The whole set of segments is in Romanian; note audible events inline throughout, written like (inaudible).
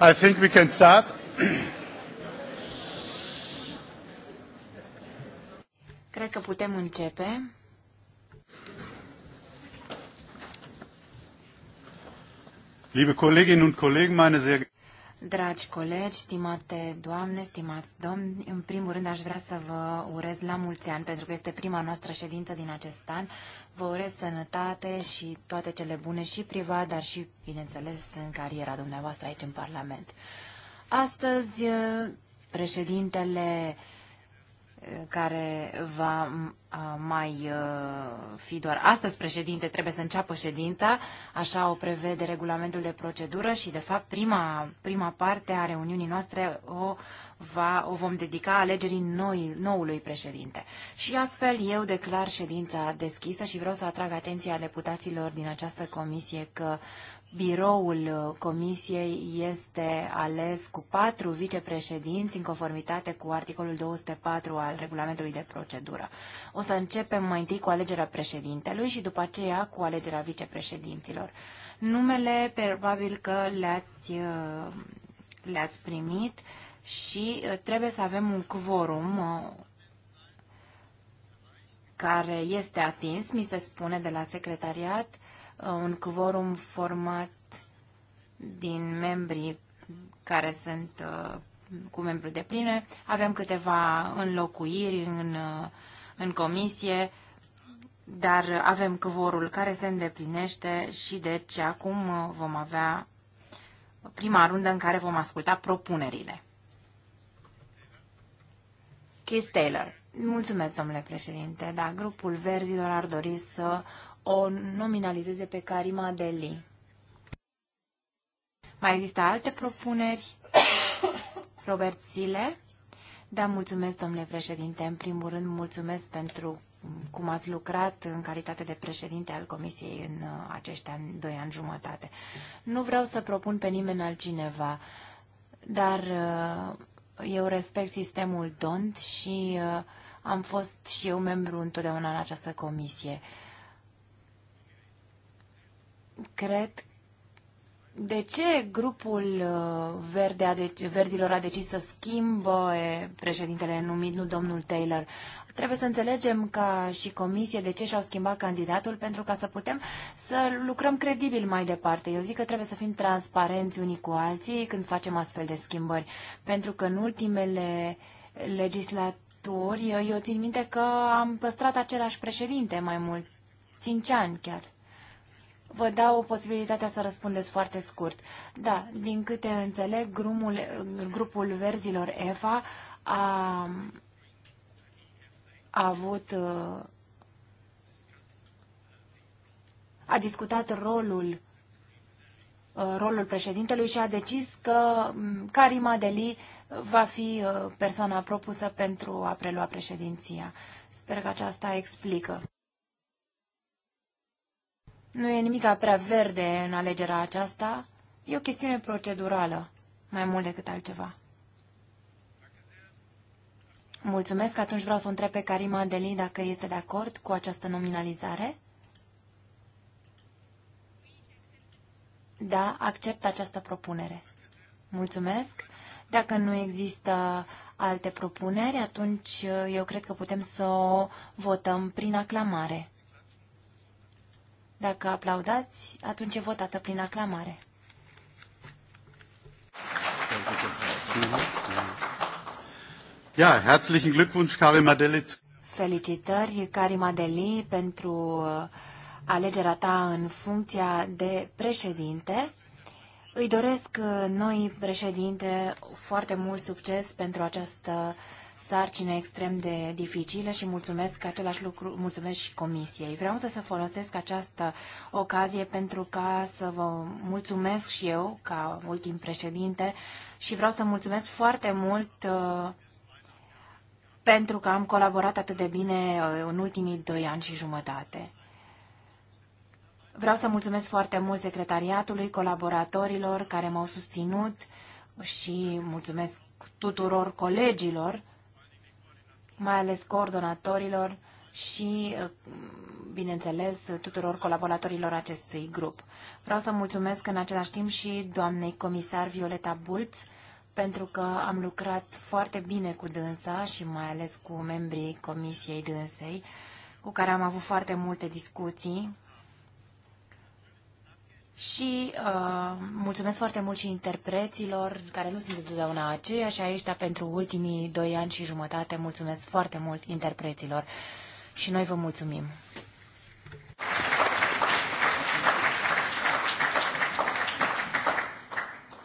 I think we can start. Cred că putem începe. Liebe Kolleginnen und Kollegen, meine sehr Dragi colegi, stimate doamne, stimați domni, în primul rând aș vrea să vă urez la mulți ani, pentru că este prima noastră ședință din acest an. Vă urez sănătate și toate cele bune și privat, dar și, bineînțeles, în cariera dumneavoastră aici în Parlament. Astăzi, președintele uh, care va mai fi doar astăzi președinte, trebuie să înceapă ședința, așa o prevede regulamentul de procedură și, de fapt, prima, prima parte a reuniunii noastre o, va, o vom dedica alegerii noi, noului președinte. Și astfel eu declar ședința deschisă și vreau să atrag atenția deputaților din această comisie că biroul uh, comisiei este ales cu patru vicepreședinți în conformitate cu articolul 204 al regulamentului de procedură. O să începem mai întâi cu alegerea președintelui și după aceea cu alegerea vicepreședinților. Numele probabil că le-ați uh, le-ați primit și uh, trebuie să avem un quorum care este atins, mi se spune de la secretariat, Uh, un quorum format din membrii care sunt uh, cu membru de pline. Avem câteva înlocuiri în, uh, în comisie, dar avem căvorul care se îndeplinește și de deci acum vom avea prima rundă în care vom asculta propunerile. Keith Taylor. Mulțumesc, domnule președinte. Da, grupul verzilor ar dori să o nominalizeze pe Karima Deli. Mai există alte propuneri? Robert Zile? Da, mulțumesc, domnule președinte. În primul rând, mulțumesc pentru cum ați lucrat în calitate de președinte al Comisiei în uh, acești ani, doi ani jumătate. Nu vreau să propun pe nimeni altcineva, dar uh, eu respect sistemul DONT și uh, am fost și eu membru întotdeauna în această comisie cred de ce grupul uh, verde a deci, verzilor a decis să schimbă președintele numit, nu domnul Taylor? Trebuie să înțelegem ca și comisie de ce și-au schimbat candidatul pentru ca să putem să lucrăm credibil mai departe. Eu zic că trebuie să fim transparenți unii cu alții când facem astfel de schimbări, pentru că în ultimele legislaturi eu țin minte că am păstrat același președinte mai mult, cinci ani chiar. Vă dau posibilitatea să răspundeți foarte scurt. Da, din câte înțeleg, grupul, grupul verzilor EFA a, a avut a discutat rolul rolul președintelui și a decis că Karim Adeli va fi uh, persoana propusă pentru a prelua președinția. Sper că aceasta explică. Nu e nimic prea verde în alegerea aceasta. E o chestiune procedurală, mai mult decât altceva. Mulțumesc. Atunci vreau să o întreb pe Karima Adelin dacă este de acord cu această nominalizare. Da, accept această propunere. Mulțumesc. Dacă nu există alte propuneri, atunci eu cred că putem să o votăm prin aclamare. Dacă aplaudați, atunci e votată prin aclamare. Ja, herzlichen Glückwunsch, Karim Felicitări, Karim Adeli, pentru uh, alegerea ta în funcția de președinte. Îi doresc uh, noi președinte foarte mult succes pentru această sarcină extrem de dificilă și mulțumesc același lucru, mulțumesc și comisiei. Vreau să, să folosesc această ocazie pentru ca să vă mulțumesc și eu ca ultim președinte și vreau să mulțumesc foarte mult uh, pentru că am colaborat atât de bine uh, în ultimii doi ani și jumătate. Vreau să mulțumesc foarte mult secretariatului, colaboratorilor care m-au susținut și mulțumesc tuturor colegilor mai ales coordonatorilor și, eh, bineînțeles, tuturor colaboratorilor acestui grup. Vreau să mulțumesc în același timp și doamnei comisar Violeta Bulț, pentru că am lucrat foarte bine cu dânsa și mai ales cu membrii comisiei dânsei, cu care am avut foarte multe discuții și uh, mulțumesc foarte mult și interpreților care nu sunt întotdeauna aceia și aici, dar pentru ultimii doi ani și jumătate mulțumesc foarte mult interpreților și noi vă mulțumim.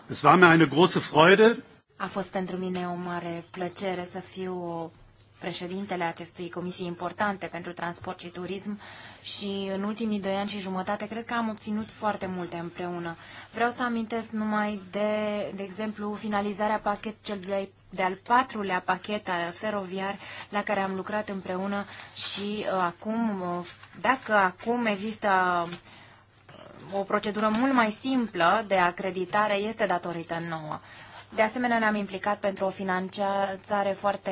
Es war mir eine große Freude. A fost pentru mine o mare plăcere să fiu președintele acestui comisii importante pentru transport și turism și în ultimii doi ani și jumătate cred că am obținut foarte multe împreună. Vreau să amintesc numai de, de exemplu, finalizarea pachet celui de-al patrulea pachet feroviar la care am lucrat împreună și uh, acum, uh, dacă acum există uh, o procedură mult mai simplă de acreditare, este datorită nouă. De asemenea, ne-am implicat pentru o finanțare foarte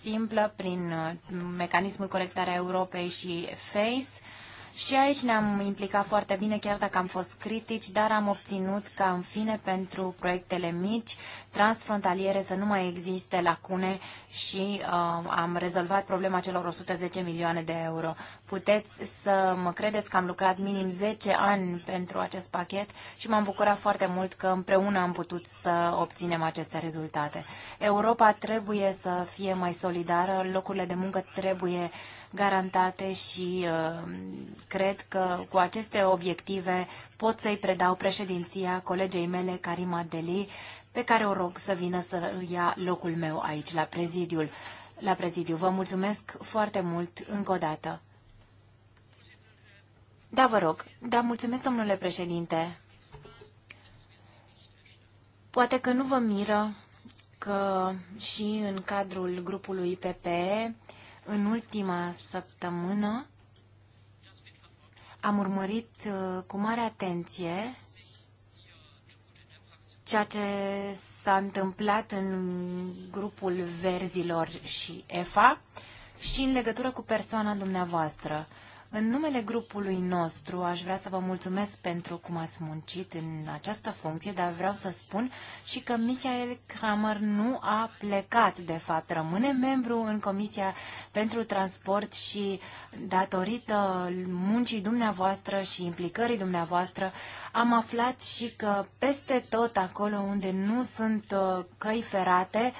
simplă prin uh, mecanismul colectarea Europei și FACE și aici ne-am implicat foarte bine, chiar dacă am fost critici, dar am obținut ca în fine pentru proiectele mici, transfrontaliere, să nu mai existe lacune și uh, am rezolvat problema celor 110 milioane de euro. Puteți să mă credeți că am lucrat minim 10 ani pentru acest pachet și m-am bucurat foarte mult că împreună am putut să obținem aceste rezultate. Europa trebuie să fie mai solidară, locurile de muncă trebuie uh, garantate și uh, cred că cu aceste obiective pot să-i predau președinția colegei mele, Karima Deli, pe care o rog să vină să ia locul meu aici la prezidiul. La prezidiu. Vă mulțumesc foarte mult încă o dată. Da, vă rog. Da, mulțumesc, domnule președinte. Poate că nu vă miră că și în cadrul grupului PPE în ultima săptămână am urmărit uh, cu mare atenție ceea ce s-a întâmplat în grupul verzilor și EFA și în legătură cu persoana dumneavoastră. În numele grupului nostru aș vrea să vă mulțumesc pentru cum ați muncit în această funcție, dar vreau să spun și că Michael Kramer nu a plecat, de fapt, rămâne membru în Comisia pentru Transport și datorită muncii dumneavoastră și implicării dumneavoastră am aflat și că peste tot acolo unde nu sunt uh, căi ferate,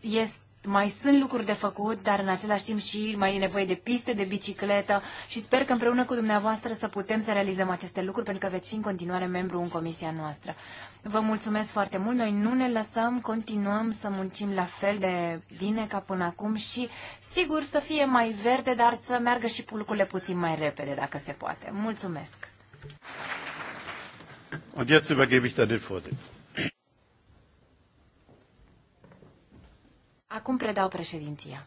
este mai sunt lucruri de făcut, dar în același timp și mai e nevoie de piste, de bicicletă și sper că împreună cu dumneavoastră să putem să realizăm aceste lucruri, pentru că veți fi în continuare membru în comisia noastră. Vă mulțumesc foarte mult, noi nu ne lăsăm, continuăm să muncim la fel de bine ca până acum și sigur să fie mai verde, dar să meargă și pulcurile puțin mai repede, dacă se poate. Mulțumesc! Und jetzt übergebe ich dann den Vorsitz. Acum predau președinția.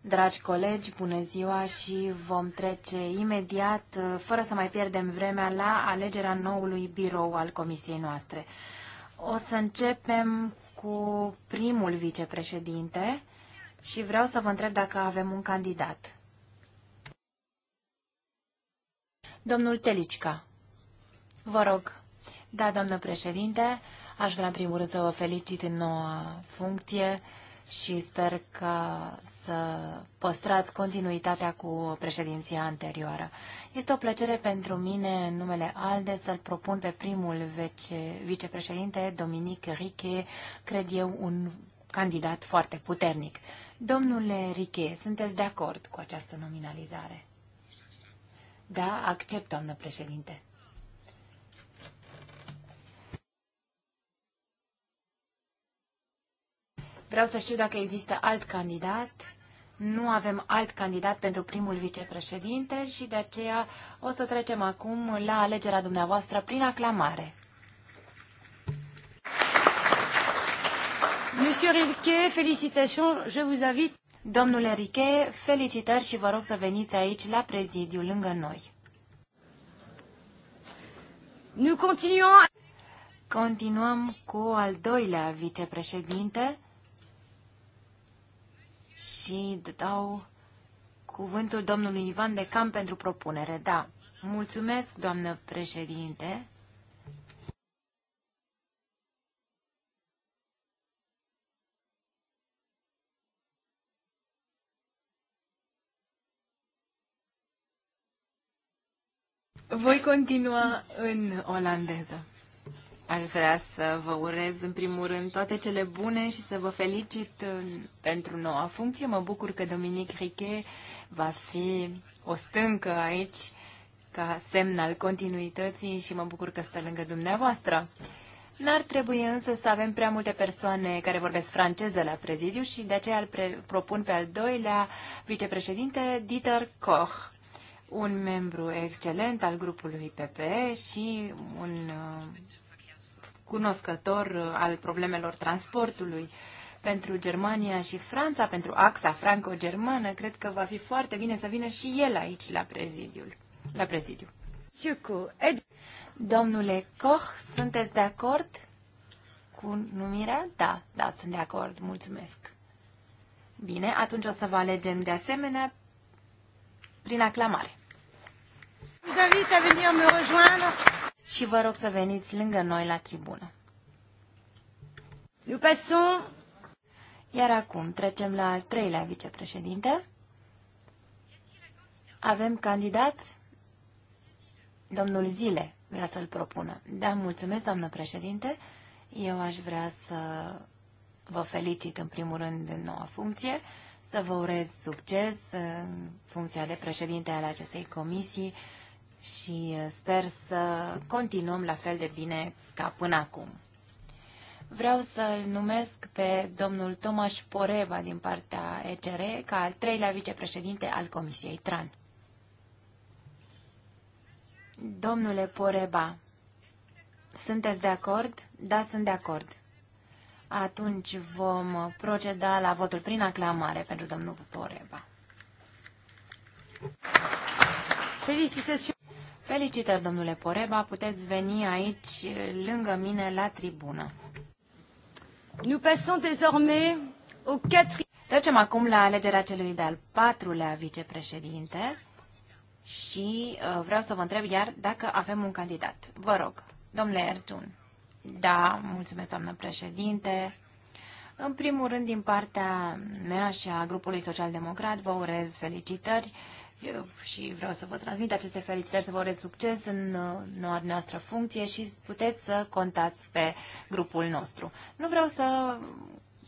Dragi colegi, bună ziua și vom trece imediat, uh, fără să mai pierdem vremea, la alegerea noului birou al comisiei noastre. O să începem cu primul vicepreședinte și vreau să vă întreb dacă avem un candidat. Domnul Telicica, vă rog. Da, domnul președinte, Aș vrea, în primul rând, să vă felicit în noua funcție și sper că să păstrați continuitatea cu președinția anterioară. Este o plăcere pentru mine, în numele ALDE, să-l propun pe primul vice, vicepreședinte, Dominic Riche, cred eu, un candidat foarte puternic. Domnule Riche, sunteți de acord cu această nominalizare? Da, accept, doamnă președinte. Vreau să știu dacă există alt candidat. Nu avem alt candidat pentru primul vicepreședinte și de aceea o să trecem acum la alegerea dumneavoastră prin aclamare. Monsieur Riquet, félicitations, je vous invite. Domnule Riquet, felicitări și vă rog să veniți aici la prezidiu lângă noi. Nous continuons. Continuăm cu al doilea vicepreședinte, și dau cuvântul domnului Ivan de Cam pentru propunere. Da, mulțumesc, doamnă președinte. Voi continua în olandeză. Aș vrea să vă urez în primul rând toate cele bune și să vă felicit pentru noua funcție. Mă bucur că Dominic Riche va fi o stâncă aici ca semn al continuității și mă bucur că stă lângă dumneavoastră. N-ar trebui însă să avem prea multe persoane care vorbesc franceză la prezidiu și de aceea îl propun pe al doilea vicepreședinte Dieter Koch, un membru excelent al grupului PP și un uh, cunoscător uh, al problemelor transportului pentru Germania și Franța, pentru axa franco-germană, cred că va fi foarte bine să vină și el aici la prezidiul. La prezidiu. Domnule Koch, sunteți de acord cu numirea? Da, da, sunt de acord. Mulțumesc. Bine, atunci o să vă alegem de asemenea prin aclamare. Vă invit să veniți să mă rejoindre și vă rog să veniți lângă noi la tribună. Nous Iar acum trecem la al treilea vicepreședinte. Avem candidat? Domnul Zile vrea să-l propună. Da, mulțumesc, doamnă președinte. Eu aș vrea să vă felicit în primul rând în noua funcție, să vă urez succes în funcția de președinte al acestei comisii și uh, sper să continuăm la fel de bine ca până acum. Vreau să-l numesc pe domnul Tomaș Poreva din partea ECR ca al treilea vicepreședinte al Comisiei TRAN. Domnule Poreba, sunteți de acord? Da, sunt de acord. Atunci vom proceda la votul prin aclamare pentru domnul Poreba. Felicitări! Felicitări, domnule Poreba, puteți veni aici, lângă mine, la tribună. Nous passons désormais au Trecem acum la alegerea celui de-al patrulea vicepreședinte și uh, vreau să vă întreb iar dacă avem un candidat. Vă rog, domnule Ertun. Da, mulțumesc, doamnă președinte. În primul rând, din partea mea și a grupului social-democrat, vă urez felicitări. Uh, și vreau să vă transmit aceste felicitări, să vă urez succes în uh, noua noastră funcție și puteți să contați pe grupul nostru. Nu vreau să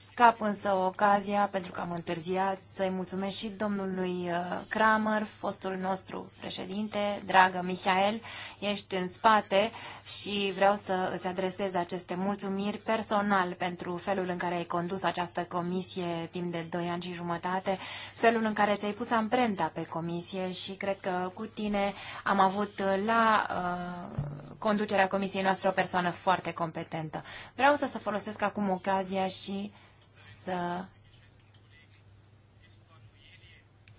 Scap însă ocazia, pentru că am întârziat, să-i mulțumesc și domnului uh, Kramer, fostul nostru președinte, dragă Mihael, ești în spate și vreau să îți adresez aceste mulțumiri personal pentru felul în care ai condus această comisie timp de 2 ani și jumătate, felul în care ți-ai pus amprenta pe comisie și cred că cu tine am avut la uh, conducerea comisiei noastre o persoană foarte competentă. Vreau să, să folosesc acum ocazia și să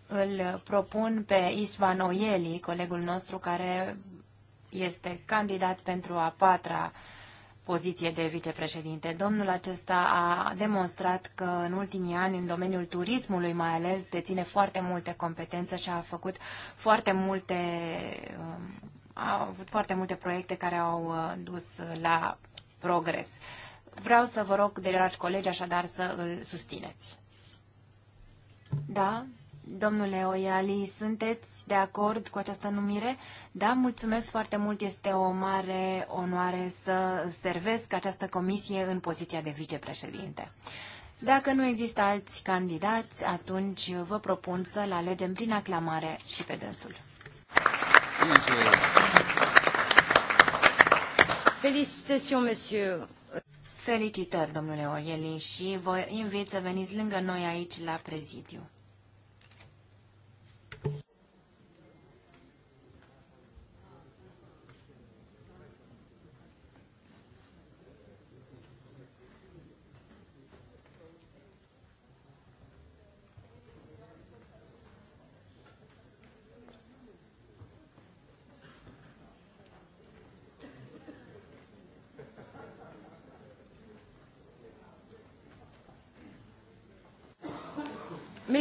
îl propun pe István Oieli, colegul nostru care este candidat pentru a patra poziție de vicepreședinte. Domnul acesta a demonstrat că în ultimii ani, în domeniul turismului mai ales, deține foarte multe competențe și a făcut foarte multe, um, a avut foarte multe proiecte care au uh, dus la progres. Vreau să vă rog, dragi colegi, așadar să îl susțineți. Da? Domnule Oiali, sunteți de acord cu această numire? Da, mulțumesc foarte mult. Este o mare onoare să servesc această comisie în poziția de vicepreședinte. Dacă nu există alți candidați, atunci vă propun să-l alegem prin aclamare și pe dânsul. Felicitări, monsieur. Felicitări, domnule Orieli, și vă invit să veniți lângă noi aici la prezidiu.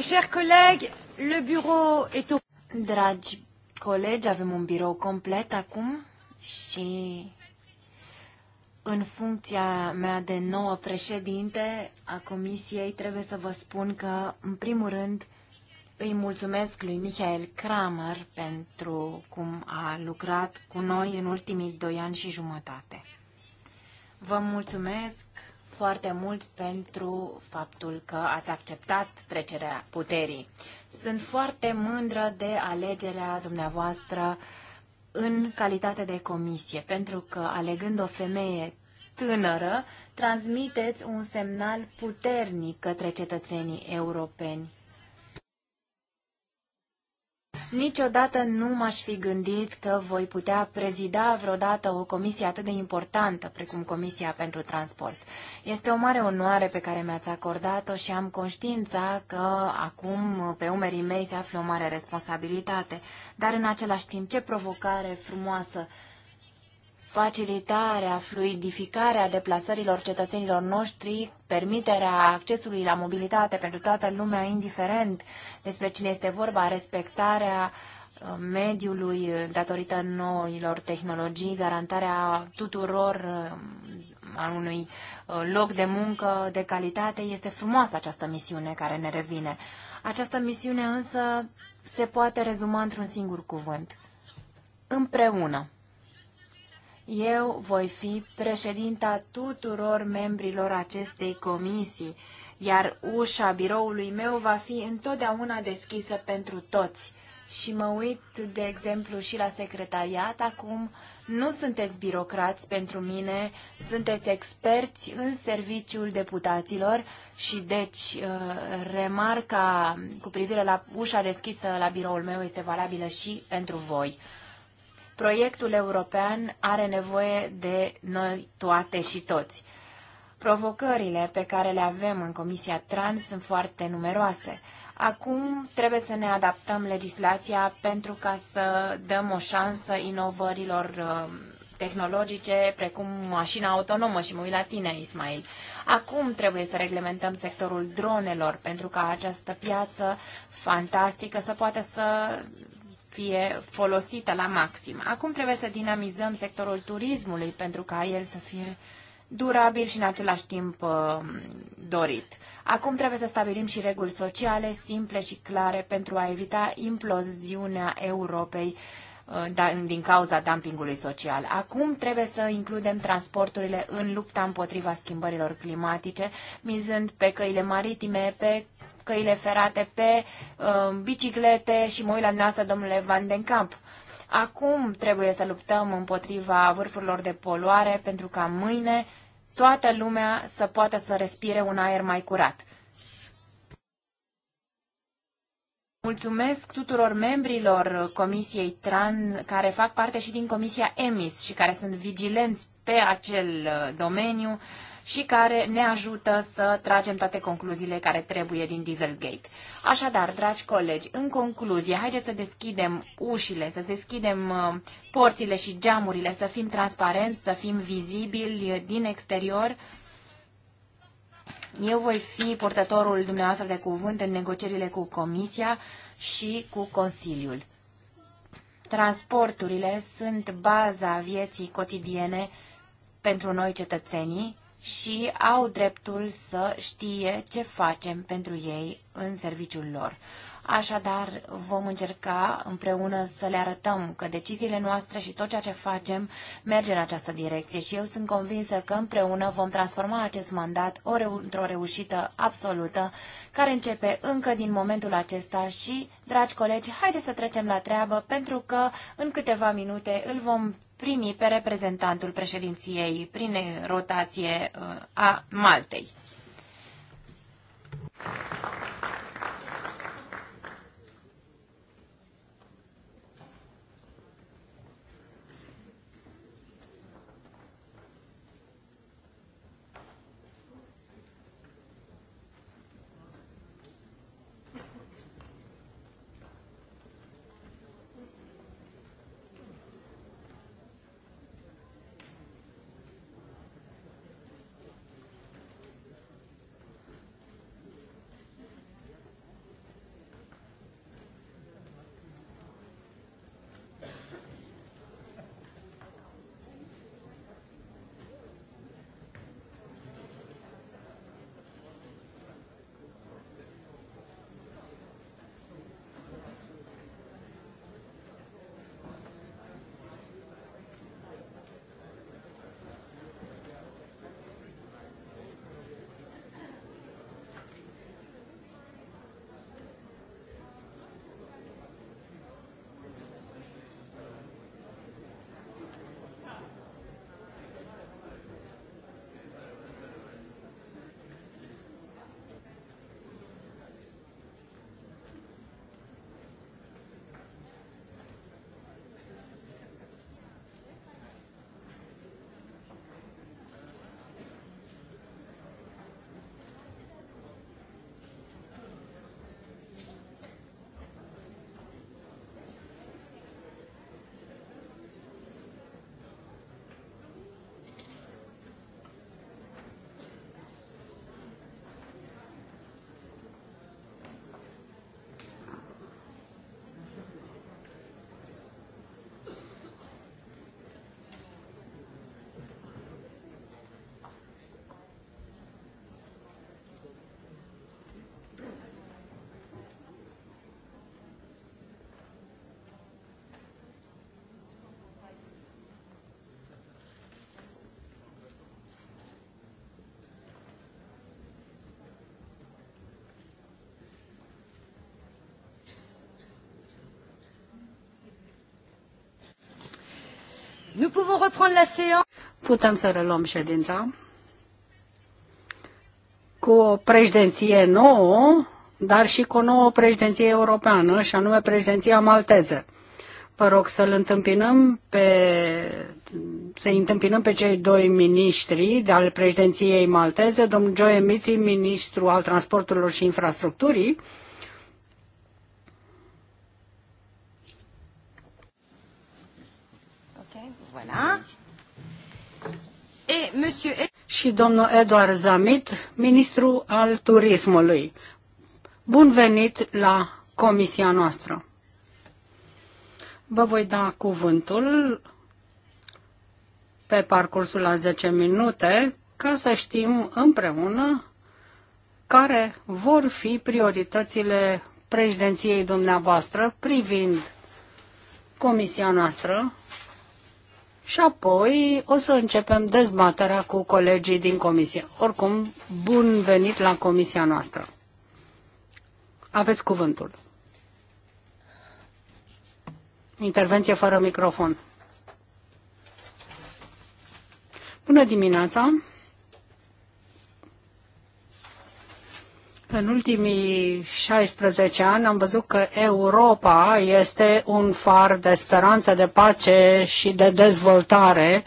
Mes chers collègues, le bureau est au... Dragi colegi, avem un birou complet acum și în funcția mea de nouă președinte a comisiei trebuie să vă spun că, în primul rând, îi mulțumesc lui Michael Kramer pentru cum a lucrat cu noi în ultimii doi ani și jumătate. Vă mulțumesc foarte mult pentru faptul că ați acceptat trecerea puterii. Sunt foarte mândră de alegerea dumneavoastră în calitate de comisie, pentru că alegând o femeie tânără, transmiteți un semnal puternic către cetățenii europeni. Niciodată nu m-aș fi gândit că voi putea prezida vreodată o comisie atât de importantă precum Comisia pentru Transport. Este o mare onoare pe care mi-ați acordat-o și am conștiința că acum pe umerii mei se află o mare responsabilitate. Dar în același timp, ce provocare frumoasă facilitarea, fluidificarea deplasărilor cetățenilor noștri, permiterea accesului la mobilitate pentru toată lumea, indiferent despre cine este vorba, respectarea uh, mediului uh, datorită noilor tehnologii, garantarea tuturor uh, a unui loc de muncă de calitate, este frumoasă această misiune care ne revine. Această misiune însă se poate rezuma într-un singur cuvânt. Împreună. Eu voi fi președinta tuturor membrilor acestei comisii, iar ușa biroului meu va fi întotdeauna deschisă pentru toți. Și mă uit, de exemplu, și la secretariat acum. Nu sunteți birocrați pentru mine, sunteți experți în serviciul deputaților și deci uh, remarca cu privire la ușa deschisă la biroul meu este valabilă și pentru voi proiectul european are nevoie de noi toate și toți. Provocările pe care le avem în Comisia Trans sunt foarte numeroase. Acum trebuie să ne adaptăm legislația pentru ca să dăm o șansă inovărilor um, tehnologice, precum mașina autonomă și mă uit la tine, Ismail. Acum trebuie să reglementăm sectorul dronelor pentru ca această piață fantastică să poată să fie folosită la maxim. Acum trebuie să dinamizăm sectorul turismului pentru ca el să fie durabil și în același timp uh, dorit. Acum trebuie să stabilim și reguli sociale simple și clare pentru a evita imploziunea Europei Uh, da, din cauza dumpingului social. Acum trebuie să includem transporturile în lupta împotriva schimbărilor climatice, mizând pe căile maritime, pe căile ferate, pe uh, biciclete și mă uit la dumneavoastră, domnule Van den Camp. Acum trebuie să luptăm împotriva vârfurilor de poluare pentru ca mâine toată lumea să poată să respire un aer mai curat. Mulțumesc tuturor membrilor Comisiei TRAN care fac parte și din Comisia EMIS și care sunt vigilenți pe acel uh, domeniu și care ne ajută să tragem toate concluziile care trebuie din Dieselgate. Așadar, dragi colegi, în concluzie, haideți să deschidem ușile, să deschidem uh, porțile și geamurile, să fim transparenți, să fim vizibili din exterior eu voi fi portătorul dumneavoastră de cuvânt în negocierile cu Comisia și cu Consiliul. Transporturile sunt baza vieții cotidiene pentru noi cetățenii și au dreptul să știe ce facem pentru ei în serviciul lor. Așadar, vom încerca împreună să le arătăm că deciziile noastre și tot ceea ce facem merge în această direcție și eu sunt convinsă că împreună vom transforma acest mandat o reu- într-o reușită absolută care începe încă din momentul acesta și, dragi colegi, haideți să trecem la treabă pentru că în câteva minute îl vom primi pe reprezentantul președinției prin rotație uh, a Maltei. reprendre la séance. Putem să reluăm ședința. Cu o președinție nouă, dar și cu o nouă președinție europeană, și anume președinția malteză. Vă rog să-l întâmpinăm pe să întâmpinăm pe cei doi miniștri de al președinției malteze, domnul Joe Miții, ministru al transporturilor și infrastructurii, și domnul Eduard Zamit, ministru al turismului. Bun venit la comisia noastră. Vă voi da cuvântul pe parcursul la 10 minute ca să știm împreună care vor fi prioritățile președinției dumneavoastră privind comisia noastră și apoi o să începem dezbaterea cu colegii din comisie. Oricum, bun venit la comisia noastră. Aveți cuvântul. Intervenție fără microfon. Bună dimineața! În ultimii 16 ani am văzut că Europa este un far de speranță, de pace și de dezvoltare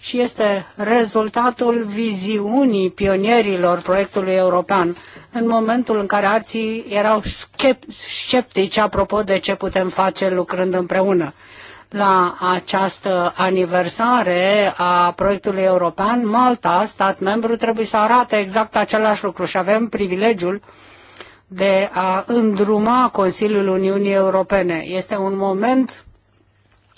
și este rezultatul viziunii pionierilor proiectului european în momentul în care alții erau sceptici apropo de ce putem face lucrând împreună la această aniversare a proiectului european, Malta, stat membru, trebuie să arate exact același lucru și avem privilegiul de a îndruma Consiliul Uniunii Europene. Este un moment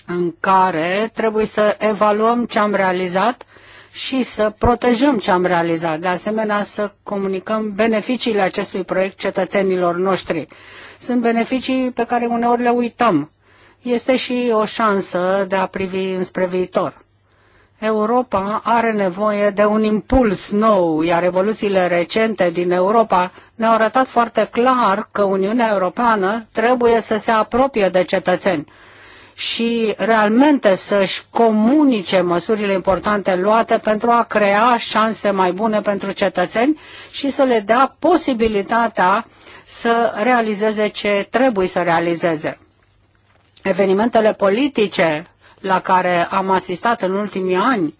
în care trebuie să evaluăm ce am realizat și să protejăm ce am realizat. De asemenea, să comunicăm beneficiile acestui proiect cetățenilor noștri. Sunt beneficii pe care uneori le uităm este și o șansă de a privi înspre viitor. Europa are nevoie de un impuls nou, iar revoluțiile recente din Europa ne-au arătat foarte clar că Uniunea Europeană trebuie să se apropie de cetățeni și realmente să-și comunice măsurile importante luate pentru a crea șanse mai bune pentru cetățeni și să le dea posibilitatea să realizeze ce trebuie să realizeze. Evenimentele politice la care am asistat în ultimii ani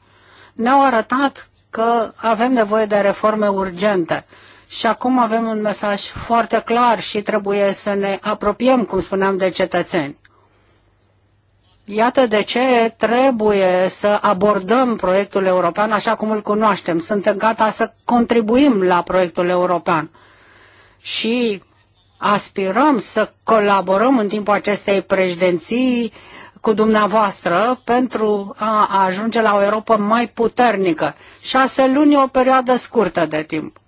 ne-au arătat că avem nevoie de reforme urgente. Și acum avem un mesaj foarte clar și trebuie să ne apropiem, cum spuneam, de cetățeni. Iată de ce trebuie să abordăm proiectul european așa cum îl cunoaștem. Suntem gata să contribuim la proiectul european. Și aspirăm să colaborăm în timpul acestei președinții cu dumneavoastră pentru a ajunge la o Europa mai puternică. Șase luni e o perioadă scurtă de timp.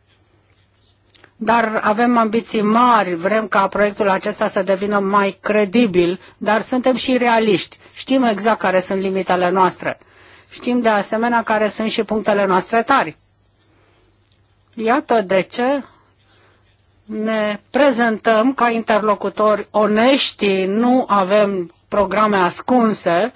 Dar avem ambiții mari, vrem ca proiectul acesta să devină mai credibil, dar suntem și realiști. Știm exact care sunt limitele noastre. Știm de asemenea care sunt și punctele noastre tari. Iată de ce ne prezentăm ca interlocutori onești, nu avem programe ascunse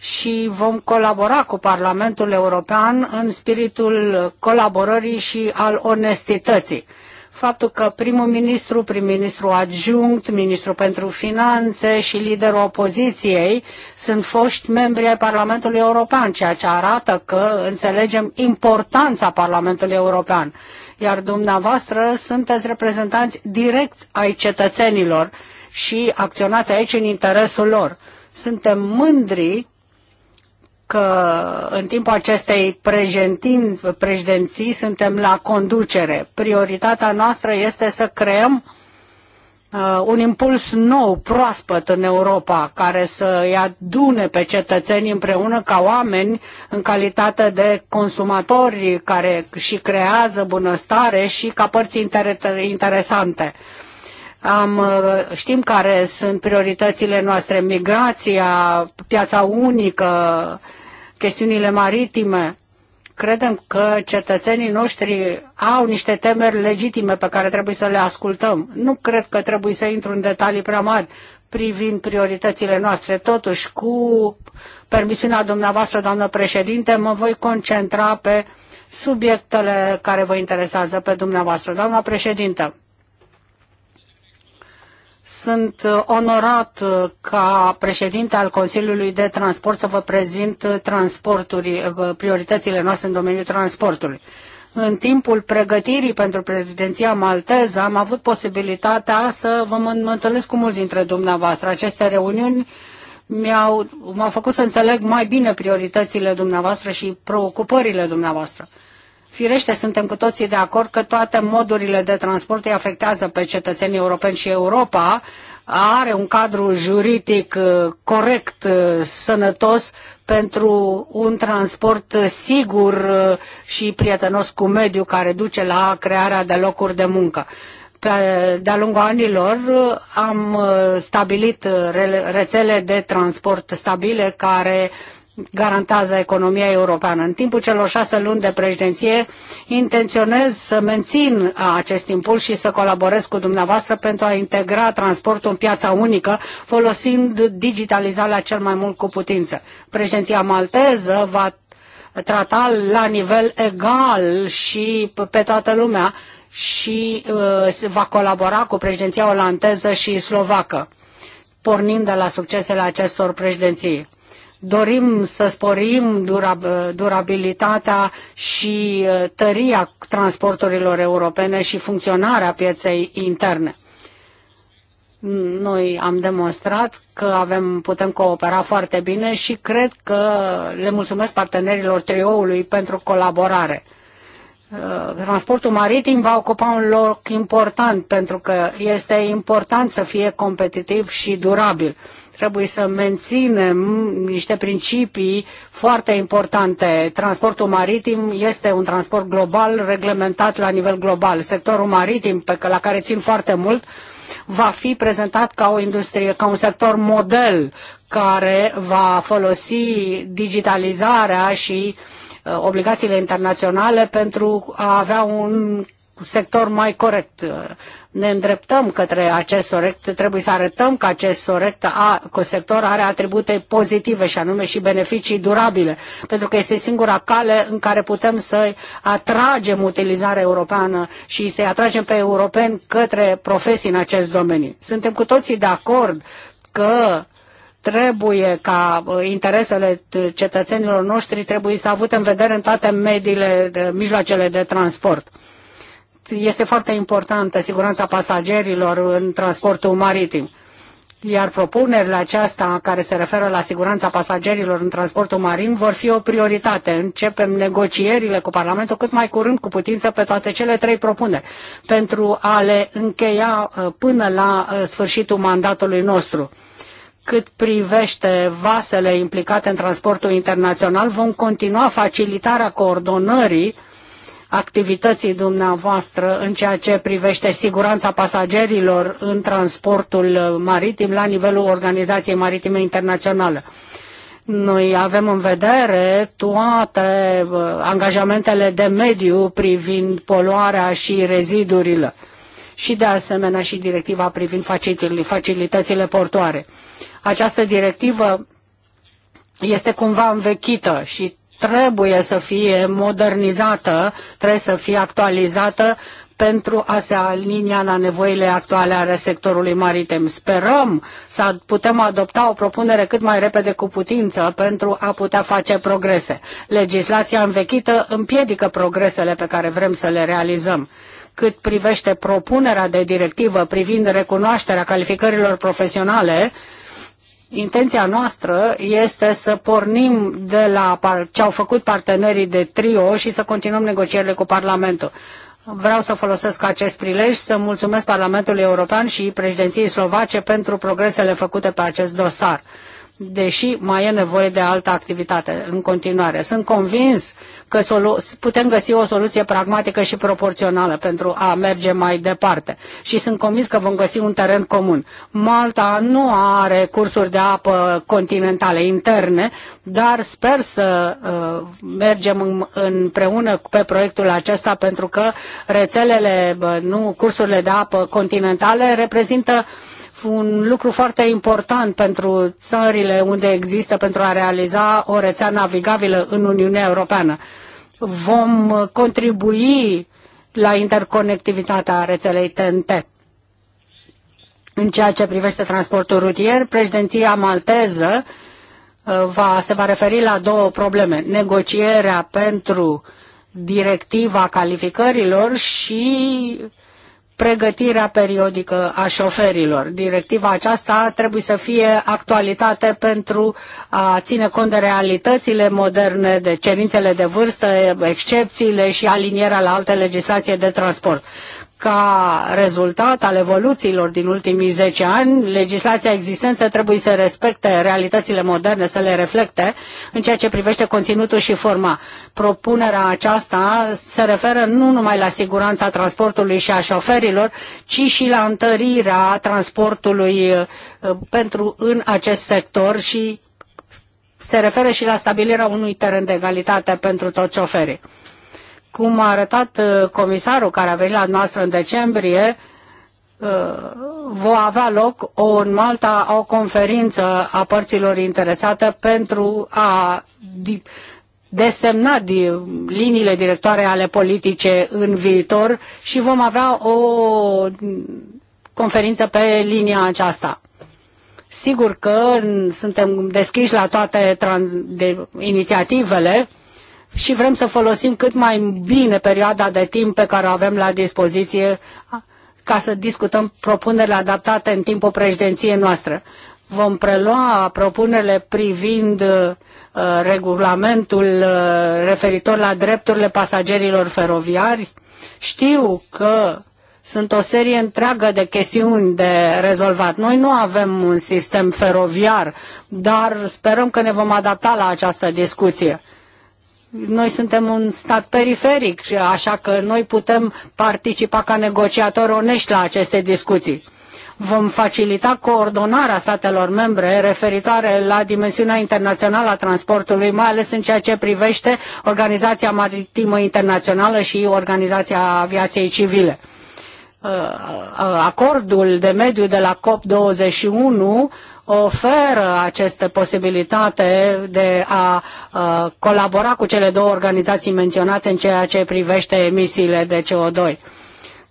și vom colabora cu Parlamentul European în spiritul colaborării și al onestității faptul că primul ministru, prim-ministru adjunct, ministru pentru finanțe și liderul opoziției sunt foști membri ai Parlamentului European, ceea ce arată că înțelegem importanța Parlamentului European. Iar dumneavoastră sunteți reprezentanți direct ai cetățenilor și acționați aici în interesul lor. Suntem mândri că în timpul acestei președinții suntem la conducere. Prioritatea noastră este să creăm uh, un impuls nou, proaspăt în Europa, care să îi adune pe cetățeni împreună ca oameni în calitate de consumatori care și creează bunăstare și ca părți inter interesante. Am, uh, știm care sunt prioritățile noastre, migrația, piața unică, chestiunile maritime. Credem că cetățenii noștri au niște temeri legitime pe care trebuie să le ascultăm. Nu cred că trebuie să intru în detalii prea mari privind prioritățile noastre. Totuși, cu permisiunea dumneavoastră, doamnă președinte, mă voi concentra pe subiectele care vă interesează pe dumneavoastră. Doamna președintă, sunt uh, onorat uh, ca președinte al Consiliului de Transport să vă prezint uh, transporturi, prioritățile noastre în domeniul transportului. În timpul pregătirii pentru prezidenția malteză am avut posibilitatea să vă mă întâlnesc cu mulți dintre dumneavoastră. Aceste reuniuni mi-au, m-au făcut să înțeleg mai bine prioritățile dumneavoastră și preocupările dumneavoastră. Firește, suntem cu toții de acord că toate modurile de transport îi afectează pe cetățenii europeni și Europa are un cadru juridic uh, corect, uh, sănătos pentru un transport sigur uh, și prietenos cu mediul care duce la crearea de locuri de muncă de-a lungul anilor am stabilit rețele de transport stabile care garantează economia europeană. În timpul celor șase luni de președinție intenționez să mențin acest impuls și să colaborez cu dumneavoastră pentru a integra transportul în piața unică, folosind digitalizarea cel mai mult cu putință. Președinția malteză va trata la nivel egal și pe toată lumea și uh, va colabora cu președinția olandeză și slovacă, pornind de la succesele acestor președinții dorim să sporim durabilitatea și uh, tăria transporturilor europene și funcționarea pieței interne. Noi am demonstrat că avem, putem coopera foarte bine și cred că le mulțumesc partenerilor trioului pentru colaborare uh, transportul maritim va ocupa un loc important pentru că este important să fie competitiv și durabil. Trebuie să menținem niște principii foarte importante. Transportul maritim este un transport global, reglementat la nivel global. Sectorul maritim, pe la care țin foarte mult, va fi prezentat ca o industrie, ca un sector model care va folosi digitalizarea și uh, obligațiile internaționale pentru a avea un sector mai corect. Ne îndreptăm către acest sorect, trebuie să arătăm că acest sorect a, sector are atribute pozitive și anume și beneficii durabile, pentru că este singura cale în care putem să atragem utilizarea europeană și să-i atragem pe europeni către profesii în acest domeniu. Suntem cu toții de acord că trebuie ca uh, interesele cetățenilor noștri trebuie să avut în vedere în toate mediile, mijloacele de transport este foarte importantă, siguranța pasagerilor în transportul maritim. Iar propunerile aceasta care se referă la siguranța pasagerilor în transportul marin vor fi o prioritate. Începem negocierile cu Parlamentul cât mai curând cu putință pe toate cele trei propuneri pentru a le încheia uh, până la uh, sfârșitul mandatului nostru cât privește vasele implicate în transportul internațional, vom continua facilitarea coordonării activității dumneavoastră în ceea ce privește siguranța pasagerilor în transportul uh, maritim la nivelul Organizației Maritime Internaționale. Noi avem în vedere toate uh, angajamentele de mediu privind poluarea și rezidurile și de asemenea și directiva privind facilitățile portoare. Această directivă este cumva învechită și trebuie să fie modernizată, trebuie să fie actualizată pentru a se alinia la nevoile actuale ale sectorului maritim. Sperăm să putem adopta o propunere cât mai repede cu putință pentru a putea face progrese. Legislația învechită împiedică progresele pe care vrem să le realizăm cât privește propunerea de directivă privind recunoașterea calificărilor profesionale, Intenția noastră este să pornim de la ce au făcut partenerii de trio și să continuăm negocierile cu Parlamentul. Vreau să folosesc acest prilej să mulțumesc Parlamentului European și președinției slovace pentru progresele făcute pe acest dosar deși mai e nevoie de altă activitate în continuare. Sunt convins că putem găsi o soluție pragmatică și proporțională pentru a merge mai departe și sunt convins că vom găsi un teren comun. Malta nu are cursuri de apă continentale interne, dar sper să uh, mergem împreună pe proiectul acesta pentru că rețelele, nu cursurile de apă continentale reprezintă uh, un lucru foarte important pentru țările unde există pentru a realiza o rețea navigabilă în Uniunea Europeană. Vom contribui la interconectivitatea rețelei TNT. În ceea ce privește transportul rutier, președinția malteză uh, va, se va referi la două probleme. Negocierea pentru directiva calificărilor și pregătirea periodică a șoferilor. Directiva aceasta trebuie să fie actualitate pentru a ține cont de realitățile moderne, de cerințele de vârstă, excepțiile și alinierea la alte legislații de transport ca rezultat al evoluțiilor din ultimii 10 ani, legislația existență trebuie să respecte realitățile moderne, să le reflecte în ceea ce privește conținutul și forma. Propunerea aceasta se referă nu numai la siguranța transportului și a șoferilor, ci și la întărirea transportului uh, pentru în acest sector și se referă și la stabilirea unui teren de egalitate pentru toți șoferii. Cum a arătat uh, comisarul care a venit la noastră în decembrie, uh, va avea loc o, în Malta o conferință a părților interesate pentru a desemna liniile directoare ale politice în viitor și vom avea o conferință pe linia aceasta. Sigur că suntem deschiși la toate de, inițiativele și vrem să folosim cât mai bine perioada de timp pe care o avem la dispoziție ca să discutăm propunerile adaptate în timpul președinției noastre. Vom prelua propunerile privind uh, regulamentul uh, referitor la drepturile pasagerilor feroviari. Știu că sunt o serie întreagă de chestiuni de rezolvat. Noi nu avem un sistem feroviar, dar sperăm că ne vom adapta la această discuție noi suntem un stat periferic, așa că noi putem participa ca negociator onești la aceste discuții vom facilita coordonarea statelor membre referitoare la dimensiunea internațională a transportului, mai ales în ceea ce privește Organizația Maritimă Internațională și Organizația Aviației Civile. Uh, uh, acordul de mediu de la COP21 oferă aceste posibilitate de a, colabora cu cele două organizații menționate în ceea ce privește emisiile de CO2.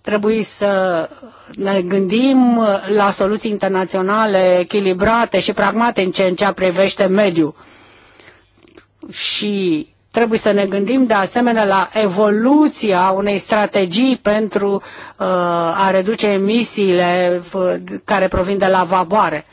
Trebuie să ne gândim la soluții internaționale echilibrate și pragmate în ceea ce privește mediul. Și trebuie să ne gândim de asemenea la evoluția unei strategii pentru uh, a reduce emisiile uh, care provin de la vapoare.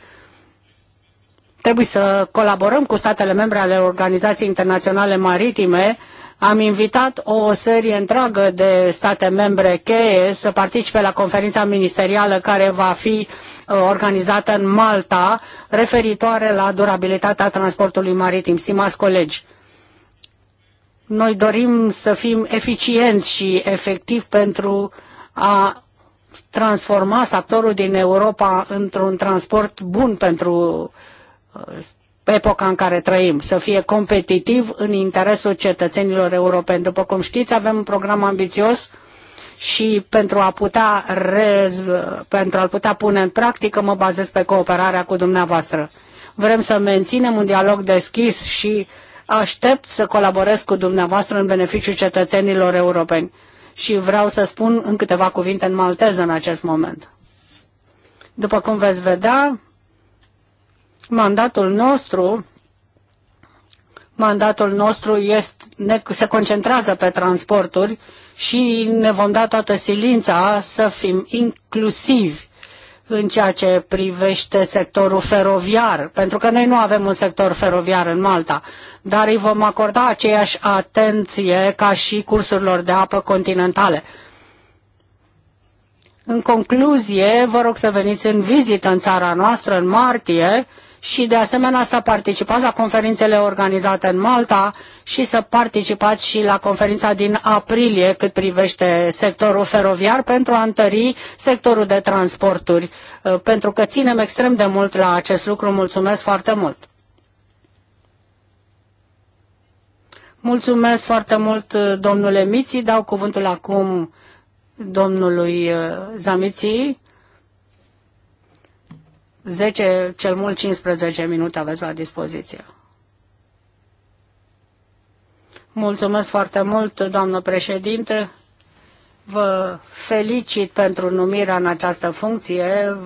Trebuie să colaborăm cu statele membre ale Organizației Internaționale Maritime. Am invitat o serie întreagă de state membre cheie să participe la conferința ministerială care va fi uh, organizată în Malta referitoare la durabilitatea transportului maritim. Stimați colegi, noi dorim să fim eficienți și efectivi pentru a transforma sectorul din Europa într-un transport bun pentru Uh, epoca în care trăim, să fie competitiv în interesul cetățenilor europeni. După cum știți, avem un program ambițios și pentru, a putea rez, pentru a putea pune în practică, mă bazez pe cooperarea cu dumneavoastră. Vrem să menținem un dialog deschis și aștept să colaborez cu dumneavoastră în beneficiul cetățenilor europeni. Și vreau să spun în câteva cuvinte în malteză în acest moment. După cum veți vedea, mandatul nostru mandatul nostru este, ne, se concentrează pe transporturi și ne vom da toată silința să fim inclusivi în ceea ce privește sectorul feroviar, pentru că noi nu avem un sector feroviar în Malta, dar îi vom acorda aceeași atenție ca și cursurilor de apă continentale. În concluzie, vă rog să veniți în vizită în țara noastră în martie, și de asemenea să participați la conferințele organizate în Malta și să participați și la conferința din aprilie cât privește sectorul feroviar pentru a întări sectorul de transporturi, uh, pentru că ținem extrem de mult la acest lucru. Mulțumesc foarte mult! Mulțumesc foarte mult, uh, domnule Miții. Dau cuvântul acum domnului uh, Zamiții 10, cel mult 15 minute aveți la dispoziție. Mulțumesc foarte mult, doamnă președinte. Vă felicit pentru numirea în această funcție.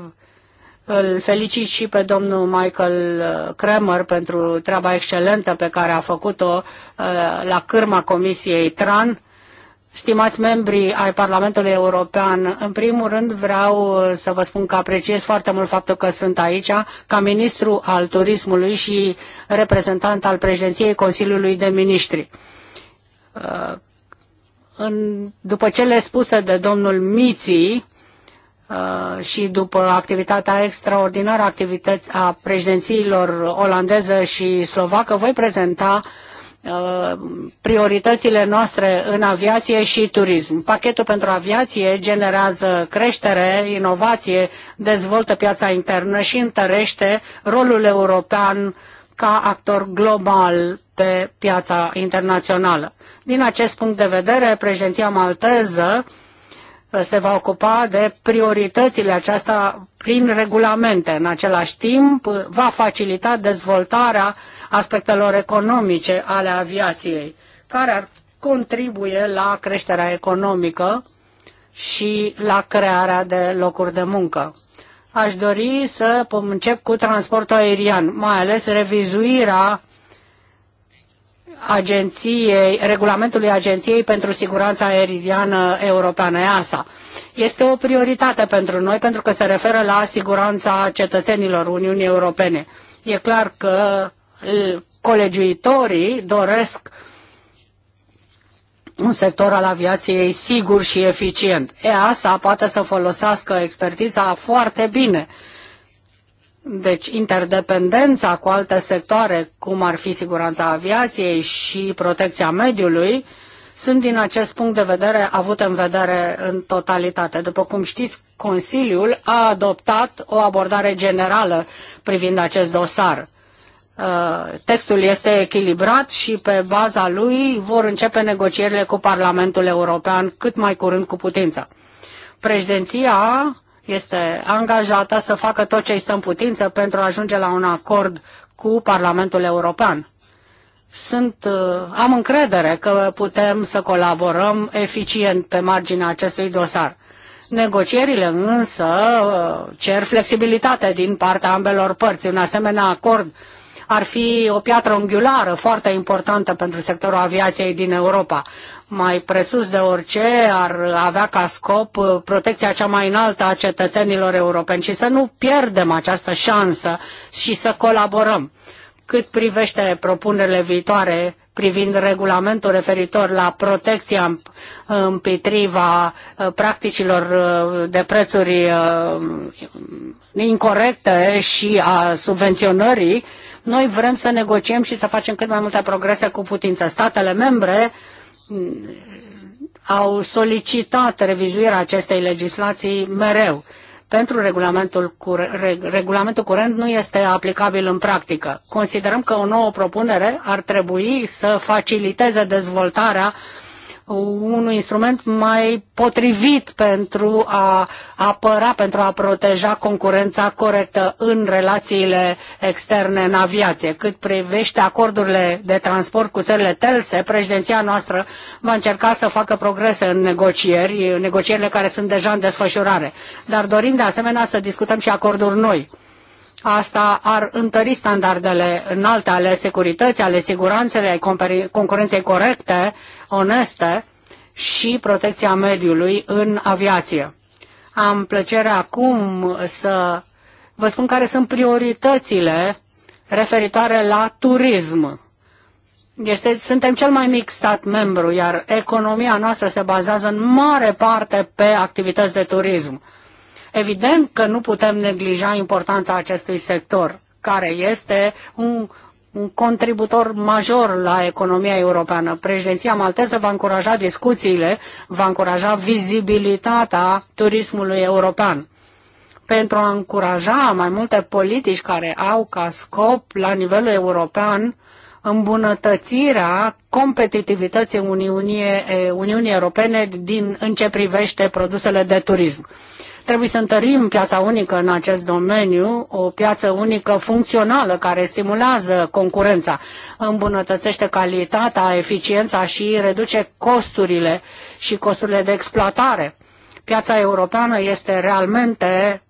Îl felicit și pe domnul Michael Kramer pentru treaba excelentă pe care a făcut-o uh, la cârma Comisiei TRAN Stimați membri ai Parlamentului European, în primul rând vreau uh, să vă spun că apreciez foarte mult faptul că sunt aici ca ministru al turismului și reprezentant al președinției Consiliului de Ministri. Uh, în, după cele spuse de domnul Miții uh, și după activitatea extraordinară activită, a președințiilor olandeză și slovacă, voi prezenta uh, prioritățile noastre în aviație și turism. Pachetul pentru aviație generează creștere, inovație, dezvoltă piața internă și întărește rolul european ca actor global pe piața internațională. Din acest punct de vedere, președinția malteză se va ocupa de prioritățile aceasta prin regulamente. În același timp, va facilita dezvoltarea aspectelor economice ale aviației, care ar contribuie la creșterea economică și la crearea de locuri de muncă. Aș dori să încep cu transportul aerian, mai ales revizuirea agenției, regulamentului Agenției pentru Siguranța Aeriană Europeană, EASA. Este o prioritate pentru noi pentru că se referă la siguranța cetățenilor Uniunii Europene. E clar că colegiuitorii doresc un sector al aviației sigur și eficient. EASA poate să folosească expertiza foarte bine deci interdependența cu alte sectoare, cum ar fi siguranța aviației și protecția mediului, sunt din acest punct de vedere avute în vedere în totalitate. După cum știți, Consiliul a adoptat o abordare generală privind acest dosar. Uh, textul este echilibrat și pe baza lui vor începe negocierile cu Parlamentul European cât mai curând cu putință. Președinția este angajată să facă tot ce este în putință pentru a ajunge la un acord cu Parlamentul European. Sunt, uh, am încredere că putem să colaborăm eficient pe marginea acestui dosar. Negocierile însă uh, cer flexibilitate din partea ambelor părți. Un asemenea acord ar fi o piatră unghiulară foarte importantă pentru sectorul aviației din Europa mai presus de orice ar avea ca scop uh, protecția cea mai înaltă a cetățenilor europeni și să nu pierdem această șansă și să colaborăm. Cât privește propunerile viitoare privind regulamentul referitor la protecția împotriva uh, practicilor uh, de prețuri incorrecte și a subvenționării, noi vrem să negociem și să facem cât mai multe progrese cu putință. Statele membre au solicitat revizuirea acestei legislații mereu. Pentru regulamentul, cur- regulamentul curent nu este aplicabil în practică. Considerăm că o nouă propunere ar trebui să faciliteze dezvoltarea uh, un instrument mai potrivit pentru a apăra, pentru a proteja concurența corectă în relațiile externe în aviație. Cât privește acordurile de transport cu țările telse, președinția noastră va încerca să facă progrese în negocieri, negocierile care sunt deja în desfășurare. Dar dorim de asemenea să discutăm și acorduri noi Asta ar întări standardele înalte ale securității, ale siguranței, concurenței corecte, oneste și protecția mediului în aviație. Am plăcerea acum să vă spun care sunt prioritățile referitoare la turism. Este, suntem cel mai mic stat membru, iar economia noastră se bazează în mare parte pe activități de turism. Evident că nu putem neglija importanța acestui sector, care este un, un contributor major la economia europeană. Președinția malteză va încuraja discuțiile, va încuraja vizibilitatea turismului european pentru a încuraja mai multe politici care au ca scop la nivelul european îmbunătățirea competitivității Uniunii, Uniunii Europene din, în ce privește produsele de turism. Trebuie să întărim piața unică în acest domeniu, o piață unică funcțională care stimulează concurența, îmbunătățește calitatea, eficiența și reduce costurile și costurile de exploatare. Piața europeană este realmente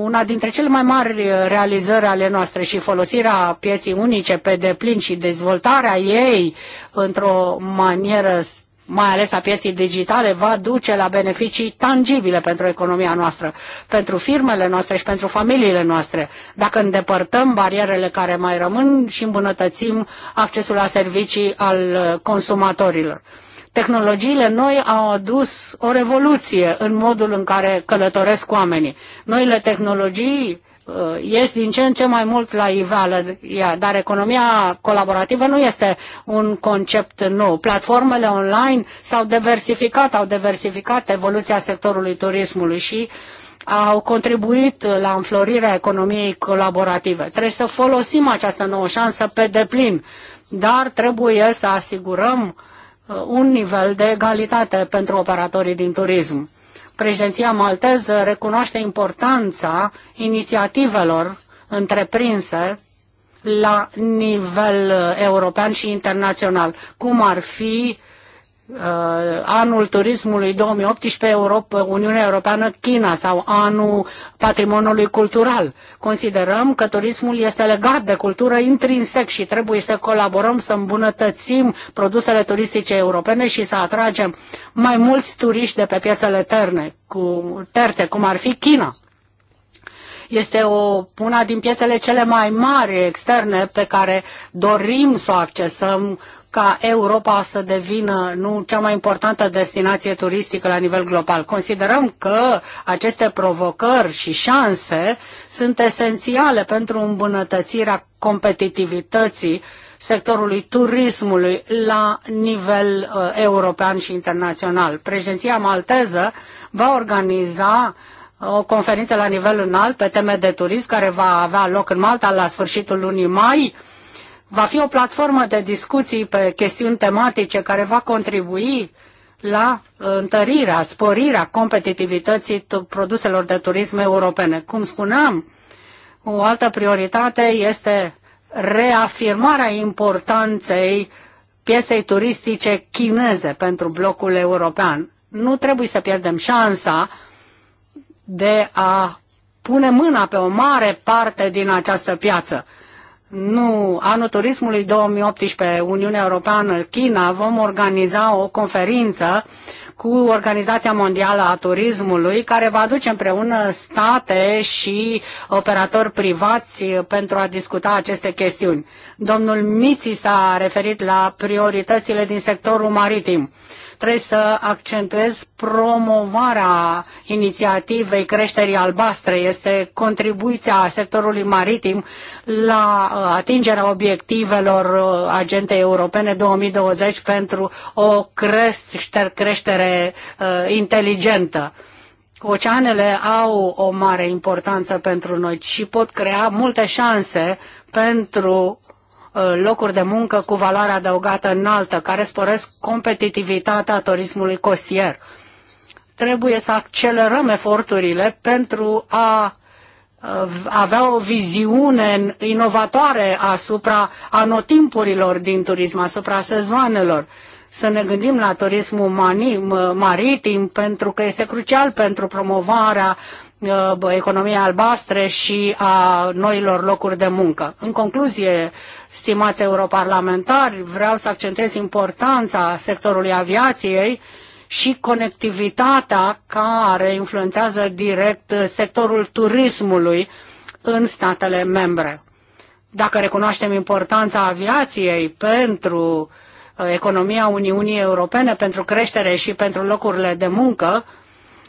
una dintre cele mai mari realizări ale noastre și folosirea pieții unice pe deplin și dezvoltarea ei într-o manieră mai ales a pieții digitale, va duce la beneficii tangibile pentru economia noastră, pentru firmele noastre și pentru familiile noastre, dacă îndepărtăm barierele care mai rămân și îmbunătățim accesul la servicii al uh, consumatorilor. Tehnologiile noi au adus o revoluție în modul în care călătoresc oamenii. Noile tehnologii Uh, ies din ce în ce mai mult la iveală, dar economia colaborativă nu este un concept nou. Platformele online s-au diversificat, au diversificat evoluția sectorului turismului și au contribuit la înflorirea economiei colaborative. Trebuie să folosim această nouă șansă pe deplin, dar trebuie să asigurăm uh, un nivel de egalitate pentru operatorii din turism. Președinția malteză recunoaște importanța inițiativelor întreprinse la nivel uh, european și internațional, cum ar fi Uh, anul turismului 2018 Europa, Uniunea Europeană China sau anul patrimoniului cultural. Considerăm că turismul este legat de cultură intrinsec și trebuie să colaborăm să îmbunătățim produsele turistice europene și să atragem mai mulți turiști de pe piețele terne, cu, terțe, cum ar fi China este o, una din piețele cele mai mari externe pe care dorim să o accesăm ca Europa să devină nu cea mai importantă destinație turistică la nivel global. Considerăm că aceste provocări și șanse sunt esențiale pentru îmbunătățirea competitivității sectorului turismului la nivel uh, european și internațional. Președinția malteză va organiza uh, o conferință la nivel înalt pe teme de turism care va avea loc în Malta la sfârșitul lunii mai. Uh, va fi o platformă de discuții pe chestiuni tematice care va contribui la uh, întărirea, sporirea competitivității produselor de turism europene. Cum spuneam, o altă prioritate este reafirmarea importanței pieței turistice chineze pentru blocul european. Nu trebuie să pierdem șansa de a pune mâna pe o mare parte din această piață nu, anul turismului 2018, Uniunea Europeană, China, vom organiza o conferință cu Organizația Mondială a Turismului, care va aduce împreună state și operatori privați pentru a discuta aceste chestiuni. Domnul Miți s-a referit la prioritățile din sectorul maritim Trebuie să accentuez promovarea inițiativei creșterii albastre. Este contribuția sectorului maritim la uh, atingerea obiectivelor uh, agentei europene 2020 pentru o creștere uh, inteligentă. Oceanele au o mare importanță pentru noi și pot crea multe șanse pentru Uh, locuri de muncă cu valoare adăugată înaltă, care sporesc competitivitatea turismului costier. Trebuie să accelerăm eforturile pentru a uh, avea o viziune inovatoare asupra anotimpurilor din turism, asupra sezoanelor. Să ne gândim la turismul maritim pentru că este crucial pentru promovarea Uh, economia albastre și a noilor locuri de muncă. În concluzie, stimați europarlamentari, vreau să accentez importanța sectorului aviației și conectivitatea care influențează direct sectorul turismului în statele membre. Dacă recunoaștem importanța aviației pentru uh, economia Uniunii Europene, pentru creștere și pentru locurile de muncă,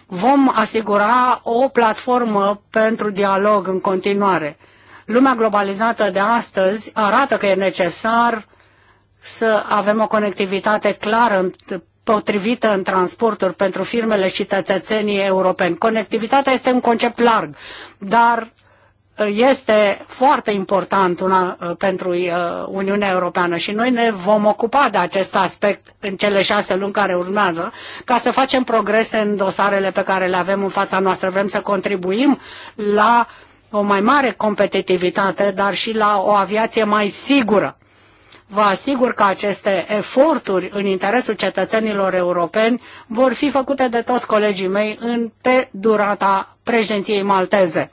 vom asigura o platformă pentru dialog în continuare. Lumea globalizată de astăzi arată că e necesar să avem o conectivitate clară potrivită în transporturi pentru firmele și cetățenii europeni. Conectivitatea este un concept larg, dar este foarte important una, uh, pentru uh, Uniunea Europeană și noi ne vom ocupa de acest aspect în cele șase luni care urmează ca să facem progrese în dosarele pe care le avem în fața noastră. Vrem să contribuim la o mai mare competitivitate, dar și la o aviație mai sigură. Vă asigur că aceste eforturi în interesul cetățenilor europeni vor fi făcute de toți colegii mei în pe durata președinției malteze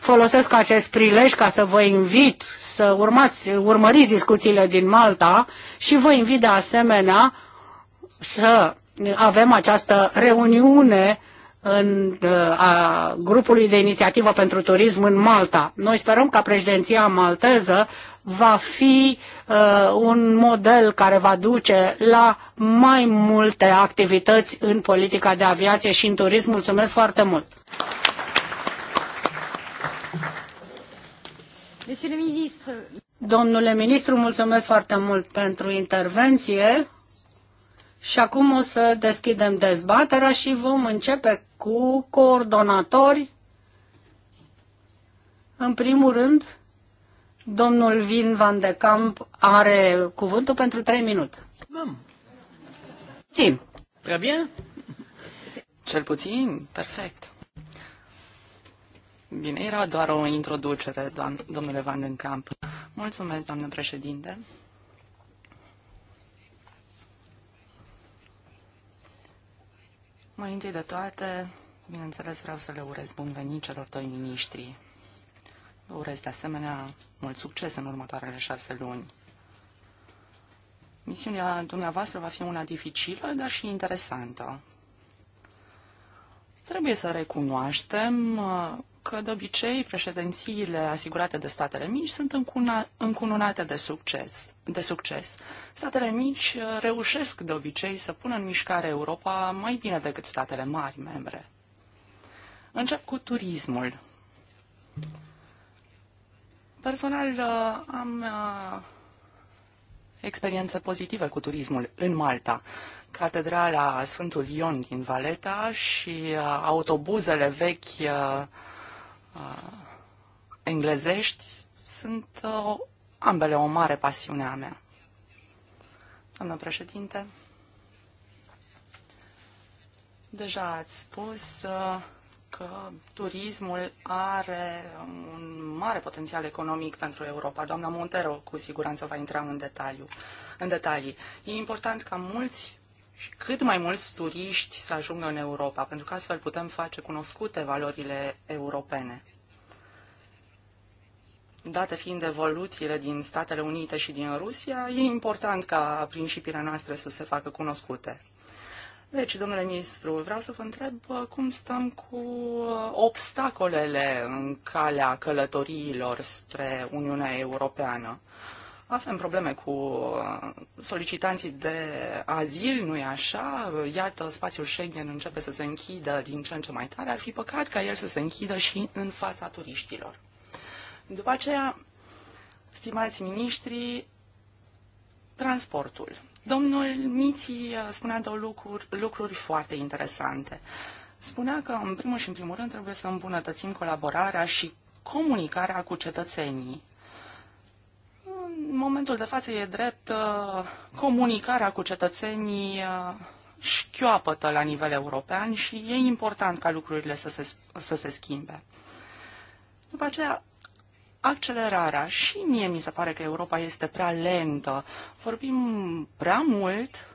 Folosesc acest prilej ca să vă invit să urmați, urmăriți discuțiile din Malta și vă invit de asemenea să avem această reuniune în, a grupului de inițiativă pentru turism în Malta. Noi sperăm ca președinția malteză va fi uh, un model care va duce la mai multe activități în politica de aviație și în turism. Mulțumesc foarte mult! Domnule ministru, mulțumesc foarte mult pentru intervenție. Și acum o să deschidem dezbaterea și vom începe cu coordonatori. În primul rând, domnul Vin Van de Camp are cuvântul pentru 3 minute. Bun. Sim. Prea bine? Cel puțin, perfect. Bine, era doar o introducere, doam- domnule Van den Camp. Mulțumesc, doamnă președinte. Mai întâi de toate, bineînțeles, vreau să le urez bun venit celor doi miniștri. Vă urez, de asemenea, mult succes în următoarele șase luni. Misiunea dumneavoastră va fi una dificilă, dar și interesantă. Trebuie să recunoaștem uh, că de obicei președințiile asigurate de statele mici sunt încununate de succes, de succes. Statele mici uh, reușesc de obicei să pună în mișcare Europa mai bine decât statele mari membre. Încep cu turismul. Personal uh, am uh, experiențe pozitive cu turismul în Malta. Catedrala Sfântul Ion din Valeta și autobuzele vechi Uh, englezești sunt uh, ambele o mare pasiune a mea. Doamnă președinte, deja ați spus uh, că turismul are un mare potențial economic pentru Europa. Doamna Montero cu siguranță va intra în detaliu. În detalii. E important ca mulți și cât mai mulți turiști să ajungă în Europa, pentru că astfel putem face cunoscute valorile europene. Date fiind evoluțiile din Statele Unite și din Rusia, e important ca principiile noastre să se facă cunoscute. Deci, domnule ministru, vreau să vă întreb cum stăm cu obstacolele în calea călătoriilor spre Uniunea Europeană. Avem probleme cu uh, solicitanții de azil, nu-i așa? Iată, spațiul Schengen începe să se închidă din ce în ce mai tare. Ar fi păcat ca el să se închidă și în fața turiștilor. După aceea, stimați miniștri, transportul. Domnul Miți uh, spunea două lucruri, lucruri foarte interesante. Spunea că, în primul și în primul rând, trebuie să îmbunătățim colaborarea și comunicarea cu cetățenii. În momentul de față e drept uh, comunicarea cu cetățenii uh, șchioapătă la nivel european și e important ca lucrurile să se, să se schimbe. După aceea, accelerarea. Și mie mi se pare că Europa este prea lentă. Vorbim prea mult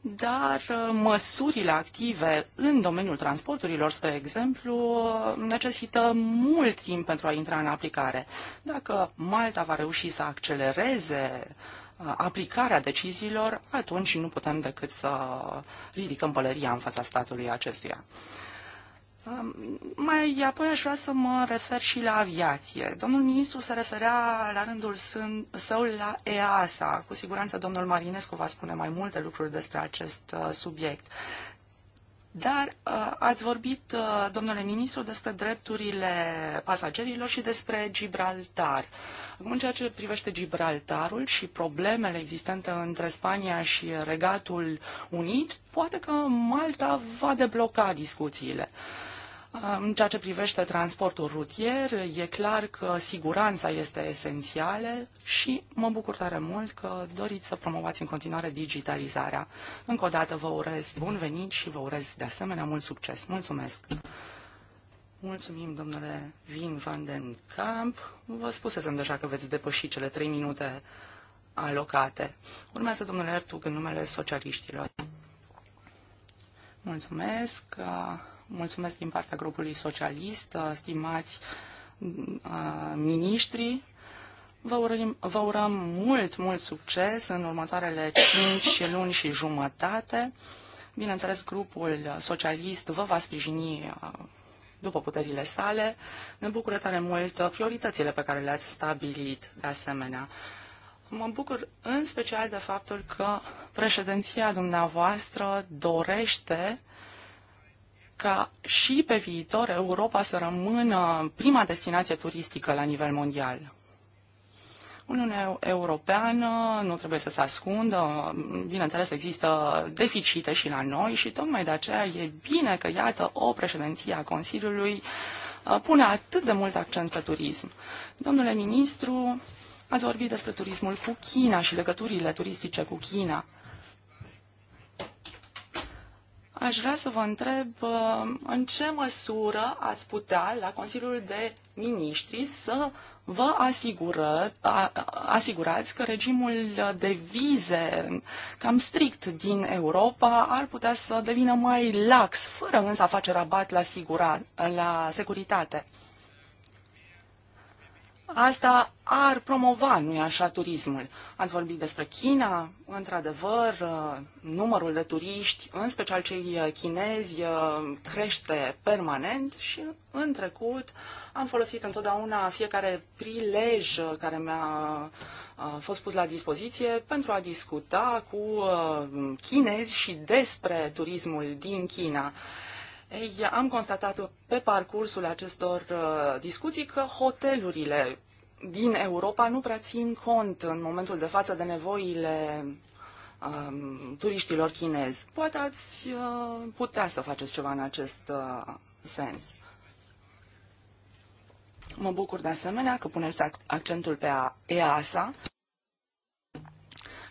dar uh, măsurile active în domeniul transporturilor, spre exemplu, uh, necesită mult timp pentru a intra în aplicare. Dacă Malta va reuși să accelereze uh, aplicarea deciziilor, atunci nu putem decât să ridicăm pălăria în fața statului acestuia. Mai apoi aș vrea să mă refer și la aviație. Domnul ministru se referea la rândul său la EASA. Cu siguranță domnul Marinescu va spune mai multe lucruri despre acest uh, subiect. Dar uh, ați vorbit, uh, domnule ministru, despre drepturile pasagerilor și despre Gibraltar. Acum, în ceea ce privește Gibraltarul și problemele existente între Spania și Regatul Unit, poate că Malta va debloca discuțiile. Uh, în ceea ce privește transportul rutier, e clar că siguranța este esențială și mă bucur tare mult că doriți să promovați în continuare digitalizarea. Încă o dată vă urez bun venit și vă urez de asemenea mult succes. Mulțumesc! Mulțumim, domnule Vin van den Kamp. Vă spusesem deja că veți depăși cele trei minute alocate. Urmează domnule Ertug în numele socialiștilor. Mulțumesc! mulțumesc din partea grupului socialist, uh, stimați uh, miniștri. Vă urăm, vă urăm mult, mult succes în următoarele 5 (coughs) luni și jumătate. Bineînțeles, grupul socialist vă va sprijini uh, după puterile sale. Ne bucură tare mult prioritățile pe care le-ați stabilit de asemenea. Mă bucur în special de faptul că președinția dumneavoastră dorește ca și pe viitor Europa să rămână prima destinație turistică la nivel mondial. Uniunea Europeană nu trebuie să se ascundă, bineînțeles există deficite și la noi și tocmai de aceea e bine că, iată, o președinție a Consiliului uh, pune atât de mult accent pe turism. Domnule ministru, ați vorbit despre turismul cu China și legăturile turistice cu China. Aș vrea să vă întreb uh, în ce măsură ați putea la Consiliul de Ministri să vă asigură, a, asigurați că regimul de vize cam strict din Europa ar putea să devină mai lax, fără însă a face rabat la, sigura, la securitate. Asta ar promova, nu-i așa, turismul. Ați vorbit despre China, într-adevăr, uh, numărul de turiști, în special cei uh, chinezi, uh, crește permanent și în trecut am folosit întotdeauna fiecare prilej care mi-a fost pus la dispoziție pentru a discuta cu chinezi și despre turismul din China. Ei, am constatat pe parcursul acestor uh, discuții că hotelurile din Europa nu prea țin cont în momentul de față de nevoile um, turiștilor chinezi. Poate ați uh, putea să faceți ceva în acest uh, sens. Mă bucur de asemenea că puneți accentul pe EASA.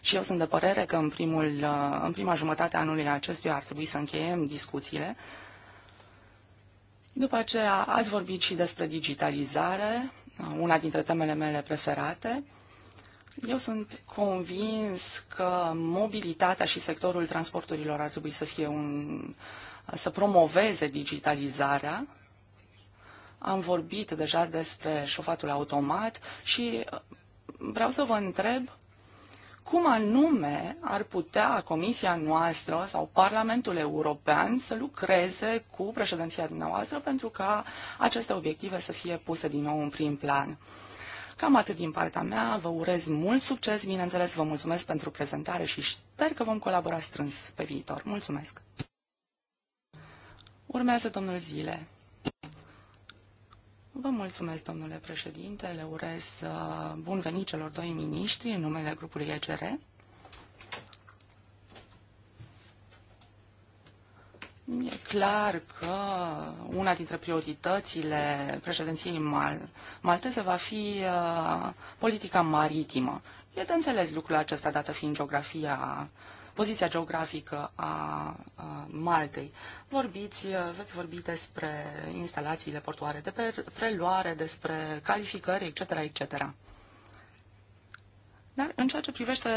Și eu sunt de părere că în, primul, uh, în prima jumătate a anului acestuia ar trebui să încheiem discuțiile, după aceea ați vorbit și despre digitalizare, una dintre temele mele preferate. Eu sunt convins că mobilitatea și sectorul transporturilor ar trebui să fie un, să promoveze digitalizarea. Am vorbit deja despre șofatul automat și vreau să vă întreb cum anume ar putea Comisia noastră sau Parlamentul European să lucreze cu președinția dumneavoastră pentru ca aceste obiective să fie puse din nou în prim plan. Cam atât din partea mea, vă urez mult succes, bineînțeles, vă mulțumesc pentru prezentare și sper că vom colabora strâns pe viitor. Mulțumesc! Urmează domnul Zile. Vă mulțumesc, domnule președinte. Le urez uh, bun venit celor doi miniștri în numele grupului ECR. E clar că una dintre prioritățile președinției mal- malteze va fi uh, politica maritimă. E de înțeles lucrul acesta, dată fiind geografia uh, poziția geografică a, Maltei. Vorbiți, veți vorbi despre instalațiile portoare de preluare, despre calificări, etc., etc. Dar în ceea ce privește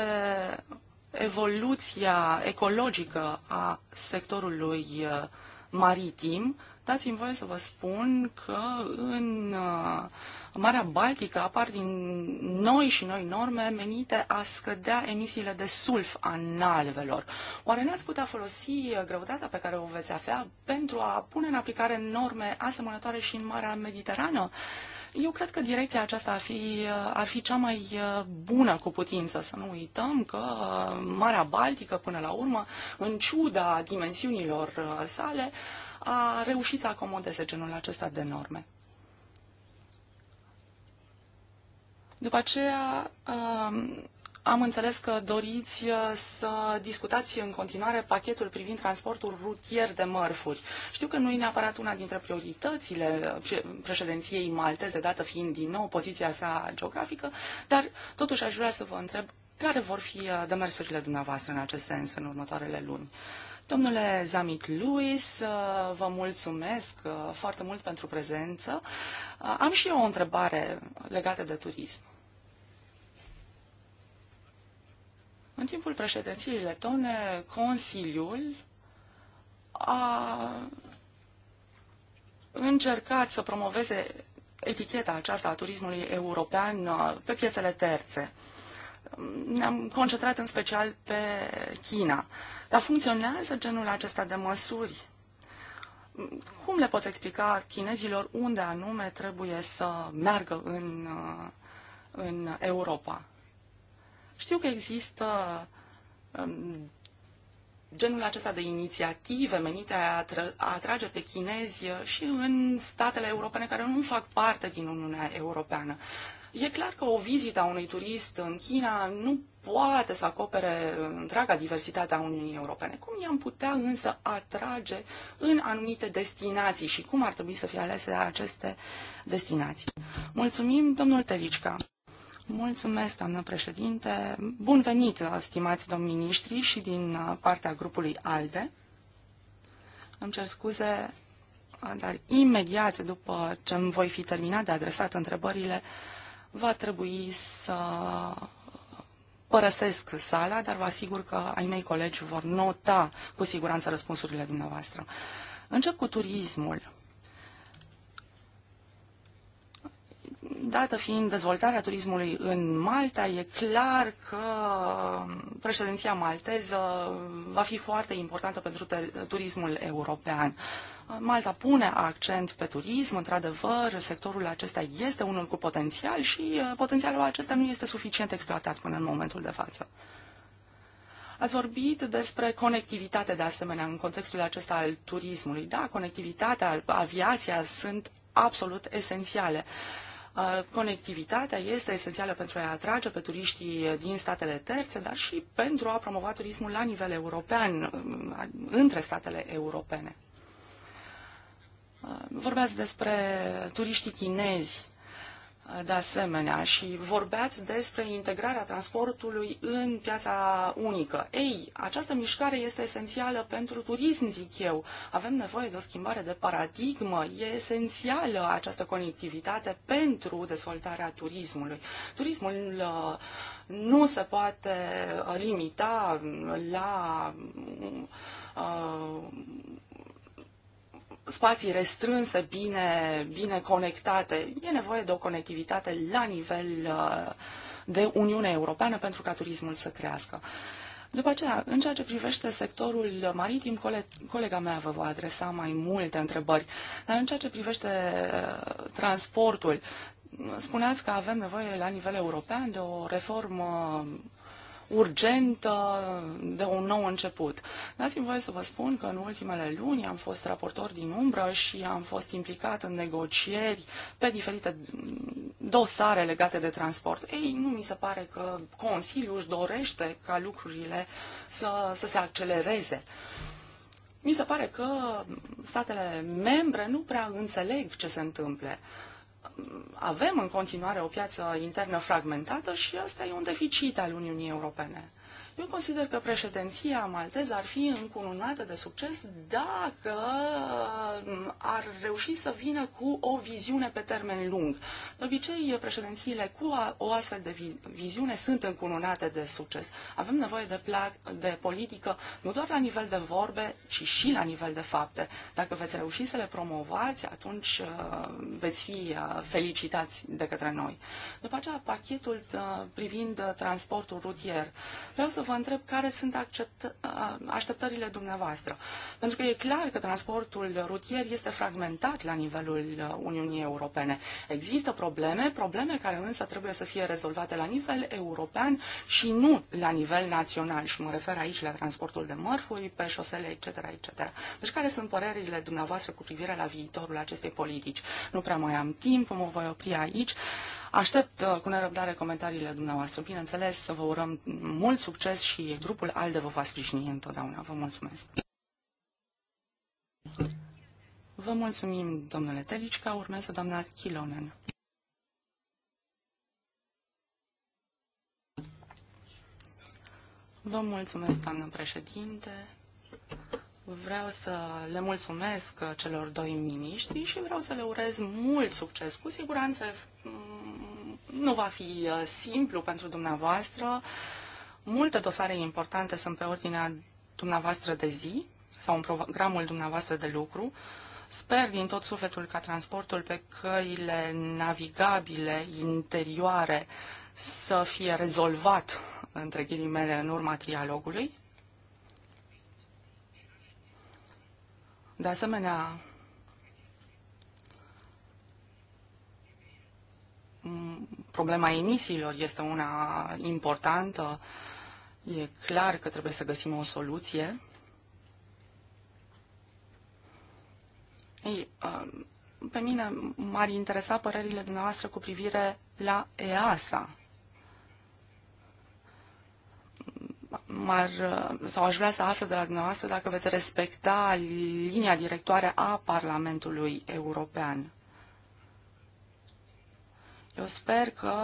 evoluția ecologică a sectorului uh, maritim, dați-mi voie să vă spun că în uh, Marea Baltică apar din noi și noi norme menite a scădea emisiile de sulf a nalvelor. Oare n-ați putea folosi greutatea pe care o veți avea pentru a pune în aplicare norme asemănătoare și în Marea Mediterană? Eu cred că direcția aceasta ar fi, ar fi cea mai bună cu putință. Să nu uităm că Marea Baltică, până la urmă, în ciuda dimensiunilor sale, a reușit să acomodeze genul acesta de norme. După aceea um, am înțeles că doriți uh, să discutați în continuare pachetul privind transportul rutier de mărfuri. Știu că nu e neapărat una dintre prioritățile uh, președinției malteze, dată fiind din nou poziția sa geografică, dar totuși aș vrea să vă întreb care vor fi uh, demersurile dumneavoastră în acest sens în următoarele luni. Domnule Zamit Luis, vă mulțumesc foarte mult pentru prezență. Am și eu o întrebare legată de turism. În timpul președinției letone, Consiliul a încercat să promoveze eticheta aceasta a turismului european uh, pe piețele terțe. Ne-am concentrat în special pe China. Dar funcționează genul acesta de măsuri? Cum le poți explica chinezilor unde anume trebuie să meargă în, uh, în Europa? Știu că există um, genul acesta de inițiative menite a, a atrage pe chinezi și în statele europene care nu fac parte din Uniunea Europeană. E clar că o vizită a unui turist în China nu poate să acopere întreaga diversitate a Uniunii Europene. Cum i-am putea însă atrage în anumite destinații și cum ar trebui să fie alese aceste destinații? Mulțumim, domnul Telicca! Mulțumesc, doamnă președinte. Bun venit, stimați domn ministri și din partea grupului ALDE. Îmi cer scuze, dar imediat după ce îmi voi fi terminat de adresat întrebările, va trebui să părăsesc sala, dar vă asigur că ai mei colegi vor nota cu siguranță răspunsurile dumneavoastră. Încep cu turismul. dată fiind dezvoltarea turismului în Malta, e clar că președinția malteză va fi foarte importantă pentru turismul european. Malta pune accent pe turism, într-adevăr, sectorul acesta este unul cu potențial și uh, potențialul acesta nu este suficient exploatat până în momentul de față. Ați vorbit despre conectivitate, de asemenea, în contextul acesta al turismului. Da, conectivitatea, aviația sunt absolut esențiale. Uh, Conectivitatea este esențială pentru a atrage pe turiștii din statele terțe, dar și pentru a promova turismul la nivel european, um, între statele europene. Vorbeați despre turiștii chinezi de asemenea și vorbeați despre integrarea transportului în piața unică. Ei, această mișcare este esențială pentru turism, zic eu. Avem nevoie de o schimbare de paradigmă. E esențială această conectivitate pentru dezvoltarea turismului. Turismul uh, nu se poate limita la uh, spații restrânse, bine, bine conectate. E nevoie de o conectivitate la nivel uh, de Uniune Europeană pentru ca turismul să crească. După aceea, în ceea ce privește sectorul maritim, colega mea vă va adresa mai multe întrebări, dar în ceea ce privește uh, transportul, spuneați că avem nevoie la nivel european de o reformă urgentă de un nou început. Dați-mi voie să vă spun că în ultimele luni am fost raportor din umbră și am fost implicat în negocieri pe diferite dosare legate de transport. Ei, nu mi se pare că Consiliul își dorește ca lucrurile să, să se accelereze. Mi se pare că statele membre nu prea înțeleg ce se întâmplă avem în continuare o piață internă fragmentată și asta e un deficit al Uniunii Europene. Eu consider că președinția malteză ar fi încununată de succes dacă ar reuși să vină cu o viziune pe termen lung. De obicei, președințiile cu o astfel de viziune sunt încununate de succes. Avem nevoie de, de politică nu doar la nivel de vorbe, ci și la nivel de fapte. Dacă veți reuși să le promovați, atunci uh, veți fi uh, felicitați de către noi. După aceea, pachetul uh, privind transportul rutier. Vreau să vă vă întreb care sunt accept, așteptările dumneavoastră. Pentru că e clar că transportul rutier este fragmentat la nivelul Uniunii Europene. Există probleme, probleme care însă trebuie să fie rezolvate la nivel european și nu la nivel național. Și mă refer aici la transportul de mărfuri, pe șosele, etc. etc. Deci care sunt părerile dumneavoastră cu privire la viitorul acestei politici? Nu prea mai am timp, mă voi opri aici. Aștept uh, cu nerăbdare comentariile dumneavoastră. Bineînțeles, să vă urăm mult succes și grupul ALDE vă va sprijini întotdeauna. Vă mulțumesc! Vă mulțumim, domnule Telicica. Urmează doamna Chilonen. Vă mulțumesc, doamnă președinte. Vreau să le mulțumesc celor doi miniștri și vreau să le urez mult succes. Cu siguranță nu va fi uh, simplu pentru dumneavoastră. Multe dosare importante sunt pe ordinea dumneavoastră de zi sau în programul dumneavoastră de lucru. Sper din tot sufletul ca transportul pe căile navigabile interioare să fie rezolvat, între ghilimele, în urma trialogului. De asemenea, problema emisiilor este una importantă. E clar că trebuie să găsim o soluție. Ei, uh, pe mine m-ar interesa părerile dumneavoastră cu privire la EASA. M-ar, uh, sau aș vrea să aflu de la dumneavoastră dacă veți respecta linia directoare a Parlamentului European. Eu sper că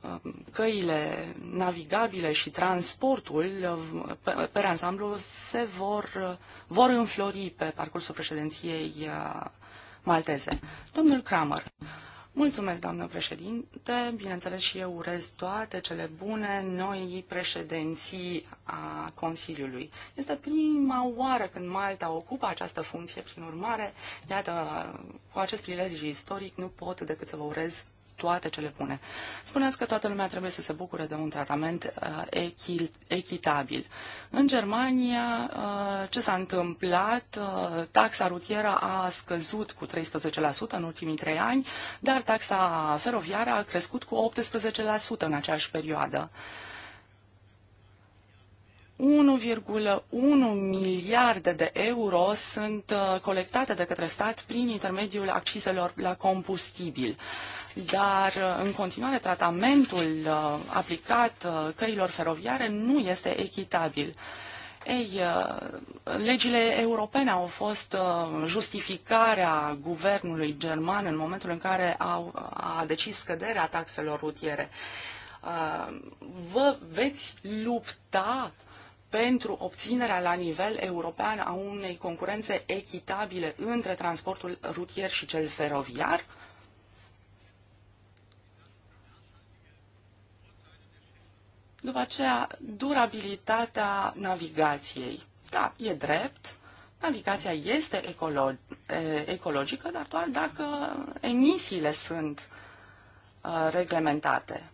uh, căile navigabile și transportul uh, pe, pe ansamblu se vor, uh, vor înflori pe parcursul președinției malteze. Domnul Kramer, Mulțumesc, doamnă președinte. Bineînțeles și eu urez toate cele bune noi președinții a Consiliului. Este prima oară când Malta ocupă această funcție, prin urmare, iată, cu acest prilej istoric nu pot decât să vă urez toate cele bune. Spuneați că toată lumea trebuie să se bucure de un tratament uh, echitabil. În Germania, uh, ce s-a întâmplat? Uh, taxa rutieră a scăzut cu 13% în ultimii trei ani, dar taxa feroviară a crescut cu 18% în aceeași perioadă. 1,1 miliarde de euro sunt colectate de către stat prin intermediul accizelor la combustibil dar uh, în continuare tratamentul uh, aplicat uh, căilor feroviare nu este echitabil. Ei, legile europene au fost justificarea guvernului german în momentul în care au, a decis scăderea taxelor rutiere. Vă veți lupta pentru obținerea la nivel european a unei concurențe echitabile între transportul rutier și cel feroviar? Uh, După aceea, durabilitatea navigației. Da, e drept, navigația este ecolo- ecologică, dar doar dacă emisiile sunt uh, reglementate.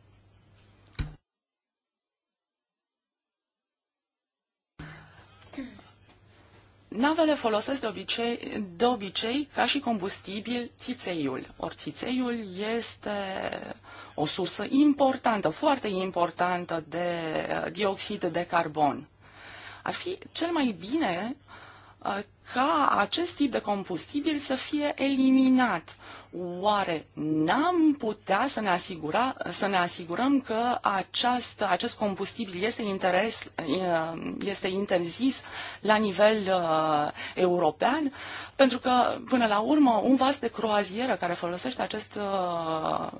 Navele folosesc de obicei, de obicei ca și combustibil țițeiul. Ori țițeiul este uh, o sursă importantă, foarte importantă de uh, dioxid de carbon. Ar fi cel mai bine uh, ca acest tip de combustibil să fie eliminat Oare n-am putea să ne, asigura, să ne asigurăm că aceast, acest combustibil este, interes, este interzis la nivel uh, european? Pentru că, până la urmă, un vas de croazieră care folosește acest uh,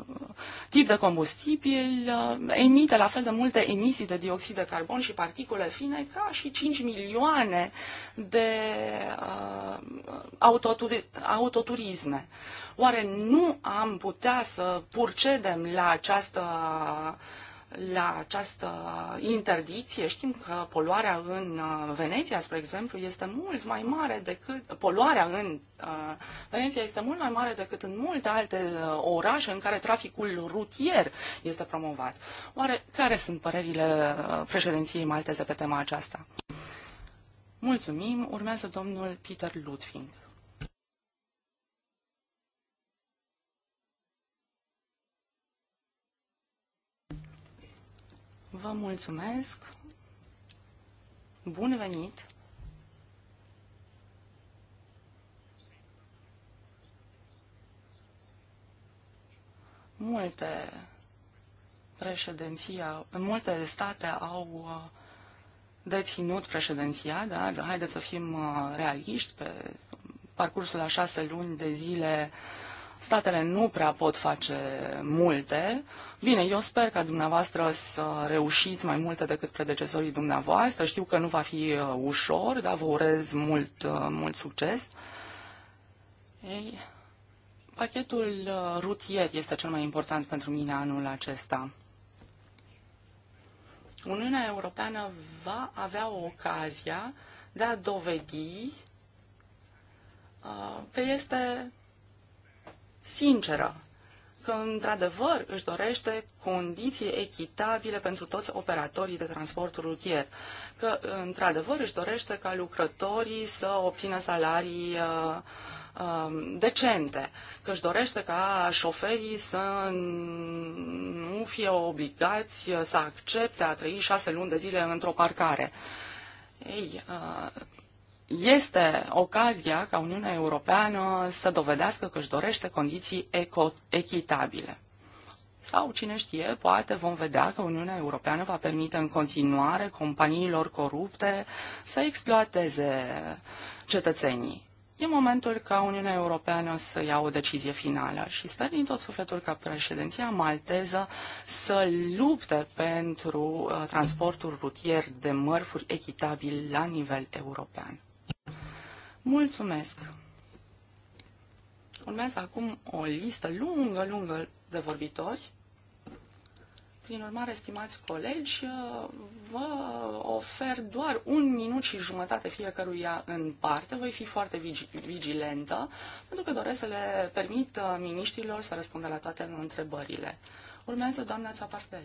tip de combustibil uh, emite la fel de multe emisii de dioxid de carbon și particule fine ca și 5 milioane de uh, autoturisme. Oare nu am putea să purcedem la această la această interdicție. Știm că poluarea în uh, Veneția, spre exemplu, este mult mai mare decât poluarea în uh, Veneția este mult mai mare decât în multe alte uh, orașe în care traficul rutier este promovat. Oare care sunt părerile președinției malteze pe tema aceasta? Mulțumim. Urmează domnul Peter Ludfing. Vă mulțumesc. Bun venit. Multe președinția, în multe state au uh, deținut președinția, dar haideți să fim uh, realiști pe parcursul a șase luni de zile uh, Statele nu prea pot face multe. Bine, eu sper ca dumneavoastră să reușiți mai multe decât predecesorii dumneavoastră. Știu că nu va fi uh, ușor, dar vă urez mult, uh, mult succes. Ei, pachetul uh, rutier este cel mai important pentru mine anul acesta. Uniunea Europeană va avea ocazia de a dovedi că este sinceră că, într-adevăr, își dorește condiții echitabile pentru toți operatorii de transport rutier, că, într-adevăr, își dorește ca lucrătorii să obțină salarii uh, uh, decente, că își dorește ca șoferii să nu fie obligați să accepte a trăi șase luni de zile într-o parcare. Ei, uh, este ocazia ca Uniunea Europeană să dovedească că își dorește condiții eco- echitabile. Sau, cine știe, poate vom vedea că Uniunea Europeană va permite în continuare companiilor corupte să exploateze cetățenii. E momentul ca Uniunea Europeană să ia o decizie finală și sper din tot sufletul ca președinția malteză să lupte pentru uh, transportul rutier de mărfuri echitabil la nivel european. Mulțumesc! Urmează acum o listă lungă, lungă de vorbitori. Prin urmare, stimați colegi, vă ofer doar un minut și jumătate fiecăruia în parte. Voi fi foarte vigilentă, pentru că doresc să le permit uh, miniștrilor să răspundă la toate întrebările. Urmează doamna Țapartel.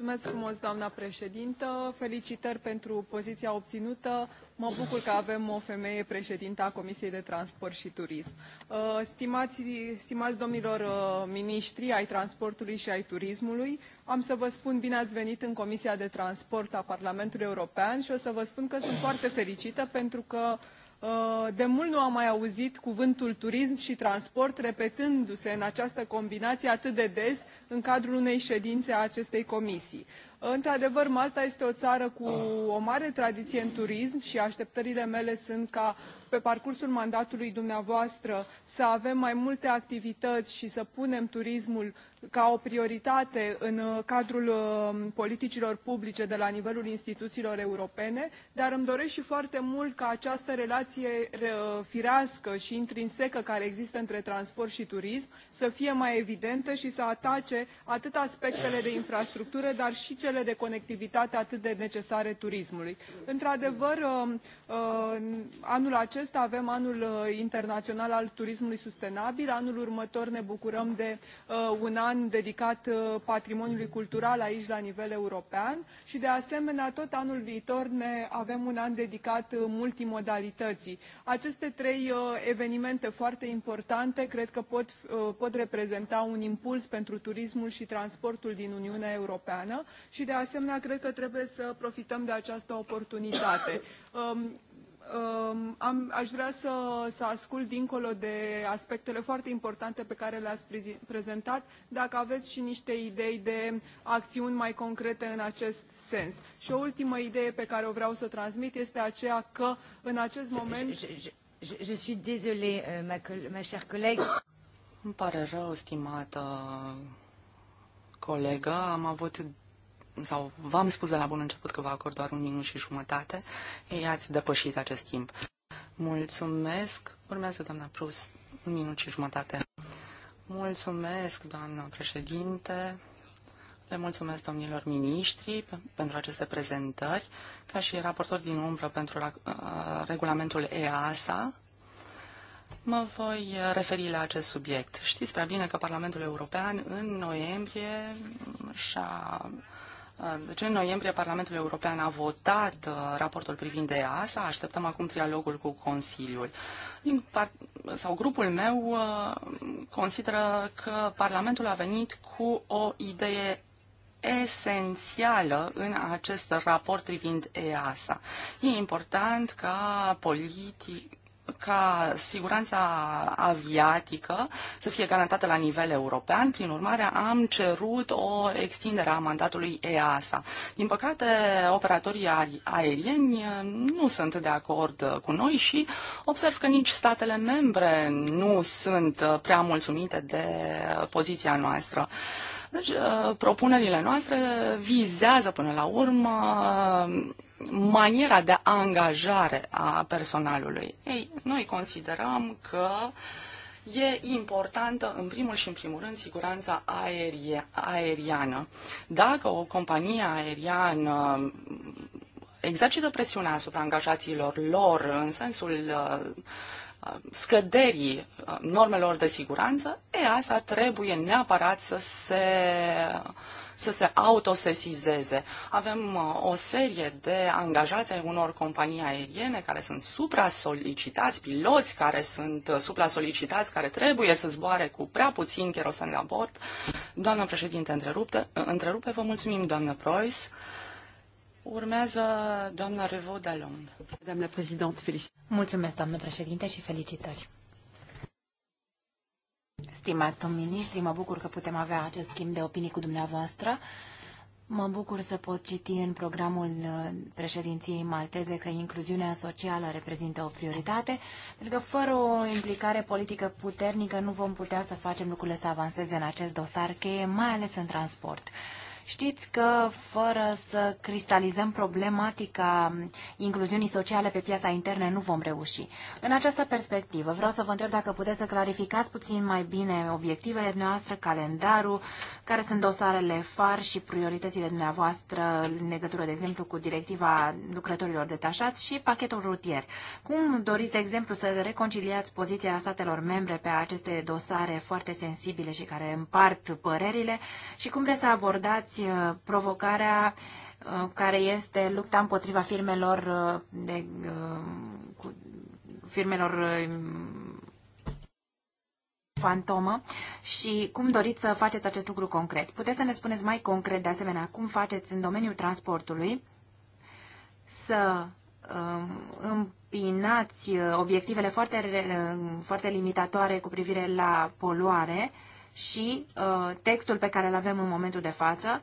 Mulțumesc frumos, doamna președintă. Felicitări pentru poziția obținută. Mă bucur că avem o femeie președintă a Comisiei de Transport și Turism. Uh, stimați, stimați domnilor uh, miniștri ai transportului și ai turismului, am să vă spun bine ați venit în Comisia de Transport a Parlamentului European și o să vă spun că sunt foarte fericită pentru că Uh, de mult nu am mai auzit cuvântul turism și transport repetându se în această combinație atât de des în cadrul unei ședințe a acestei comisii într adevăr malta este o țară cu o mare tradiție în turism și așteptările mele sunt ca pe parcursul mandatului dumneavoastră să avem mai multe activități și să punem turismul ca o prioritate în uh, cadrul uh, politicilor publice de la nivelul instituțiilor europene dar îmi doresc și foarte mult ca această relație uh, firească și intrinsecă care există între transport și turism să fie mai evidentă și să atace atât aspectele de infrastructură dar și cele cele de conectivitate atât de necesare turismului. într adevăr um, uh, anul acesta avem anul uh, internațional al turismului sustenabil anul următor ne bucurăm de uh, un an dedicat patrimoniului cultural aici la nivel european și de asemenea tot anul viitor ne avem un an dedicat multimodalității. aceste trei evenimente foarte importante cred că pot, pot reprezenta un impuls pentru turismul și transportul din uniunea europeană și și de asemenea cred că trebuie să profităm de această oportunitate. Um, um, am, aș vrea să, să ascult dincolo de aspectele foarte importante pe care le-ați prezentat, dacă aveți și niște idei de acțiuni mai concrete în acest sens. Și o ultimă idee pe care o vreau să o transmit este aceea că în acest moment... Je, je, je, je suis désolée, euh, ma, ma chère collègue. Îmi pare rău, stimată colegă, am avut sau v-am spus de la bun început că vă acord doar un minut și jumătate, ei ați depășit acest timp. Mulțumesc. Urmează doamna Prus, un minut și jumătate. Mulțumesc, doamna președinte. Le mulțumesc domnilor miniștri pentru aceste prezentări, ca și raportor din umbră pentru regulamentul EASA. Mă voi referi la acest subiect. Știți prea bine că Parlamentul European în noiembrie și-a deci în noiembrie Parlamentul European a votat uh, raportul privind EASA, așteptăm acum trialogul cu Consiliul. Din part- sau grupul meu uh, consideră că Parlamentul a venit cu o idee esențială în acest raport privind EASA. E important ca politic, ca siguranța aviatică să fie garantată la nivel european. Prin urmare, am cerut o extindere a mandatului EASA. Din păcate, operatorii aerieni uh, nu sunt de acord uh, cu noi și observ că nici statele membre nu sunt uh, prea mulțumite de poziția noastră. Deci, propunerile noastre vizează până la urmă maniera de angajare a personalului. Ei, noi considerăm că e importantă, în primul și în primul rând, siguranța aerie, aeriană. Dacă o companie aeriană exercită exact presiunea asupra angajaților lor în sensul uh, scăderii uh, normelor de siguranță, e asta trebuie neapărat să se uh, să se autosesizeze. Avem uh, o serie de angajați ai unor companii aeriene care sunt supra-solicitați, piloți care sunt uh, supra-solicitați, care trebuie să zboare cu prea puțin cherosen la bord. Doamna președinte, întrerupte, uh, întrerupe, vă mulțumim, doamnă Preuss. Urmează doamna Revo Londra. Doamna președinte, felicitări. Mulțumesc, doamnă președinte, și felicitări. Stimat ministri, mă bucur că putem avea acest schimb de opinii cu dumneavoastră. Mă bucur să pot citi în programul uh, președinției malteze că incluziunea socială reprezintă o prioritate, pentru că fără o implicare politică puternică nu vom putea să facem lucrurile să avanseze în acest dosar cheie, mai ales în transport. Știți că fără să cristalizăm problematica incluziunii sociale pe piața internă nu vom reuși. În această perspectivă vreau să vă întreb dacă puteți să clarificați puțin mai bine obiectivele dumneavoastră, calendarul, care sunt dosarele far și prioritățile dumneavoastră în legătură, de exemplu, cu directiva lucrătorilor detașați și pachetul rutier. Cum doriți, de exemplu, să reconciliați poziția statelor membre pe aceste dosare foarte sensibile și care împart părerile și cum vreți să abordați vedeți uh, provocarea uh, care este lupta împotriva firmelor uh, de, cu, firmelor um, fantomă și cum doriți să faceți acest lucru concret. Puteți să ne spuneți mai concret, de asemenea, cum faceți în domeniul transportului să um, împinați obiectivele foarte, foarte limitatoare cu privire la poluare și uh, textul pe care îl avem în momentul de față,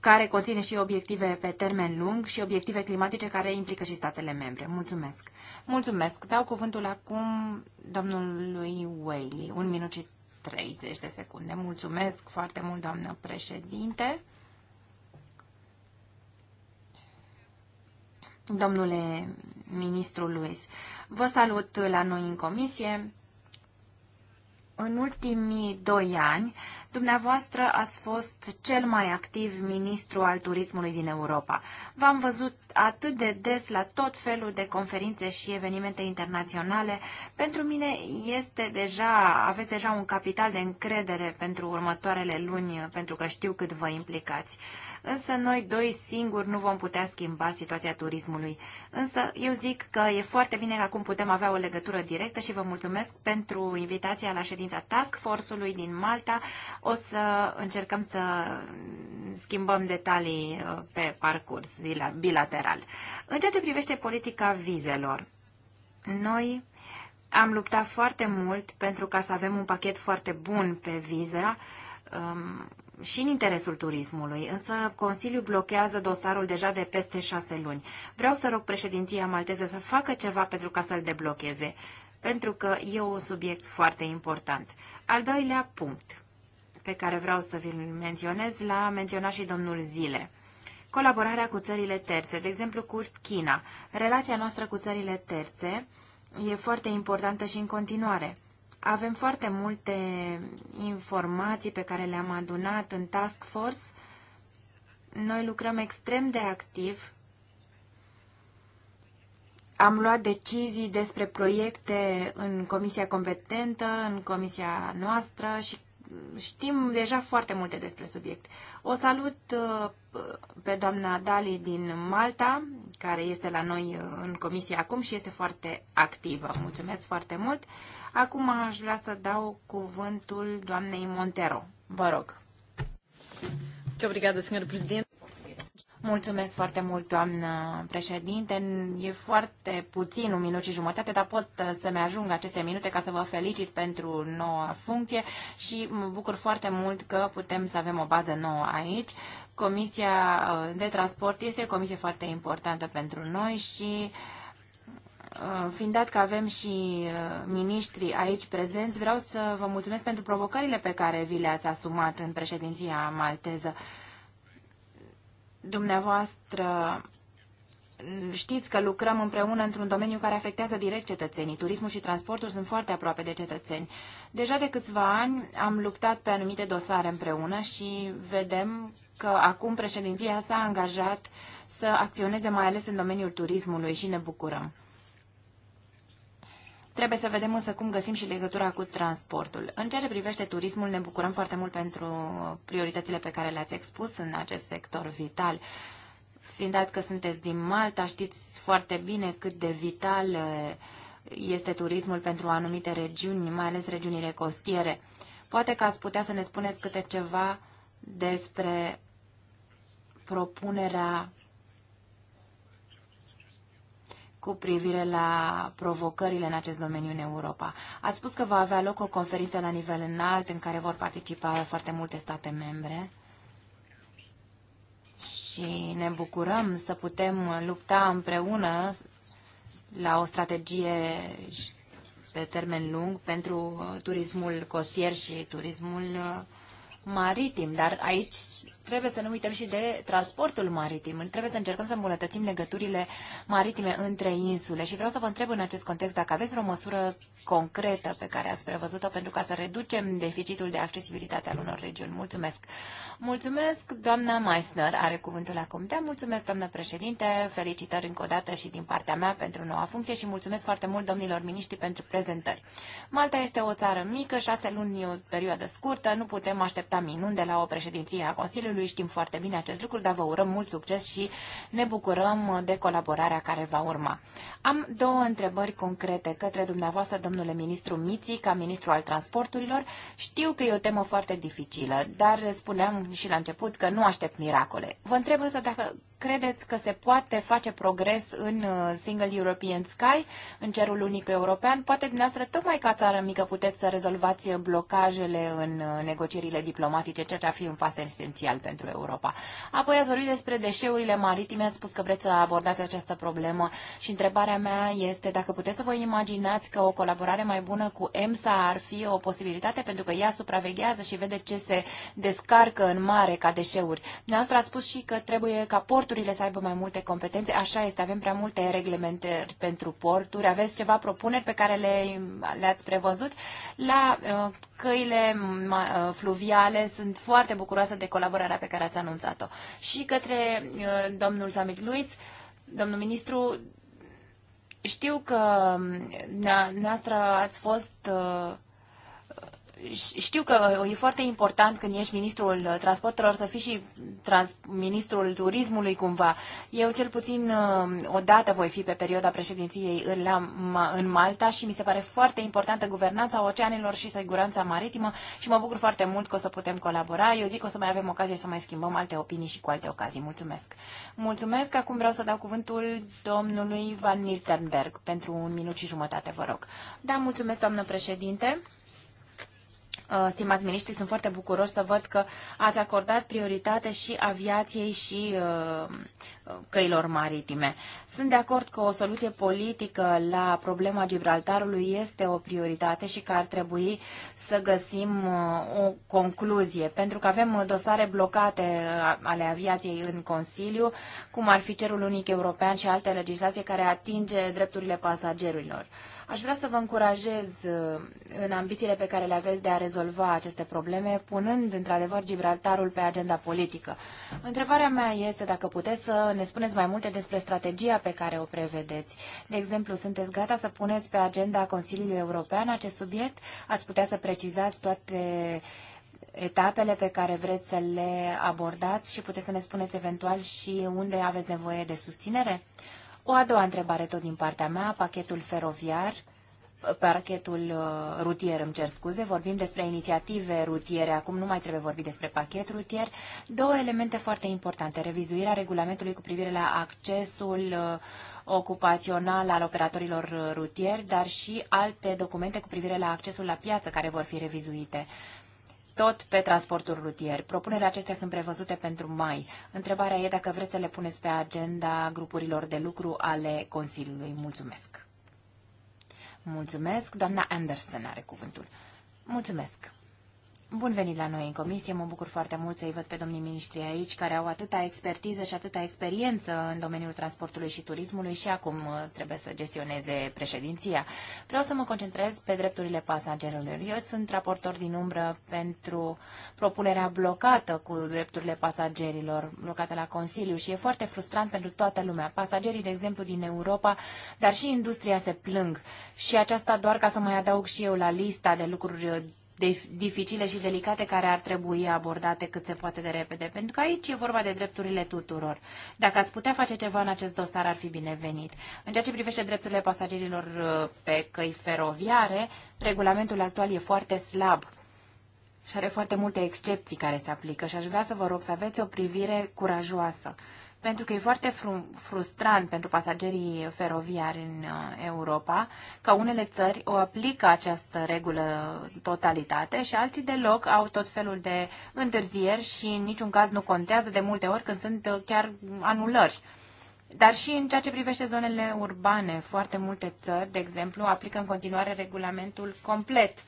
care conține și obiective pe termen lung și obiective climatice care implică și statele membre. Mulțumesc! Mulțumesc! Dau cuvântul acum domnului Whaley. Un minut și 30 de secunde. Mulțumesc foarte mult, doamnă președinte! Domnule ministru Luis, vă salut la noi în comisie. În ultimii doi ani, dumneavoastră ați fost cel mai activ ministru al turismului din Europa. V-am văzut atât de des la tot felul de conferințe și evenimente internaționale. Pentru mine este deja, aveți deja un capital de încredere pentru următoarele luni, pentru că știu cât vă implicați însă noi doi singuri nu vom putea schimba situația turismului. Însă eu zic că e foarte bine că acum putem avea o legătură directă și vă mulțumesc pentru invitația la ședința Task Force-ului din Malta. O să încercăm să schimbăm detalii uh, pe parcurs bilateral. În ceea ce privește politica vizelor, noi am luptat foarte mult pentru ca să avem un pachet foarte bun pe viza. Um, și în interesul turismului, însă Consiliul blochează dosarul deja de peste șase luni. Vreau să rog președinția malteză să facă ceva pentru ca să-l deblocheze, pentru că e un subiect foarte important. Al doilea punct pe care vreau să vi-l menționez l-a menționat și domnul Zile. Colaborarea cu țările terțe, de exemplu cu China. Relația noastră cu țările terțe e foarte importantă și în continuare. Avem foarte multe informații pe care le-am adunat în task force. Noi lucrăm extrem de activ. Am luat decizii despre proiecte în comisia competentă, în comisia noastră și știm deja foarte multe despre subiect. O salut uh, pe doamna Dali din Malta, care este la noi uh, în comisie acum și este foarte activă. Mulțumesc foarte mult! Acum aș vrea să dau cuvântul doamnei Montero. Vă rog. Mulțumesc foarte mult, doamnă președinte. E foarte puțin, un minut și jumătate, dar pot uh, să-mi ajung aceste minute ca să vă felicit pentru noua funcție și mă bucur foarte mult că putem să avem o bază nouă aici. Comisia uh, de transport este o comisie foarte importantă pentru noi și uh, Uh, fiind dat că avem și uh, miniștri aici prezenți, vreau să vă mulțumesc pentru provocările pe care vi le-ați asumat în președinția malteză. Dumneavoastră știți că lucrăm împreună într-un domeniu care afectează direct cetățenii. Turismul și transportul sunt foarte aproape de cetățeni. Deja de câțiva ani am luptat pe anumite dosare împreună și vedem că acum președinția s-a angajat să acționeze mai ales în domeniul turismului și ne bucurăm. Trebuie să vedem însă cum găsim și legătura cu transportul. În ceea ce privește turismul, ne bucurăm foarte mult pentru prioritățile pe care le-ați expus în acest sector vital. Fiind dat că sunteți din Malta, știți foarte bine cât de vital este turismul pentru anumite regiuni, mai ales regiunile costiere. Poate că ați putea să ne spuneți câte ceva despre propunerea cu privire la provocările în acest domeniu în Europa. Ați spus că va avea loc o conferință la nivel înalt în care vor participa foarte multe state membre și ne bucurăm să putem lupta împreună la o strategie pe termen lung pentru turismul costier și turismul maritim, dar aici trebuie să nu uităm și de transportul maritim. Trebuie să încercăm să îmbunătățim legăturile maritime între insule. Și vreau să vă întreb în acest context dacă aveți vreo măsură concretă pe care ați prevăzut-o pentru ca să reducem deficitul de accesibilitate al unor regiuni. Mulțumesc! Mulțumesc, doamna Meissner are cuvântul acum. Da, mulțumesc, doamnă președinte, felicitări încă o dată și din partea mea pentru noua funcție și mulțumesc foarte mult domnilor miniștri pentru prezentări. Malta este o țară mică, șase luni o perioadă scurtă, nu putem aștepta minuni de la o președinție a Consiliului, știm foarte bine acest lucru, dar vă urăm mult succes și ne bucurăm de colaborarea care va urma. Am două întrebări concrete către dumneavoastră, domnule domnule ministru Miții ca ministru al transporturilor. Știu că e o temă foarte dificilă, dar spuneam și la început că nu aștept miracole. Vă întreb însă dacă credeți că se poate face progres în uh, Single European Sky, în cerul unic european? Poate dumneavoastră, tocmai ca țară mică, puteți să rezolvați blocajele în uh, negocierile diplomatice, ceea ce ar fi un pas esențial pentru Europa. Apoi ați vorbit despre deșeurile maritime, ați spus că vreți să abordați această problemă și întrebarea mea este dacă puteți să vă imaginați că o colaborare mai bună cu EMSA ar fi o posibilitate, pentru că ea supraveghează și vede ce se descarcă în mare ca deșeuri. Dumneavoastră a spus și că trebuie ca port porturile să aibă mai multe competențe. Așa este, avem prea multe reglementări pentru porturi. Aveți ceva propuneri pe care le, le-ați prevăzut? La uh, căile uh, fluviale sunt foarte bucuroasă de colaborarea pe care ați anunțat-o. Și către uh, domnul Samit Luis, domnul ministru, știu că um, noastră ați fost... Uh, știu că e foarte important când ești ministrul uh, transportelor să fii și trans, ministrul turismului cumva. Eu cel puțin uh, o dată voi fi pe perioada președinției în, la, în Malta și mi se pare foarte importantă guvernanța oceanelor și siguranța maritimă și mă bucur foarte mult că o să putem colabora. Eu zic că o să mai avem ocazie să mai schimbăm alte opinii și cu alte ocazii. Mulțumesc! Mulțumesc! Acum vreau să dau cuvântul domnului Van Miltenberg pentru un minut și jumătate, vă rog. Da, mulțumesc, doamnă președinte! Uh, stimați miniștri, sunt foarte bucuros să văd că ați acordat prioritate și aviației și uh, uh, căilor maritime. Sunt de acord că o soluție politică la problema Gibraltarului este o prioritate și că ar trebui să găsim uh, o concluzie, pentru că avem uh, dosare blocate uh, ale aviației în Consiliu, cum ar fi cerul unic european și alte legislații care atinge drepturile pasagerilor. Aș vrea să vă încurajez în ambițiile pe care le aveți de a rezolva aceste probleme, punând într-adevăr Gibraltarul pe agenda politică. Întrebarea mea este dacă puteți să ne spuneți mai multe despre strategia pe care o prevedeți. De exemplu, sunteți gata să puneți pe agenda Consiliului European acest subiect? Ați putea să pre precizat toate etapele pe care vreți să le abordați și puteți să ne spuneți eventual și unde aveți nevoie de susținere? O a doua întrebare tot din partea mea, pachetul feroviar, pachetul uh, rutier, îmi cer scuze, vorbim despre inițiative rutiere, acum nu mai trebuie vorbi despre pachet rutier. Două elemente foarte importante, revizuirea regulamentului cu privire la accesul uh, ocupațional al operatorilor rutieri, dar și alte documente cu privire la accesul la piață care vor fi revizuite. Tot pe transportul rutier. Propunerile acestea sunt prevăzute pentru mai. Întrebarea e dacă vreți să le puneți pe agenda grupurilor de lucru ale Consiliului. Mulțumesc! Mulțumesc. Doamna Anderson are cuvântul. Mulțumesc. Bun venit la noi în comisie, mă bucur foarte mult să-i văd pe domnii ministri aici, care au atâta expertiză și atâta experiență în domeniul transportului și turismului și acum uh, trebuie să gestioneze președinția. Vreau să mă concentrez pe drepturile pasagerilor. Eu sunt raportor din umbră pentru propunerea blocată cu drepturile pasagerilor, blocată la Consiliu și e foarte frustrant pentru toată lumea. Pasagerii, de exemplu, din Europa, dar și industria se plâng și aceasta doar ca să mai adaug și eu la lista de lucruri dificile și delicate care ar trebui abordate cât se poate de repede, pentru că aici e vorba de drepturile tuturor. Dacă ați putea face ceva în acest dosar, ar fi binevenit. În ceea ce privește drepturile pasagerilor uh, pe căi feroviare, regulamentul actual e foarte slab și are foarte multe excepții care se aplică și aș vrea să vă rog să aveți o privire curajoasă pentru că e foarte frum, frustrant pentru pasagerii feroviari în uh, Europa că unele țări o aplică această regulă totalitate și alții deloc au tot felul de întârzieri și în niciun caz nu contează de multe ori când sunt uh, chiar anulări. Dar și în ceea ce privește zonele urbane, foarte multe țări, de exemplu, aplică în continuare regulamentul complet.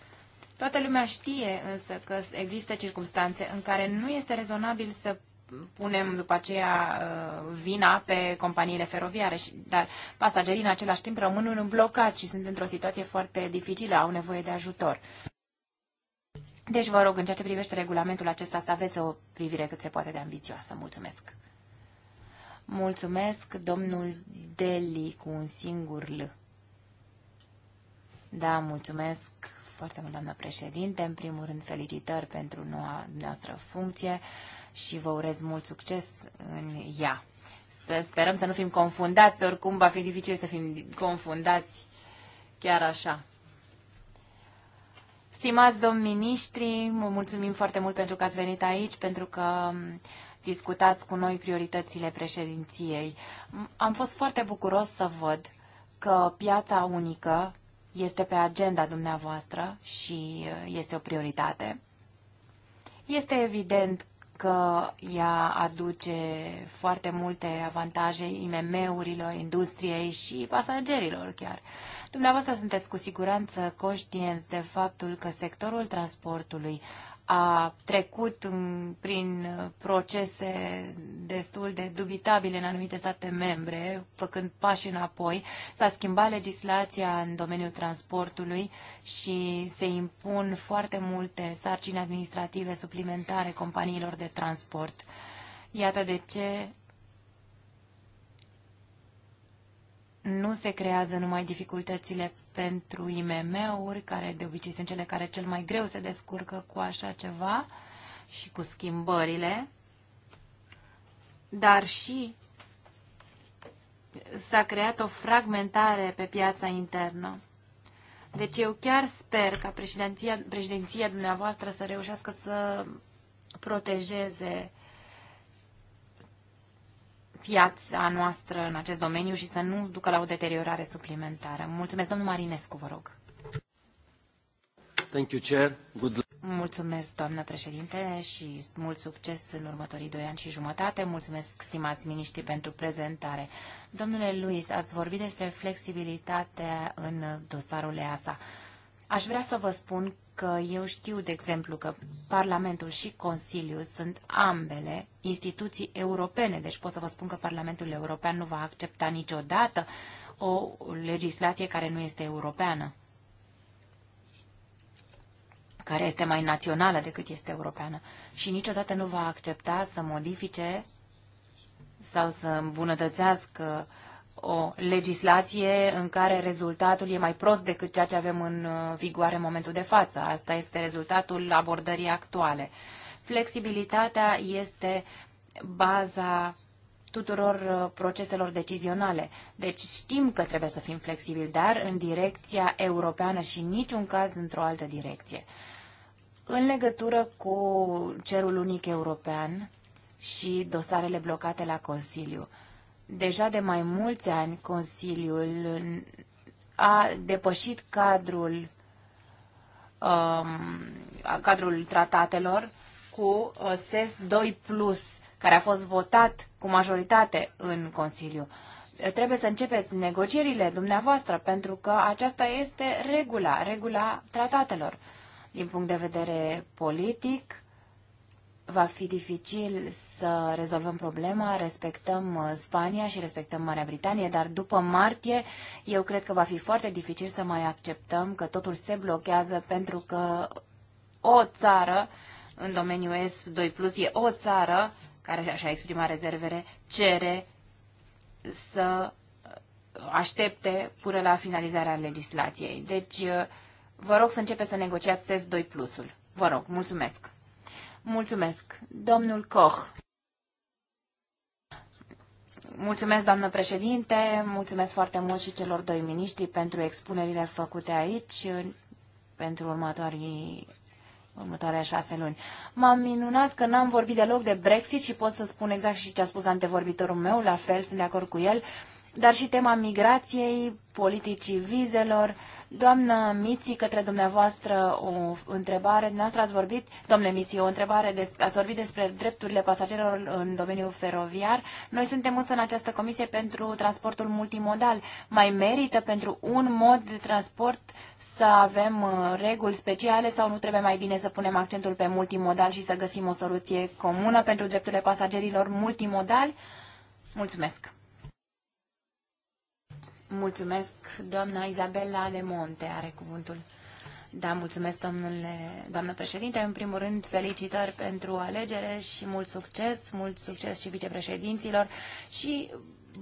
Toată lumea știe însă că există circunstanțe în care nu este rezonabil să punem după aceea uh, vina pe companiile feroviare, dar pasagerii în același timp rămân blocați și sunt într-o situație foarte dificilă, au nevoie de ajutor. Deci vă rog, în ceea ce privește regulamentul acesta, să aveți o privire cât se poate de ambițioasă. Mulțumesc! Mulțumesc, domnul Deli, cu un singur L. Da, mulțumesc foarte mult, doamnă președinte. În primul rând, felicitări pentru noua noastră funcție și vă urez mult succes în ea. Să sperăm să nu fim confundați, oricum va fi dificil să fim confundați chiar așa. Stimați domn ministri, vă mulțumim foarte mult pentru că ați venit aici, pentru că discutați cu noi prioritățile președinției. Am fost foarte bucuros să văd că piața unică este pe agenda dumneavoastră și este o prioritate. Este evident că ea aduce foarte multe avantaje IMM-urilor, industriei și pasagerilor chiar. Dumneavoastră sunteți cu siguranță conștienți de faptul că sectorul transportului a trecut prin procese destul de dubitabile în anumite state membre, făcând pași înapoi, s-a schimbat legislația în domeniul transportului și se impun foarte multe sarcini administrative suplimentare companiilor de transport. Iată de ce nu se creează numai dificultățile pentru IMM-uri, care de obicei sunt cele care cel mai greu se descurcă cu așa ceva și cu schimbările, dar și s-a creat o fragmentare pe piața internă. Deci eu chiar sper ca președinția, președinția dumneavoastră să reușească să protejeze uh, piața noastră în acest domeniu și să nu ducă la o deteriorare suplimentară. Mulțumesc, domnul Marinescu, vă rog. Thank you, Chair. Good luck. Mulțumesc, doamnă președinte, și mult succes în următorii doi ani și jumătate. Mulțumesc, stimați miniștri, pentru prezentare. Domnule Luis, ați vorbit despre flexibilitate în dosarul EASA. Aș vrea să vă spun că eu știu, de exemplu, că Parlamentul și Consiliul sunt ambele instituții europene, deci pot să vă spun că Parlamentul European nu va accepta niciodată o legislație care nu este europeană, care este mai națională decât este europeană și niciodată nu va accepta să modifice sau să îmbunătățească uh, o legislație în care rezultatul e mai prost decât ceea ce avem în uh, vigoare în momentul de față. Asta este rezultatul abordării actuale. Flexibilitatea este baza tuturor uh, proceselor decizionale. Deci știm că trebuie să fim flexibili, dar în direcția europeană și în niciun caz într-o altă direcție. În legătură cu cerul unic european și dosarele blocate la Consiliu, Deja de mai mulți ani Consiliul a depășit cadrul, um, cadrul tratatelor cu SES uh, 2+, care a fost votat cu majoritate în Consiliu. Trebuie să începeți negocierile dumneavoastră, pentru că aceasta este regula, regula tratatelor. Din punct de vedere politic, va fi dificil să rezolvăm problema, respectăm uh, Spania și respectăm Marea Britanie, dar după martie eu cred că va fi foarte dificil să mai acceptăm că totul se blochează pentru că o țară în domeniul S2+, e o țară care așa exprima rezervere, cere să aștepte până la finalizarea legislației. Deci, uh, vă rog să începeți să negociați SES 2+. Vă rog, mulțumesc! Mulțumesc. Domnul Koch. Mulțumesc, doamnă președinte, mulțumesc foarte mult și celor doi miniștri pentru expunerile făcute aici pentru următorii următoarea șase luni. M-am minunat că n-am vorbit deloc de Brexit și pot să spun exact și ce a spus antevorbitorul meu, la fel sunt de acord cu el, dar și tema migrației, politicii vizelor, Doamna Miți, către dumneavoastră o întrebare. Dumneavoastră ați vorbit, domnule Miți, o întrebare, des, ați vorbit despre drepturile pasagerilor în domeniul feroviar. Noi suntem însă în această comisie pentru transportul multimodal. Mai merită pentru un mod de transport să avem uh, reguli speciale sau nu trebuie mai bine să punem accentul pe multimodal și să găsim o soluție comună pentru drepturile pasagerilor multimodali? Mulțumesc! Mulțumesc, doamna Izabela de Monte are cuvântul. Da, mulțumesc, domnule, doamnă președinte. În primul rând, felicitări pentru alegere și mult succes, mult succes și vicepreședinților și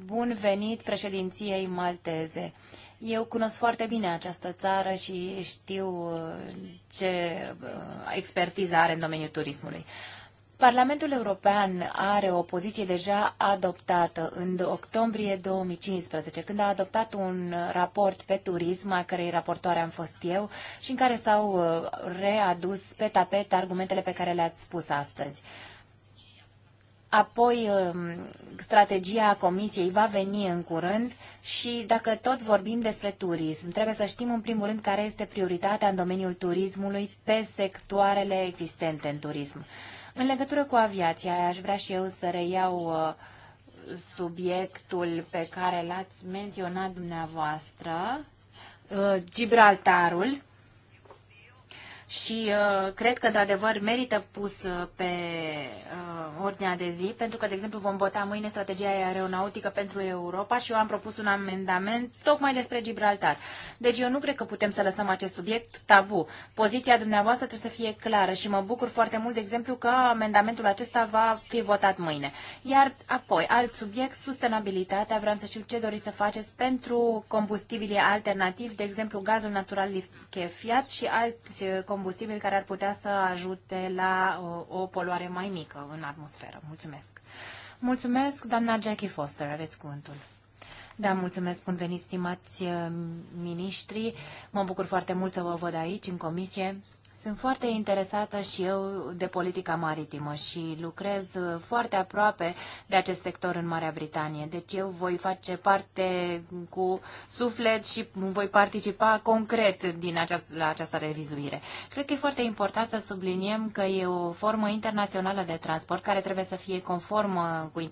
bun venit președinției malteze. Eu cunosc foarte bine această țară și știu ce uh, expertiză are în domeniul turismului. Parlamentul European are o poziție deja adoptată în octombrie 2015, când a adoptat un raport pe turism, a cărei raportoare am fost eu, și în care s-au uh, readus pe tapet argumentele pe care le-ați spus astăzi. Apoi, um, strategia Comisiei va veni în curând și dacă tot vorbim despre turism, trebuie să știm în primul rând care este prioritatea în domeniul turismului pe sectoarele existente în turism. În legătură cu aviația, aș vrea și eu să reiau uh, subiectul pe care l-ați menționat dumneavoastră, uh, Gibraltarul și uh, cred că, într-adevăr, merită pus uh, pe uh, ordinea de zi, pentru că, de exemplu, vom vota mâine strategia aeronautică pentru Europa și eu am propus un amendament tocmai despre Gibraltar. Deci eu nu cred că putem să lăsăm acest subiect tabu. Poziția dumneavoastră trebuie să fie clară și mă bucur foarte mult, de exemplu, că amendamentul acesta va fi votat mâine. Iar apoi, alt subiect, sustenabilitatea. Vreau să știu ce doriți să faceți pentru combustibilii alternativi, de exemplu, gazul natural lichefiat și alți combustibil uh, combustibil care ar putea să ajute la o, o poluare mai mică în atmosferă. Mulțumesc! Mulțumesc, doamna Jackie Foster, aveți cuvântul. Da, mulțumesc, bun venit, stimați eh, miniștri. Mă bucur foarte mult să vă văd aici, în comisie. Sunt foarte interesată și eu de politica maritimă și lucrez uh, foarte aproape de acest sector în Marea Britanie. Deci eu voi face parte cu suflet și voi participa concret din aceast- la această revizuire. Cred că e foarte important să subliniem că e o formă internațională de transport care trebuie să fie conformă cu,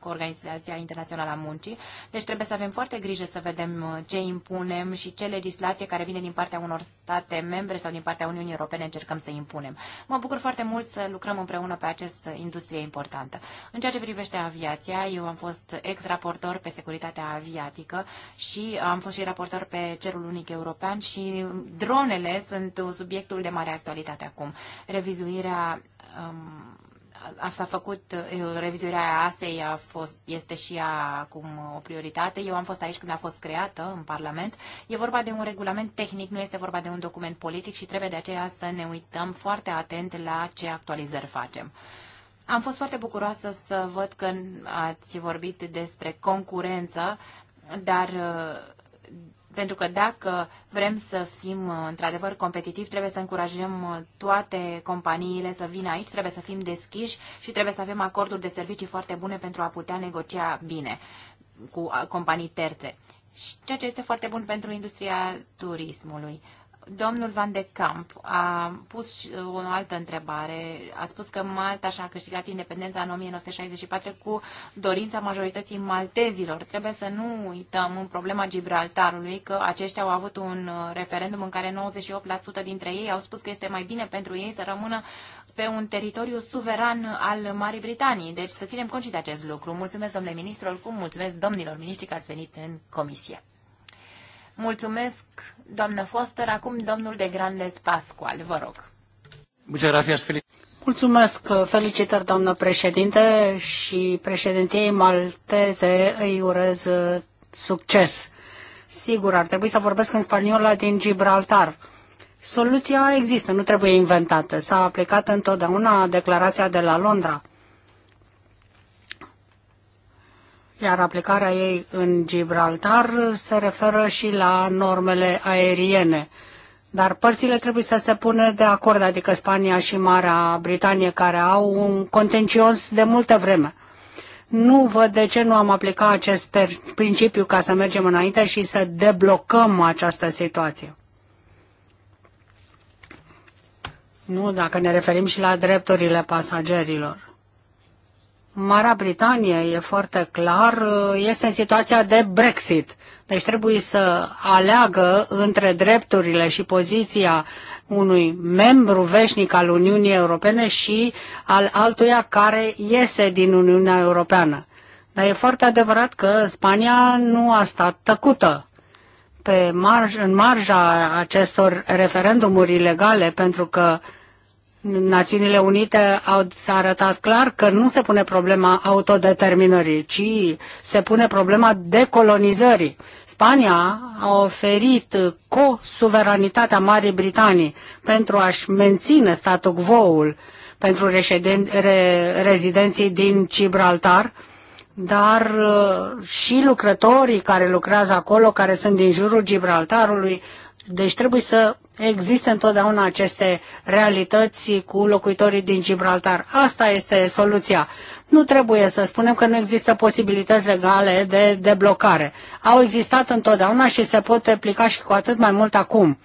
cu Organizația Internațională a Muncii. Deci trebuie să avem foarte grijă să vedem uh, ce impunem și ce legislație care vine din partea unor state membre sau din partea Uniunii Europene europene încercăm să impunem. Mă bucur foarte mult să lucrăm împreună pe această industrie importantă. În ceea ce privește aviația, eu am fost ex-raportor pe securitatea aviatică și am fost și raportor pe cerul unic european și dronele sunt subiectul de mare actualitate acum. Revizuirea um, s-a făcut revizuirea ASEI a fost, este și ea acum o prioritate. Eu am fost aici când a fost creată în Parlament. E vorba de un regulament tehnic, nu este vorba de un document politic și trebuie de aceea să ne uităm foarte atent la ce actualizări facem. Am fost foarte bucuroasă să văd că ați vorbit despre concurență, dar pentru că dacă vrem să fim uh, într-adevăr competitivi, trebuie să încurajăm uh, toate companiile să vină aici, trebuie să fim deschiși și trebuie să avem acorduri de servicii foarte bune pentru a putea negocia bine cu uh, companii terțe. Și ceea ce este foarte bun pentru industria turismului. Domnul Van de Camp a pus uh, o altă întrebare. A spus că Malta și-a câștigat independența în 1964 cu dorința majorității maltezilor. Trebuie să nu uităm în problema Gibraltarului că aceștia au avut un uh, referendum în care 98% dintre ei au spus că este mai bine pentru ei să rămână pe un teritoriu suveran al Marii Britanii. Deci să ținem cont și de acest lucru. Mulțumesc, domnule ministru, oricum mulțumesc domnilor miniștri că ați venit în comisie. Mulțumesc, doamnă Foster. Acum domnul de Grandes Pascual, vă rog. Mulțumesc, felicitări, doamnă președinte, și președintei malteze îi urez uh, succes. Sigur, ar trebui să vorbesc în spaniola din Gibraltar. Soluția există, nu trebuie inventată. S-a aplicat întotdeauna declarația de la Londra iar aplicarea ei în Gibraltar se referă și la normele aeriene. Dar părțile trebuie să se pună de acord, adică Spania și Marea Britanie, care au un contencios de multă vreme. Nu văd de ce nu am aplicat acest principiu ca să mergem înainte și să deblocăm această situație. Nu, dacă ne referim și la drepturile pasagerilor. Marea Britanie, e foarte clar, este în situația de Brexit. Deci trebuie să aleagă între drepturile și poziția unui membru veșnic al Uniunii Europene și al altuia care iese din Uniunea Europeană. Dar e foarte adevărat că Spania nu a stat tăcută pe marj, în marja acestor referendumuri ilegale, pentru că uh, Națiunile Unite au, s-a arătat clar că nu se pune problema autodeterminării, ci se pune problema decolonizării. Spania a oferit co-suveranitatea Marii Britanii pentru a-și menține statul quo-ul pentru reședen, re, rezidenții din Gibraltar, dar uh, și lucrătorii care lucrează acolo, care sunt din jurul Gibraltarului, deci trebuie să existe întotdeauna aceste realități cu locuitorii din Gibraltar. Asta este soluția. Nu trebuie să spunem că nu există posibilități legale de deblocare. Au existat întotdeauna și se pot aplica și cu atât mai mult acum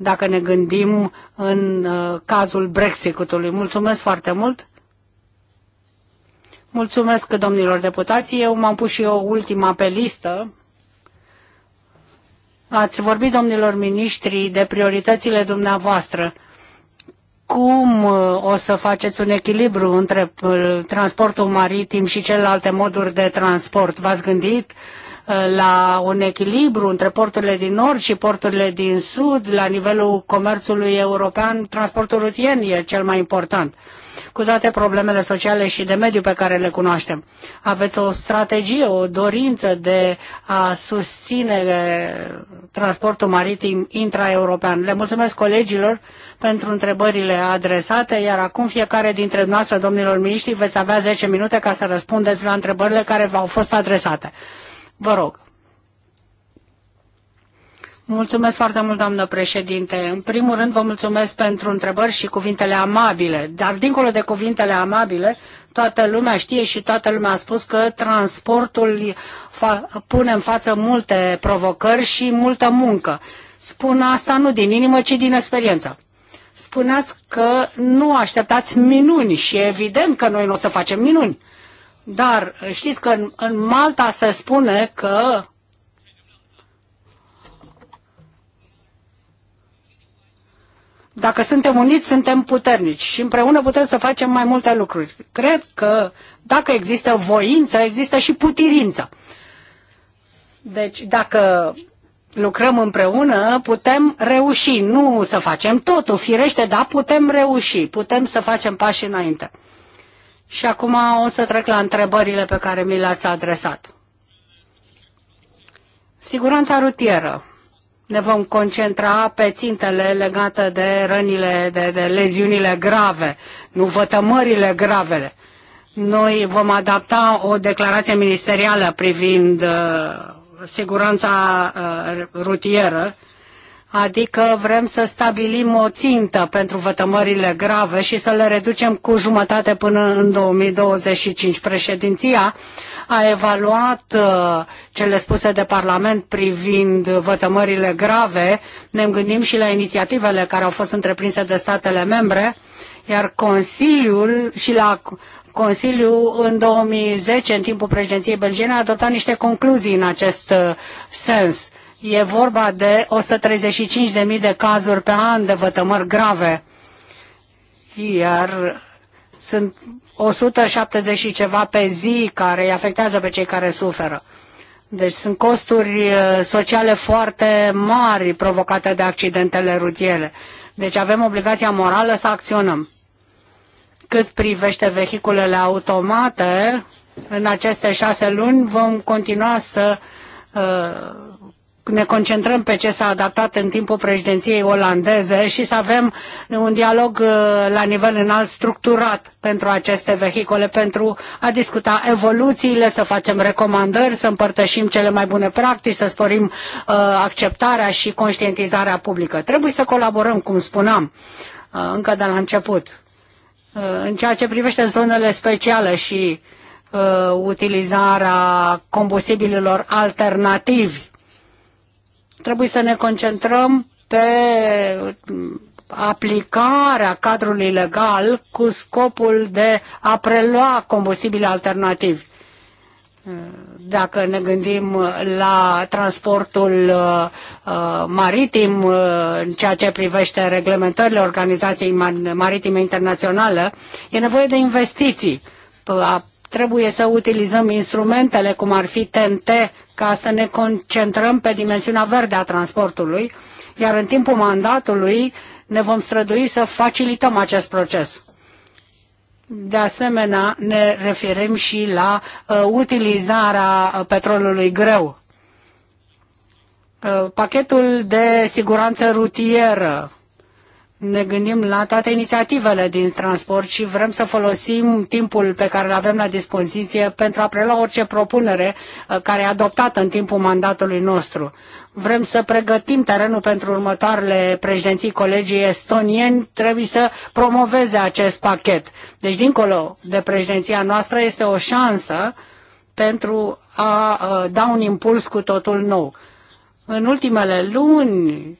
dacă ne gândim în uh, cazul Brexit-ului. Mulțumesc foarte mult! Mulțumesc domnilor deputații. Eu m-am pus și eu ultima pe listă. Ați vorbit, domnilor miniștri, de prioritățile dumneavoastră. Cum uh, o să faceți un echilibru între uh, transportul maritim și celelalte moduri de transport? V-ați gândit uh, la un echilibru între porturile din nord și porturile din sud, la nivelul comerțului european, transportul rutien e cel mai important, cu toate problemele sociale și de mediu pe care le cunoaștem. Aveți o strategie, o dorință de a susține eh, transportul maritim intraeuropean. Le mulțumesc colegilor pentru întrebările adresate, iar acum fiecare dintre noastre, domnilor miniștri, veți avea 10 minute ca să răspundeți la întrebările care v-au fost adresate. Vă rog. Mulțumesc foarte mult, doamnă președinte. În primul rând, vă mulțumesc pentru întrebări și cuvintele amabile. Dar, dincolo de cuvintele amabile, toată lumea știe și toată lumea a spus că transportul pune în față multe provocări și multă muncă. Spun asta nu din inimă, ci din experiență. Spuneați că nu așteptați minuni și evident că noi nu o să facem minuni. Dar știți că în, în Malta se spune că dacă suntem uniți, suntem puternici și împreună putem să facem mai multe lucruri. Cred că dacă există voință, există și putirință. Deci dacă lucrăm împreună, putem reuși. Nu să facem totul, firește, dar putem reuși, putem să facem pași înainte. Și acum o să trec la întrebările pe care mi le-ați adresat. Siguranța rutieră. Ne vom concentra pe țintele legate de rănile, de, de leziunile grave, nu vătămările gravele. Noi vom adapta o declarație ministerială privind uh, siguranța uh, rutieră adică vrem să stabilim o țintă pentru vătămările grave și să le reducem cu jumătate până în 2025. Președinția a evaluat uh, cele spuse de Parlament privind vătămările grave. Ne gândim și la inițiativele care au fost întreprinse de statele membre, iar Consiliul și la Consiliul în 2010, în timpul președinției belgiene, a adoptat niște concluzii în acest uh, sens E vorba de 135.000 de cazuri pe an de vătămări grave, iar sunt 170 ceva pe zi care îi afectează pe cei care suferă. Deci sunt costuri uh, sociale foarte mari provocate de accidentele rutiere. Deci avem obligația morală să acționăm. Cât privește vehiculele automate, în aceste șase luni vom continua să uh, ne concentrăm pe ce s-a adaptat în timpul președinției olandeze și să avem un dialog uh, la nivel înalt structurat pentru aceste vehicule, pentru a discuta evoluțiile, să facem recomandări, să împărtășim cele mai bune practici, să sporim uh, acceptarea și conștientizarea publică. Trebuie să colaborăm, cum spuneam, uh, încă de la început. În ceea ce privește zonele speciale și utilizarea combustibililor alternativi, Trebuie să ne concentrăm pe aplicarea cadrului legal cu scopul de a prelua combustibile alternativi. Dacă ne gândim la transportul uh, maritim, uh, în ceea ce privește reglementările Organizației Maritime Internaționale, e nevoie de investiții trebuie să utilizăm instrumentele cum ar fi TNT ca să ne concentrăm pe dimensiunea verde a transportului, iar în timpul mandatului ne vom strădui să facilităm acest proces. De asemenea, ne referim și la uh, utilizarea uh, petrolului greu. Uh, pachetul de siguranță rutieră ne gândim la toate inițiativele din transport și vrem să folosim timpul pe care îl avem la dispoziție pentru a prelua orice propunere uh, care e adoptată în timpul mandatului nostru. Vrem să pregătim terenul pentru următoarele președinții colegii estonieni, trebuie să promoveze acest pachet. Deci, dincolo de președinția noastră, este o șansă pentru a uh, da un impuls cu totul nou. În ultimele luni,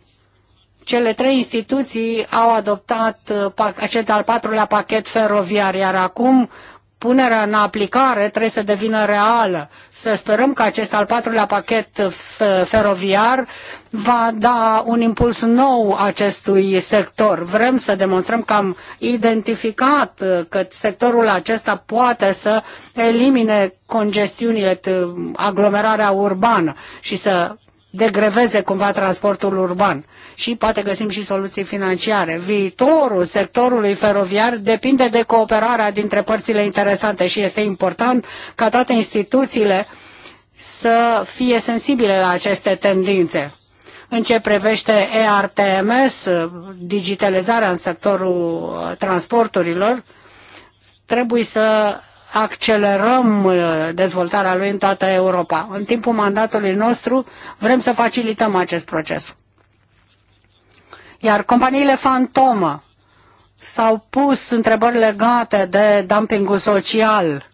cele trei instituții au adoptat uh, acest al patrulea pachet feroviar, iar acum punerea în aplicare trebuie să devină reală. Să sperăm că acest al patrulea pachet feroviar va da un impuls nou acestui sector. Vrem să demonstrăm că am identificat uh, că sectorul acesta poate să elimine congestiunile, aglomerarea urbană și să degreveze cumva transportul urban și poate găsim și soluții financiare. Viitorul sectorului feroviar depinde de cooperarea dintre părțile interesante și este important ca toate instituțiile să fie sensibile la aceste tendințe. În ce privește ERTMS, digitalizarea în sectorul uh, transporturilor, trebuie să accelerăm uh, dezvoltarea lui în toată Europa. În timpul mandatului nostru vrem să facilităm acest proces. Iar companiile fantomă s-au pus întrebări legate de dumpingul social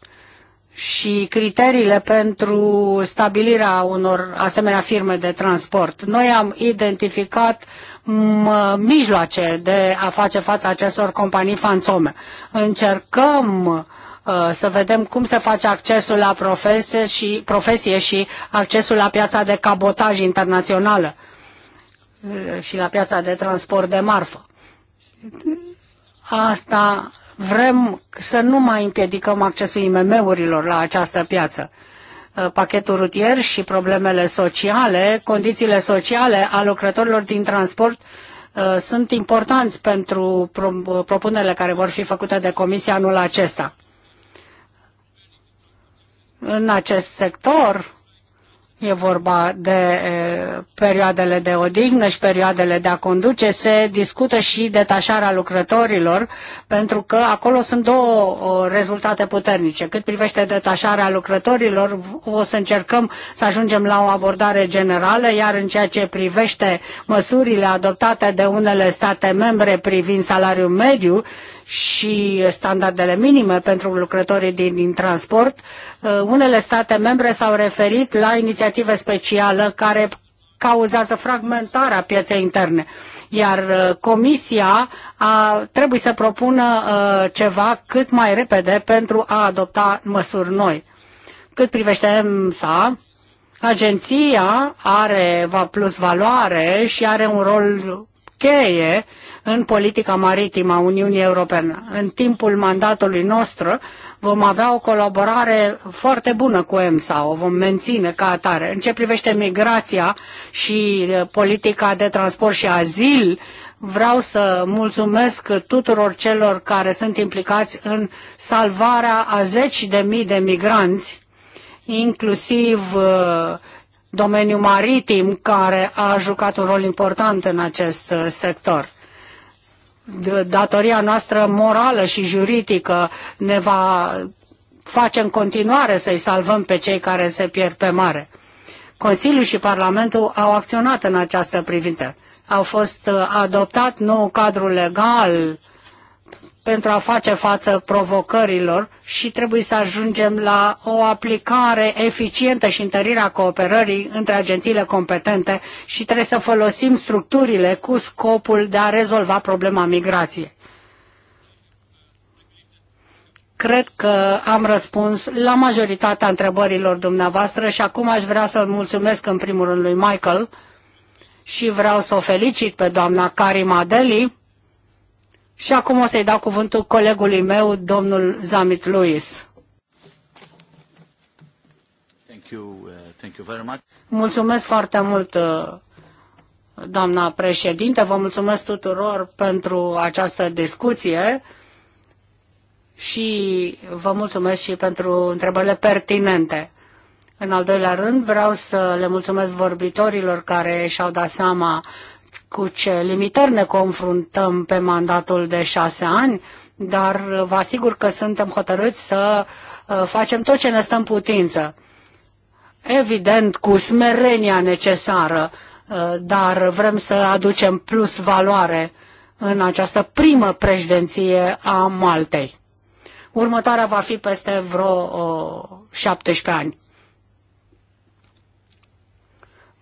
și criteriile pentru stabilirea unor asemenea firme de transport. Noi am identificat mijloace de a face față acestor companii fantome. Încercăm Uh, să vedem cum se face accesul la profesie și, profesie și accesul la piața de cabotaj internațională uh, și la piața de transport de marfă. Asta vrem să nu mai împiedicăm accesul IMM-urilor la această piață uh, pachetul rutier și problemele sociale, condițiile sociale a lucrătorilor din transport sunt importanți pentru propunerile care vor fi făcute de Comisie anul acesta în acest sector. E vorba de perioadele de odihnă și perioadele de a conduce. Se discută și detașarea lucrătorilor, pentru că acolo sunt două rezultate puternice. Cât privește detașarea lucrătorilor, o să încercăm să ajungem la o abordare generală, iar în ceea ce privește măsurile adoptate de unele state membre privind salariul mediu și standardele minime pentru lucrătorii din, din transport, uh, unele state membre s-au referit la inițiative specială care cauzează fragmentarea pieței interne. Iar uh, Comisia a, trebuie să propună a, uh, ceva cât mai repede pentru a adopta măsuri noi. Cât privește EMSA, agenția are plus valoare și are un rol cheie în politica maritimă a Uniunii Europene. În timpul mandatului nostru vom avea o colaborare foarte bună cu EMSA, o vom menține ca atare. În ce privește migrația și uh, politica de transport și azil, vreau să mulțumesc tuturor celor care sunt implicați în salvarea a zeci de mii de migranți inclusiv uh, domeniul maritim care a jucat un rol important în acest uh, sector datoria noastră morală și juridică ne va face în continuare să-i salvăm pe cei care se pierd pe mare. Consiliul și Parlamentul au acționat în această privință. Au fost uh, adoptat nou cadru legal pentru a face față provocărilor și trebuie să ajungem la o aplicare eficientă și întărirea cooperării între agențiile competente și trebuie să folosim structurile cu scopul de a rezolva problema migrației. Cred că am răspuns la majoritatea întrebărilor dumneavoastră și acum aș vrea să-l mulțumesc în primul rând lui Michael și vreau să o felicit pe doamna Karim Adeli și acum o să-i dau cuvântul colegului meu, domnul Zamit Luis. Thank you, uh, thank you very much. Mulțumesc foarte mult, uh, doamna președinte. Vă mulțumesc tuturor pentru această discuție și vă mulțumesc și pentru întrebările pertinente. În al doilea rând, vreau să le mulțumesc vorbitorilor care și-au dat seama cu ce limitări ne confruntăm pe mandatul de șase ani, dar vă asigur că suntem hotărâți să uh, facem tot ce ne stă în putință. Evident, cu smerenia necesară, uh, dar vrem să aducem plus valoare în această primă președinție a Maltei. Următoarea va fi peste vreo 17 uh, ani.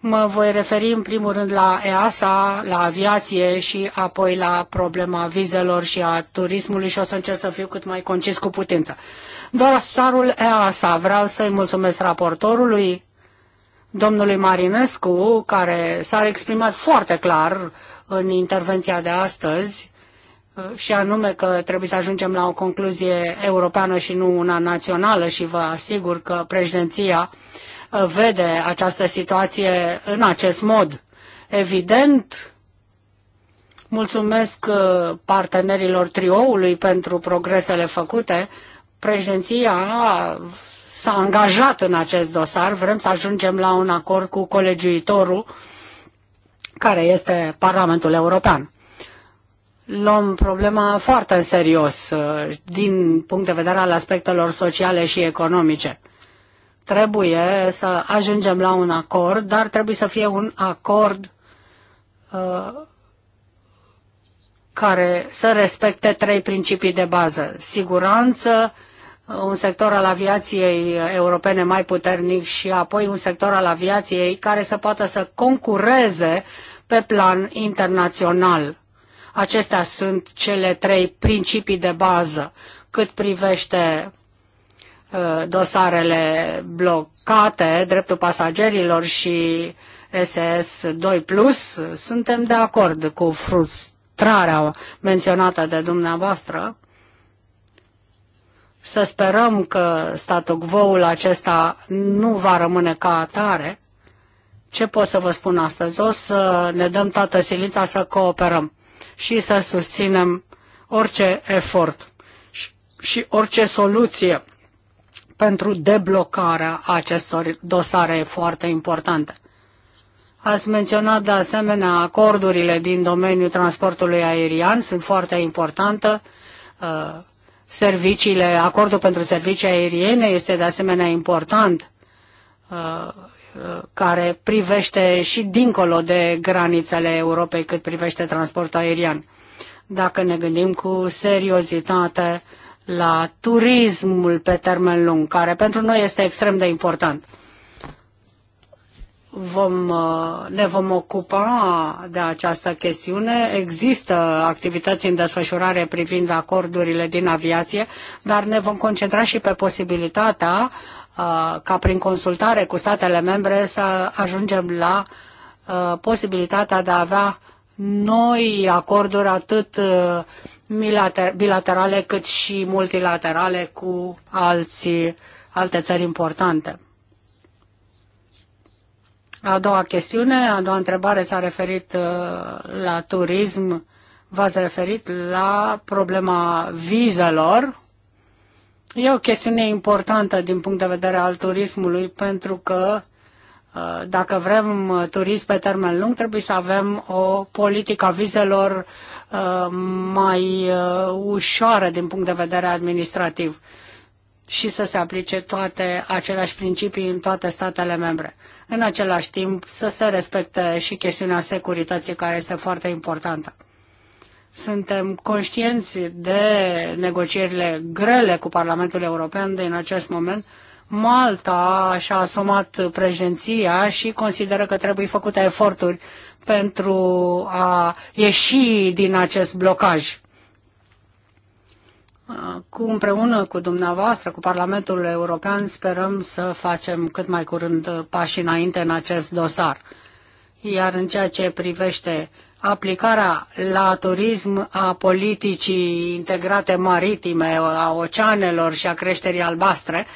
Mă voi referi în primul rând la EASA, la aviație și apoi la problema vizelor și a turismului și o să încerc să fiu cât mai concis cu putință. Doar starul EASA. Vreau să-i mulțumesc raportorului, domnului Marinescu, care s-a exprimat foarte clar în intervenția de astăzi și anume că trebuie să ajungem la o concluzie europeană și nu una națională și vă asigur că președinția vede această situație în acest mod. Evident, mulțumesc uh, partenerilor trioului pentru progresele făcute. Președinția s-a angajat în acest dosar. Vrem să ajungem la un acord cu colegiuitorul, care este Parlamentul European luăm problema foarte în serios uh, din punct de vedere al aspectelor sociale și economice. Trebuie să ajungem la un acord, dar trebuie să fie un acord uh, care să respecte trei principii de bază. Siguranță, un sector al aviației europene mai puternic și apoi un sector al aviației care să poată să concureze pe plan internațional. Acestea sunt cele trei principii de bază cât privește Uh, dosarele blocate, dreptul pasagerilor și SS 2+, suntem de acord cu frustrarea menționată de dumneavoastră. Să sperăm că statul quo acesta nu va rămâne ca atare. Ce pot să vă spun astăzi? O să ne dăm toată silința să cooperăm și să susținem orice efort și orice soluție pentru deblocarea acestor dosare foarte importante. Ați menționat de asemenea acordurile din domeniul transportului aerian, sunt foarte importante. Uh, serviciile, acordul pentru servicii aeriene este de asemenea important, uh, care privește și dincolo de granițele Europei cât privește transportul aerian. Dacă ne gândim cu seriozitate la turismul pe termen lung, care pentru noi este extrem de important. Vom, uh, ne vom ocupa de această chestiune. Există activități în desfășurare privind acordurile din aviație, dar ne vom concentra și pe posibilitatea uh, ca prin consultare cu statele membre să ajungem la uh, posibilitatea de a avea noi acorduri atât uh, bilaterale cât și multilaterale cu alții, alte țări importante. A doua chestiune, a doua întrebare s-a referit uh, la turism. V-ați referit la problema vizelor. E o chestiune importantă din punct de vedere al turismului pentru că dacă vrem uh, turism pe termen lung, trebuie să avem o politică a vizelor uh, mai uh, ușoară din punct de vedere administrativ și să se aplice toate aceleași principii în toate statele membre. În același timp, să se respecte și chestiunea securității, care este foarte importantă. Suntem conștienți de negocierile grele cu Parlamentul European din acest moment, Malta și-a asumat președinția și consideră că trebuie făcute eforturi pentru a ieși din acest blocaj. Cu împreună cu dumneavoastră, cu Parlamentul European, sperăm să facem cât mai curând pași înainte în acest dosar. Iar în ceea ce privește aplicarea la turism a politicii integrate maritime, a oceanelor și a creșterii albastre,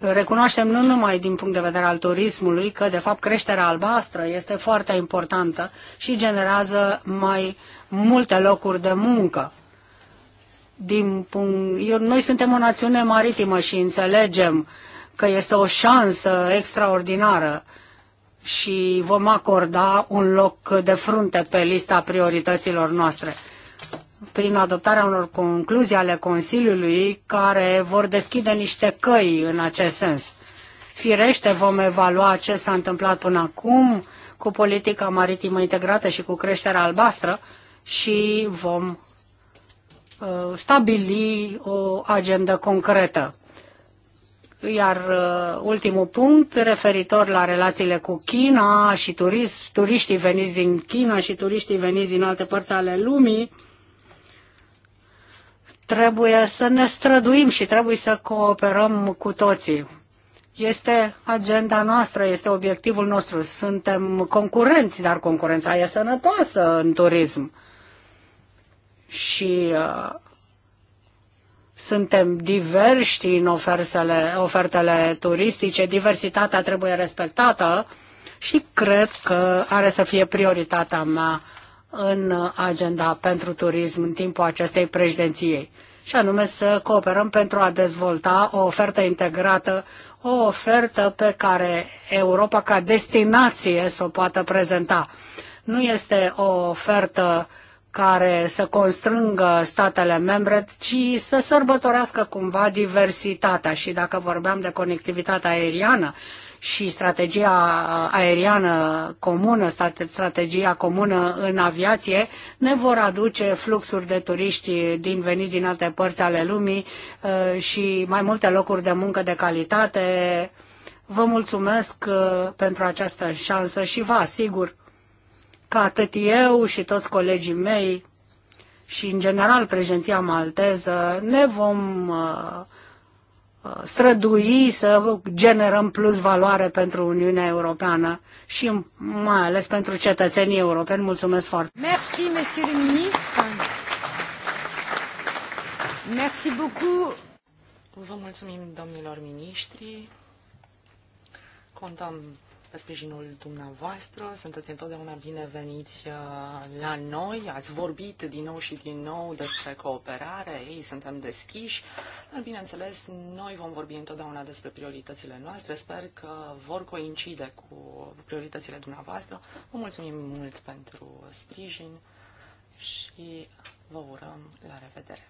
recunoaștem nu numai din punct de vedere al turismului că, de fapt, creșterea albastră este foarte importantă și generează mai multe locuri de muncă. Din punct... Eu, noi suntem o națiune maritimă și înțelegem că este o șansă extraordinară și vom acorda un loc de frunte pe lista priorităților noastre prin adoptarea unor concluzii ale Consiliului care vor deschide niște căi în acest sens. Firește, vom evalua ce s-a întâmplat până acum cu politica maritimă integrată și cu creșterea albastră și vom uh, stabili o agendă concretă. Iar uh, ultimul punct, referitor la relațiile cu China și turist, turiștii veniți din China și turiștii veniți din alte părți ale lumii, uh, Trebuie să ne străduim și trebuie să cooperăm cu toții. Este agenda noastră, este obiectivul nostru. Suntem concurenți, dar concurența e sănătoasă în turism. Și uh, suntem diversi în ofertele, ofertele turistice, diversitatea trebuie respectată și cred că are să fie prioritatea mea în agenda pentru turism în timpul acestei președinției și anume să cooperăm pentru a dezvolta o ofertă integrată, o ofertă pe care Europa ca destinație să o poată prezenta. Nu este o ofertă care să constrângă statele membre, ci să sărbătorească cumva diversitatea. Și dacă vorbeam de conectivitatea aeriană, și strategia aeriană comună, strategia comună în aviație, ne vor aduce fluxuri de turiști din veniți din alte părți ale lumii uh, și mai multe locuri de muncă de calitate. Vă mulțumesc uh, pentru această șansă și vă asigur că atât eu și toți colegii mei și în general prezenția malteză ne vom uh, strădui să generăm plus valoare pentru Uniunea Europeană și mai ales pentru cetățenii europeni. Mulțumesc foarte mult! Merci, monsieur le ministre! Merci beaucoup! Vă mulțumim, domnilor miniștri! Contăm sprijinul dumneavoastră. Sunteți întotdeauna bineveniți uh, la noi. Ați vorbit din nou și din nou despre cooperare. Ei, suntem deschiși. Dar, bineînțeles, noi vom vorbi întotdeauna despre prioritățile noastre. Sper că vor coincide cu prioritățile dumneavoastră. Vă mulțumim mult pentru sprijin și vă urăm la revedere.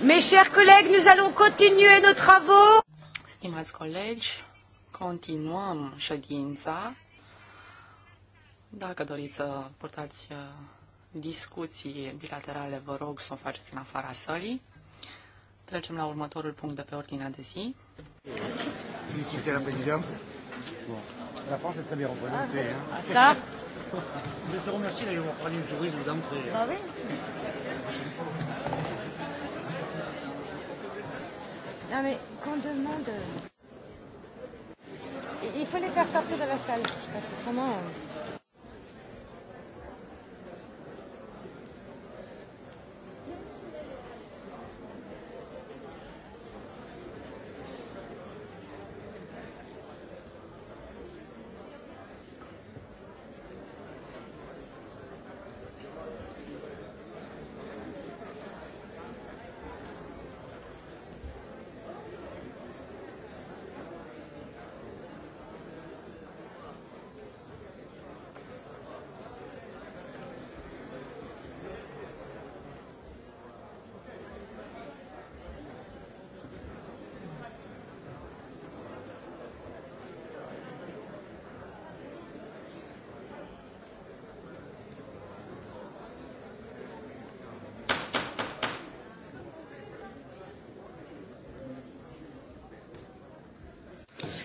Mes chers collègues, nous allons continuer nos travaux. Stimați colegi, continuăm ședința. Dacă doriți să purtați uh, discuții bilaterale, vă rog să o faceți în afara sălii. Trecem la următorul punct de pe ordinea de zi. Monsieur le la France est très bien représentée. Ah, ça Je te remercie d'avoir parlé du tourisme d'entrée. Ah oui Ah mais qu'on demande. Il faut les faire sortir de la salle, parce que sinon. Euh...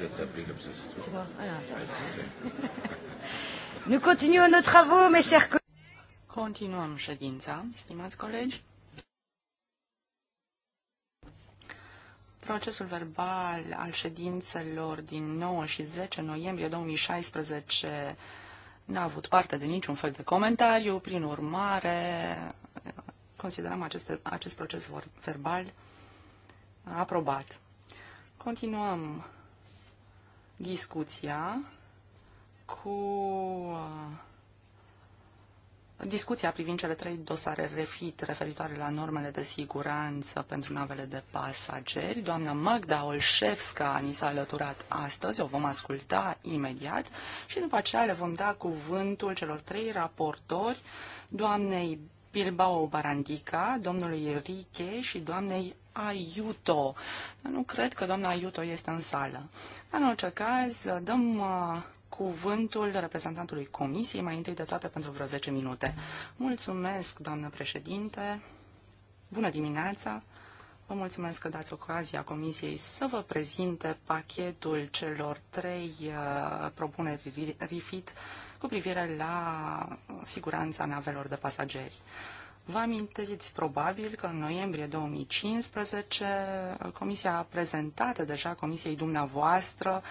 je ah (laughs) continuăm noi travaux, mes chers Continuăm ședința, stimați colegi. Procesul verbal al ședințelor din 9 și 10 noiembrie 2016 n-a avut parte de niciun fel de comentariu, prin urmare considerăm aceste, acest proces verbal aprobat. Continuăm discuția cu uh, discuția privind cele trei dosare refit referitoare la normele de siguranță pentru navele de pasageri. Doamna Magda Olșevska ni s-a alăturat astăzi, o vom asculta imediat și după aceea le vom da cuvântul celor trei raportori, doamnei Bilbao Barandica, domnului Riche și doamnei Aiuto. Nu cred că doamna Aiuto este în sală. În orice caz, dăm uh, cuvântul reprezentantului Comisiei, mai întâi de toate pentru vreo 10 minute. Mulțumesc, doamnă președinte. Bună dimineața. Vă mulțumesc că dați ocazia Comisiei să vă prezinte pachetul celor trei uh, propuneri RIFIT cu privire la uh, siguranța navelor de pasageri. Uh, Vă amintiți probabil că în noiembrie 2015 uh, Comisia a prezentat deja Comisiei dumneavoastră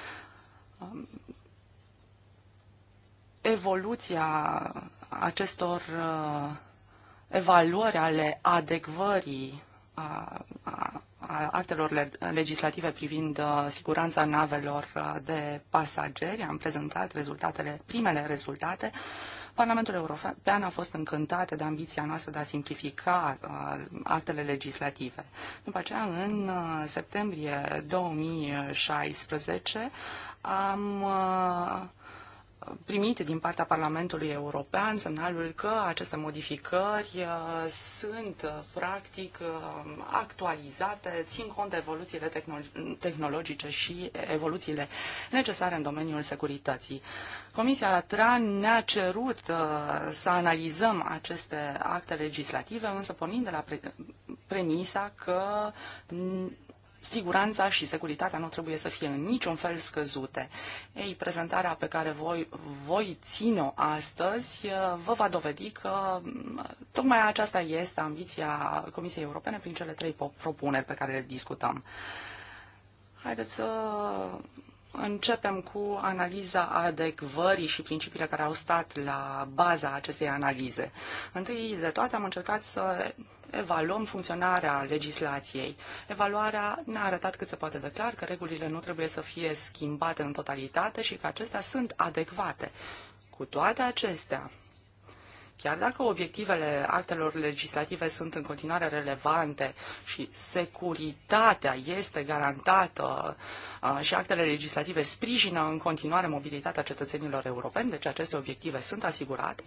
um, evoluția acestor uh, evaluări ale adecvării a, a, a actelor legislative privind uh, siguranța navelor de pasageri. Am prezentat rezultatele, primele rezultate. Uh, Parlamentul European a fost încântat de ambiția noastră de a simplifica uh, actele legislative. După aceea, în uh, septembrie 2016, am uh, primit din partea Parlamentului European semnalul că aceste modificări uh, sunt uh, practic uh, actualizate, țin cont de evoluțiile tehnologice și evoluțiile necesare în domeniul securității. Comisia TRAN ne-a cerut să analizăm aceste acte legislative, însă pornind de la pre premisa că siguranța și securitatea nu trebuie să fie în niciun fel scăzute. Ei, prezentarea pe care voi, voi ține-o astăzi uh, vă va dovedi că mm, tocmai aceasta este ambiția Comisiei Europene prin cele trei propuneri pe care le discutăm. Haideți să Începem cu analiza adecvării și principiile care au stat la baza acestei analize. Întâi de toate am încercat să evaluăm funcționarea legislației. Evaluarea ne-a arătat cât se poate de clar că regulile nu trebuie să fie schimbate în totalitate și că acestea sunt adecvate. Cu toate acestea, Chiar dacă obiectivele actelor legislative sunt în continuare relevante și securitatea este garantată uh, și actele legislative sprijină în continuare mobilitatea cetățenilor europeni, deci aceste obiective sunt asigurate,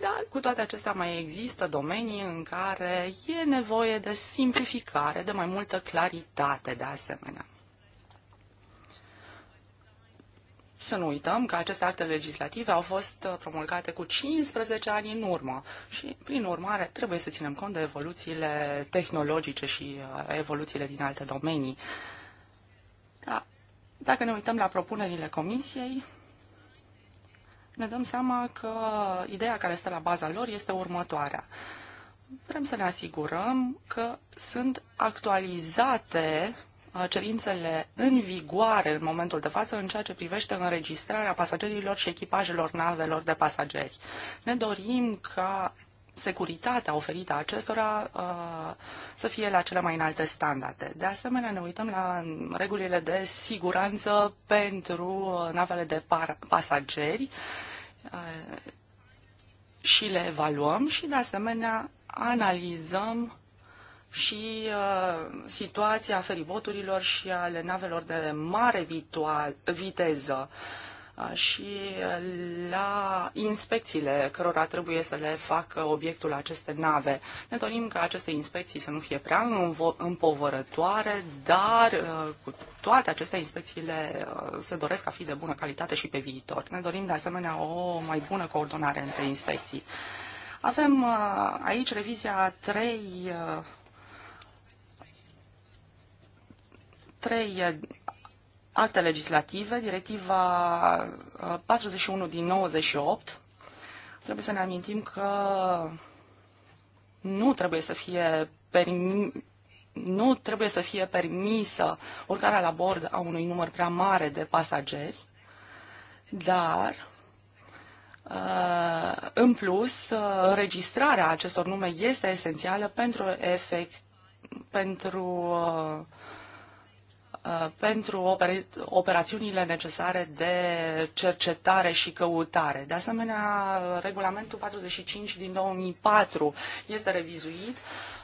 dar cu toate acestea mai există domenii în care e nevoie de simplificare, de mai multă claritate de asemenea. Să nu uităm că aceste acte legislative au fost uh, promulgate cu 15 ani în urmă și, prin urmare, trebuie să ținem cont de evoluțiile tehnologice și uh, evoluțiile din alte domenii. Da. Dacă ne uităm la propunerile Comisiei, ne dăm seama că ideea care stă la baza lor este următoarea. Vrem să ne asigurăm că sunt actualizate Uh, cerințele în vigoare în momentul de față în ceea ce privește înregistrarea pasagerilor și echipajelor navelor de pasageri. Ne dorim ca securitatea oferită acestora uh, să fie la cele mai înalte standarde. De asemenea, ne uităm la regulile de siguranță pentru uh, navele de pasageri uh, și le evaluăm și, de asemenea, analizăm și uh, situația feriboturilor și ale navelor de mare viteză uh, și la inspecțiile cărora trebuie să le facă obiectul aceste nave. Ne dorim ca aceste inspecții să nu fie prea împovărătoare, dar uh, cu toate aceste inspecțiile se doresc a fi de bună calitate și pe viitor. Ne dorim de asemenea o mai bună coordonare între inspecții. Avem aici revizia a trei trei eh, acte legislative, directiva 41 eh, din 98. Trebuie să ne amintim că nu trebuie să fie permis nu trebuie să fie permisă urcarea la bord a unui număr prea mare de pasageri, dar eh, în plus, înregistrarea acestor nume este esențială pentru efect, pentru Uh, pentru operațiunile necesare de cercetare și căutare. De asemenea, regulamentul 45 din 2004 este revizuit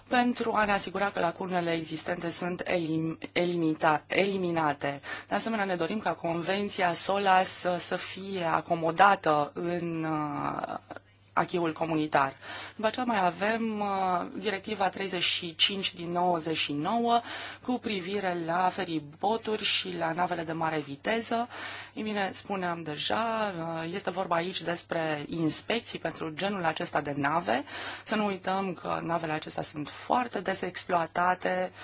pentru a ne asigura că lacunele existente sunt elim, elimita, eliminate. De asemenea, ne dorim ca Convenția SOLAS să, să fie acomodată în uh, acheul comunitar. După aceea mai avem uh, directiva 35 din 99 cu privire la feriboturi și la navele de mare viteză. Ei bine, spuneam deja, uh, este vorba aici despre inspecții pentru genul acesta de nave. Să nu uităm că navele acestea sunt foarte des exploatate, uh,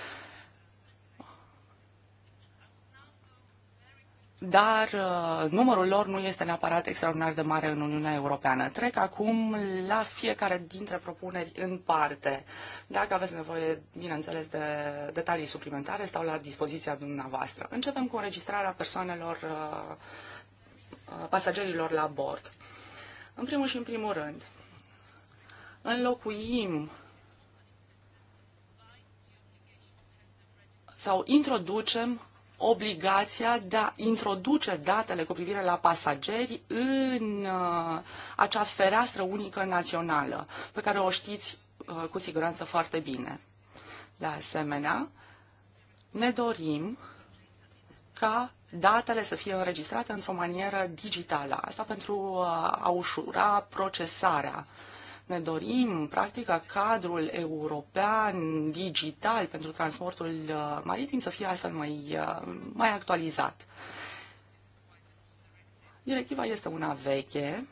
dar uh, numărul lor nu este neapărat extraordinar de mare în Uniunea Europeană. Trec acum la fiecare dintre propuneri în parte. Dacă aveți nevoie, bineînțeles, de detalii suplimentare, stau la dispoziția dumneavoastră. Începem cu înregistrarea persoanelor, uh, uh, pasagerilor la bord. În primul și în primul rând, înlocuim sau introducem obligația de a introduce datele cu privire la pasageri în uh, acea fereastră unică națională, pe care o știți uh, cu siguranță foarte bine. De asemenea, ne dorim ca datele să fie înregistrate într-o manieră digitală. Asta pentru uh, a ușura procesarea ne dorim, practic, ca cadrul european digital pentru transportul uh, maritim să fie astfel mai, uh, mai actualizat. Directiva este una veche,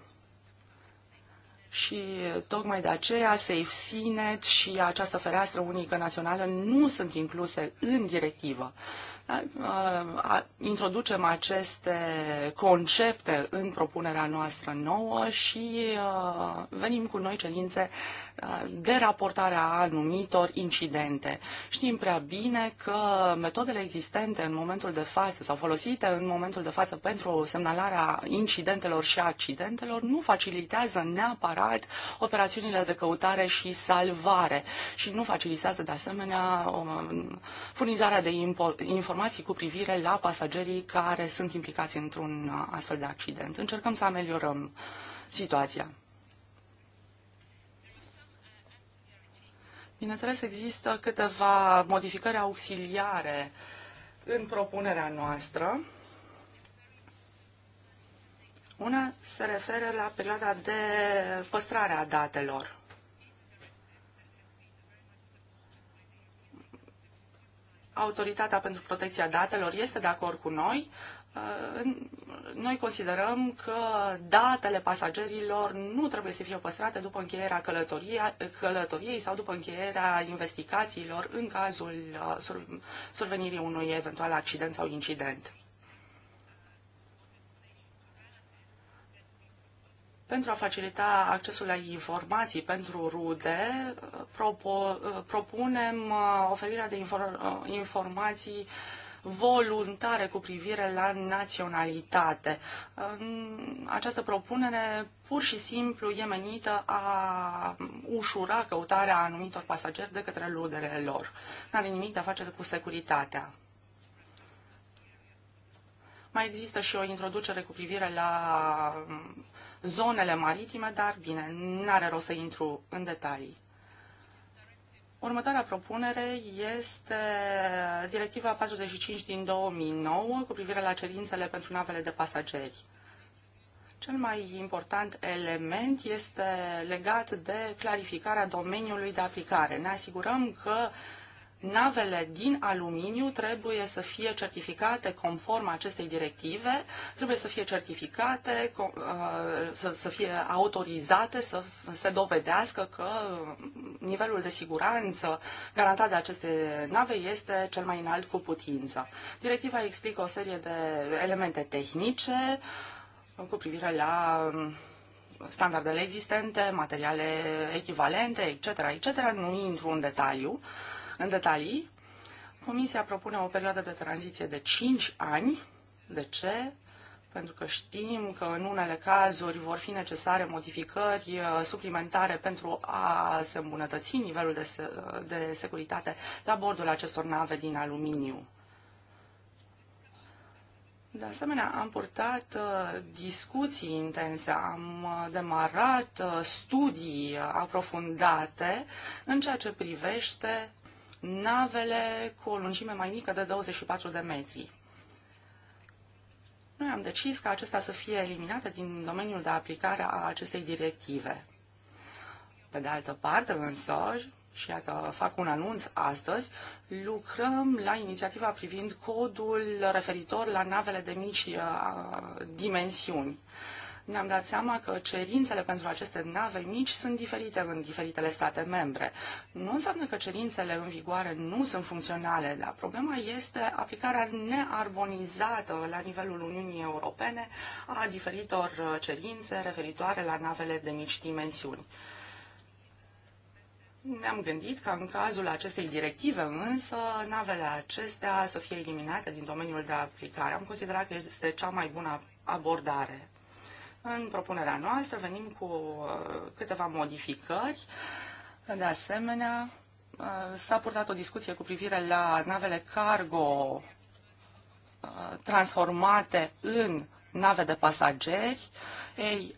și tocmai de aceea SafeSeaNet și această fereastră unică națională nu sunt incluse în directivă introducem aceste concepte în propunerea noastră nouă și venim cu noi cerințe de raportare a anumitor incidente. Știm prea bine că metodele existente în momentul de față sau folosite în momentul de față pentru semnalarea incidentelor și accidentelor nu facilitează neapărat operațiunile de căutare și salvare și nu facilitează de asemenea um, furnizarea de informații informații cu privire la pasagerii care sunt implicați într-un uh, astfel de accident. Încercăm să ameliorăm situația. Bineînțeles, există câteva modificări auxiliare în propunerea noastră. Una se referă la perioada de păstrare a datelor. Autoritatea pentru Protecția Datelor este de acord cu noi. Uh, noi considerăm că datele pasagerilor nu trebuie să fie păstrate după încheierea călătoriei sau după încheierea investigațiilor în cazul uh, survenirii unui eventual accident sau incident. Pentru a facilita accesul la informații pentru rude, propo, propunem uh, oferirea de uh, informații voluntare cu privire la naționalitate. Această propunere pur și simplu e menită a ușura căutarea anumitor pasageri de către ruderele lor. N-are nimic de a face cu securitatea. Mai există și o introducere cu privire la zonele maritime, dar bine, n-are rost să intru în detalii. Următoarea propunere este Directiva 45 din 2009 cu privire la cerințele pentru navele de pasageri. Cel mai important element este legat de clarificarea domeniului de aplicare. Ne asigurăm că uh, navele din aluminiu trebuie să fie certificate conform acestei directive, trebuie să fie certificate, uh, să fie autorizate, să se dovedească că nivelul de siguranță garantat de aceste nave este cel mai înalt cu putință. Directiva explică o serie de elemente tehnice cu privire la um, standardele existente, materiale echivalente, etc., etc., nu intru în detaliu. În detalii, Comisia propune o perioadă de tranziție de 5 ani. De ce? Pentru că știm că în unele cazuri vor fi necesare modificări uh, suplimentare pentru a se îmbunătăți nivelul de, se- uh, de securitate la bordul acestor nave din aluminiu. De asemenea, am purtat uh, discuții intense, am demarat studii aprofundate în ceea ce privește navele cu o lungime mai mică de 24 de metri. Noi am decis ca acestea să fie eliminate din domeniul de aplicare a acestei directive. Pe de altă parte, însă, și iată, fac un anunț astăzi, lucrăm la inițiativa privind codul referitor la navele de mici uh, dimensiuni ne-am dat seama că cerințele pentru aceste nave mici sunt diferite în diferitele state membre. Nu înseamnă că cerințele în vigoare nu sunt funcționale, dar problema este aplicarea nearmonizată la nivelul Uniunii Europene a diferitor uh, cerințe referitoare la navele de mici dimensiuni. Ne-am gândit că în cazul acestei directive însă navele acestea să fie eliminate din domeniul de aplicare. Am considerat că este cea mai bună abordare. În propunerea noastră venim cu uh, câteva modificări. De asemenea, uh, s-a purtat o discuție cu privire la navele cargo uh, transformate în nave de pasageri. Ei,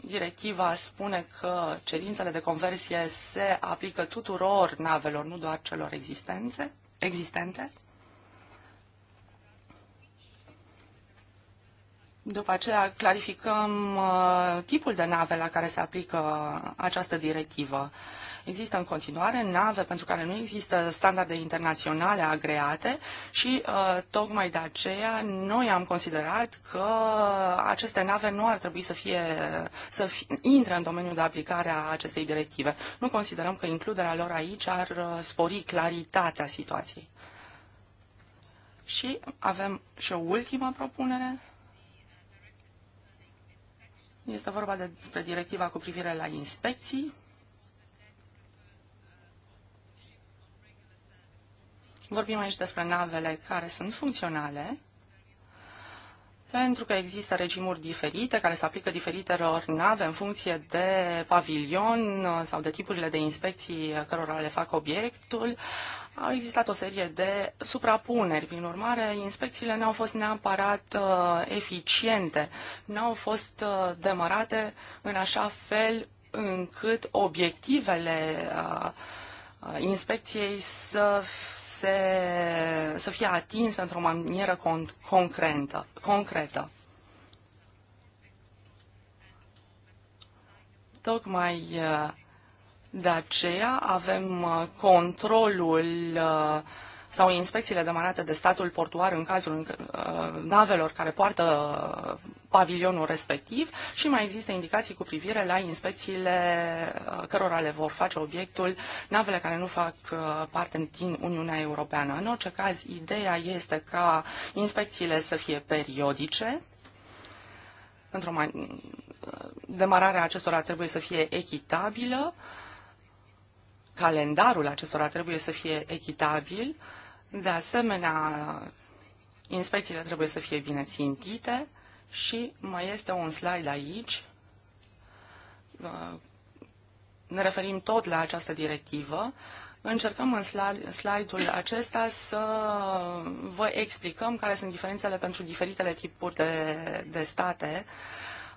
directiva spune că cerințele de conversie se aplică tuturor navelor, nu doar celor existențe, existente. După aceea clarificăm uh, tipul de nave la care se aplică această directivă. Există în continuare nave pentru care nu există standarde internaționale agreate și uh, tocmai de aceea noi am considerat că aceste nave nu ar trebui să fie să fi, intre în domeniul de aplicare a acestei directive. Nu considerăm că includerea lor aici ar uh, spori claritatea situației. Și avem și o ultimă propunere este vorba despre directiva cu privire la inspecții. Vorbim aici despre navele care sunt funcționale, pentru că există regimuri diferite care se aplică diferitelor nave în funcție de pavilion sau de tipurile de inspecții cărora le fac obiectul. Au existat o serie de suprapuneri, prin urmare, inspecțiile nu au fost neapărat uh, eficiente, nu au fost uh, demarate în așa fel încât obiectivele uh, uh inspecției să, se, să fie atinse într-o manieră con- concretă. concretă. Tocmai uh, de aceea avem uh, controlul uh, sau inspecțiile demarate de statul portuar în cazul uh, navelor care poartă pavilionul respectiv și mai există indicații cu privire la inspecțiile cărora le vor face obiectul navele care nu fac parte din Uniunea Europeană. În orice caz, ideea este ca inspecțiile să fie periodice, într-o mai... demararea acestora trebuie să fie echitabilă, uh, calendarul acestora trebuie să fie echitabil, de asemenea, inspecțiile trebuie să fie bine țintite și mai este un slide aici. Ne referim tot la această directivă. Încercăm în slide-ul acesta să vă explicăm care sunt diferențele pentru diferitele tipuri de, de state.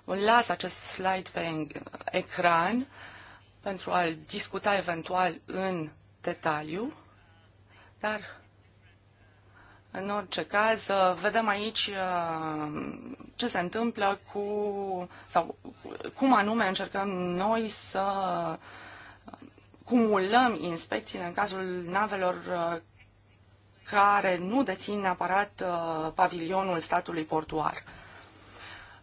Las acest slide pe ecran. Uh, pentru a-l discuta eventual în detaliu, dar în orice caz, vedem aici uh, ce se întâmplă cu, sau cum anume încercăm noi să cumulăm inspecțiile în cazul navelor uh, care nu dețin neapărat uh, pavilionul statului portuar.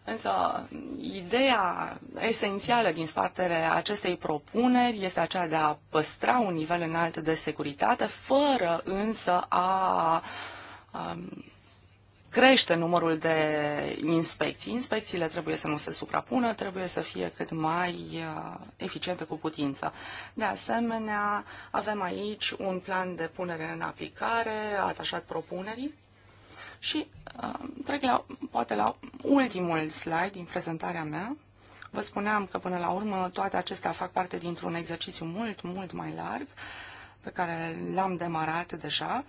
Însă, ideea esențială din spatele acestei propuneri este aceea de a păstra un nivel înalt de securitate, fără însă a um, crește numărul de inspecții. Inspecțiile trebuie să nu se suprapună, trebuie să fie cât mai uh, eficiente cu putință. De asemenea, avem aici un plan de punere în aplicare atașat propunerii și uh, trec la, poate la ultimul slide din prezentarea mea. Vă spuneam că până la urmă toate acestea fac parte dintr-un exercițiu mult, mult mai larg pe care l-am demarat deja.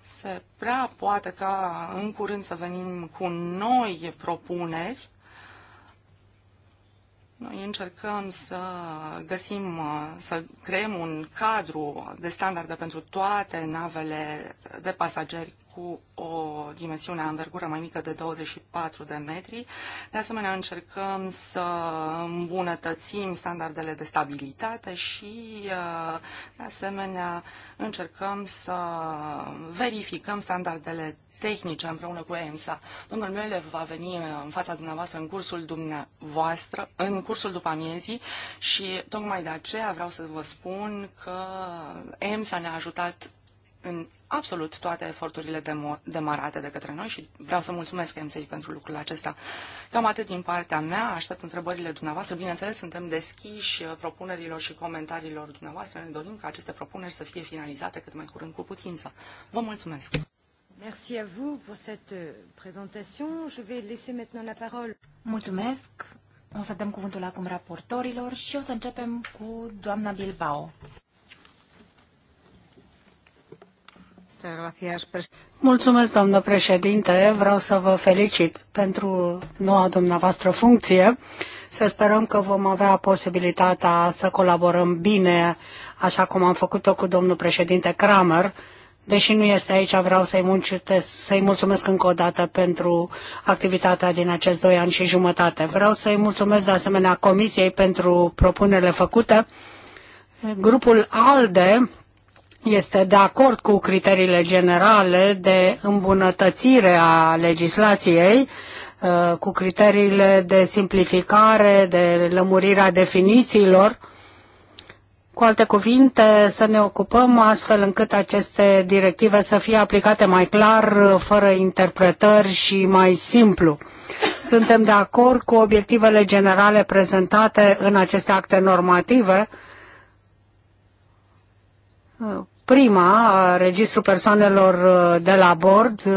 Se prea poate ca în curând să venim cu noi propuneri noi încercăm să găsim, uh, să creăm un cadru de standarde pentru toate navele de pasageri cu o dimensiune a învergură mai mică de 24 de metri. De asemenea, încercăm să îmbunătățim standardele de stabilitate și, uh, de asemenea, încercăm să verificăm standardele tehnice împreună cu EMSA. Domnul Mele va veni uh, în fața dumneavoastră în cursul dumneavoastră, în cursul după amiezii și tocmai de aceea vreau să vă spun că EMSA ne-a ajutat în absolut toate eforturile demarate de către noi și vreau să mulțumesc MSI pentru lucrul acesta. Cam atât din partea mea, aștept întrebările dumneavoastră. Bineînțeles, suntem deschiși uh, propunerilor și comentariilor dumneavoastră. Ne dorim ca aceste propuneri să fie finalizate cât mai curând cu putință. Vă mulțumesc! Merci à vous pour cette euh, présentation. Je vais laisser maintenant la parole. Mulțumesc. O să dăm cuvântul acum raportorilor și o să începem cu doamna Bilbao. Mulțumesc, doamnă președinte. Vreau să vă felicit pentru noua dumneavoastră funcție. Să sperăm că vom avea posibilitatea să colaborăm bine, așa cum am făcut-o cu domnul președinte Kramer Deși nu este aici, vreau să-i, să-i mulțumesc încă o dată pentru activitatea din acest doi ani și jumătate. Vreau să-i mulțumesc de asemenea Comisiei pentru propunerile făcute. Grupul ALDE este de acord cu criteriile generale de îmbunătățire a legislației, uh, cu criteriile de simplificare, de lămurirea definițiilor, cu alte cuvinte, să ne ocupăm astfel încât aceste directive să fie aplicate mai clar, fără interpretări și mai simplu. Suntem de acord cu obiectivele generale prezentate în aceste acte normative. Prima, registrul persoanelor uh, de la bord, uh,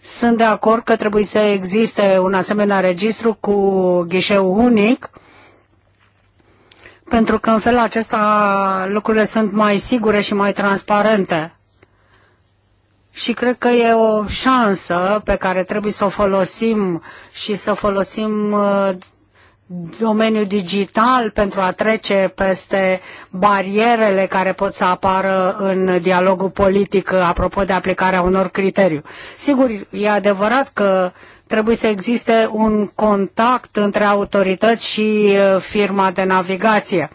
sunt de acord că trebuie să existe un asemenea registru cu ghișeu unic, pentru că în felul acesta lucrurile sunt mai sigure și mai transparente. Și cred că e o șansă pe care trebuie să o folosim și să folosim uh, domeniul digital pentru a trece peste barierele care pot să apară în dialogul politic uh, apropo de aplicarea unor criterii. Sigur, e adevărat că trebuie să existe un contact între autorități și uh, firma de navigație.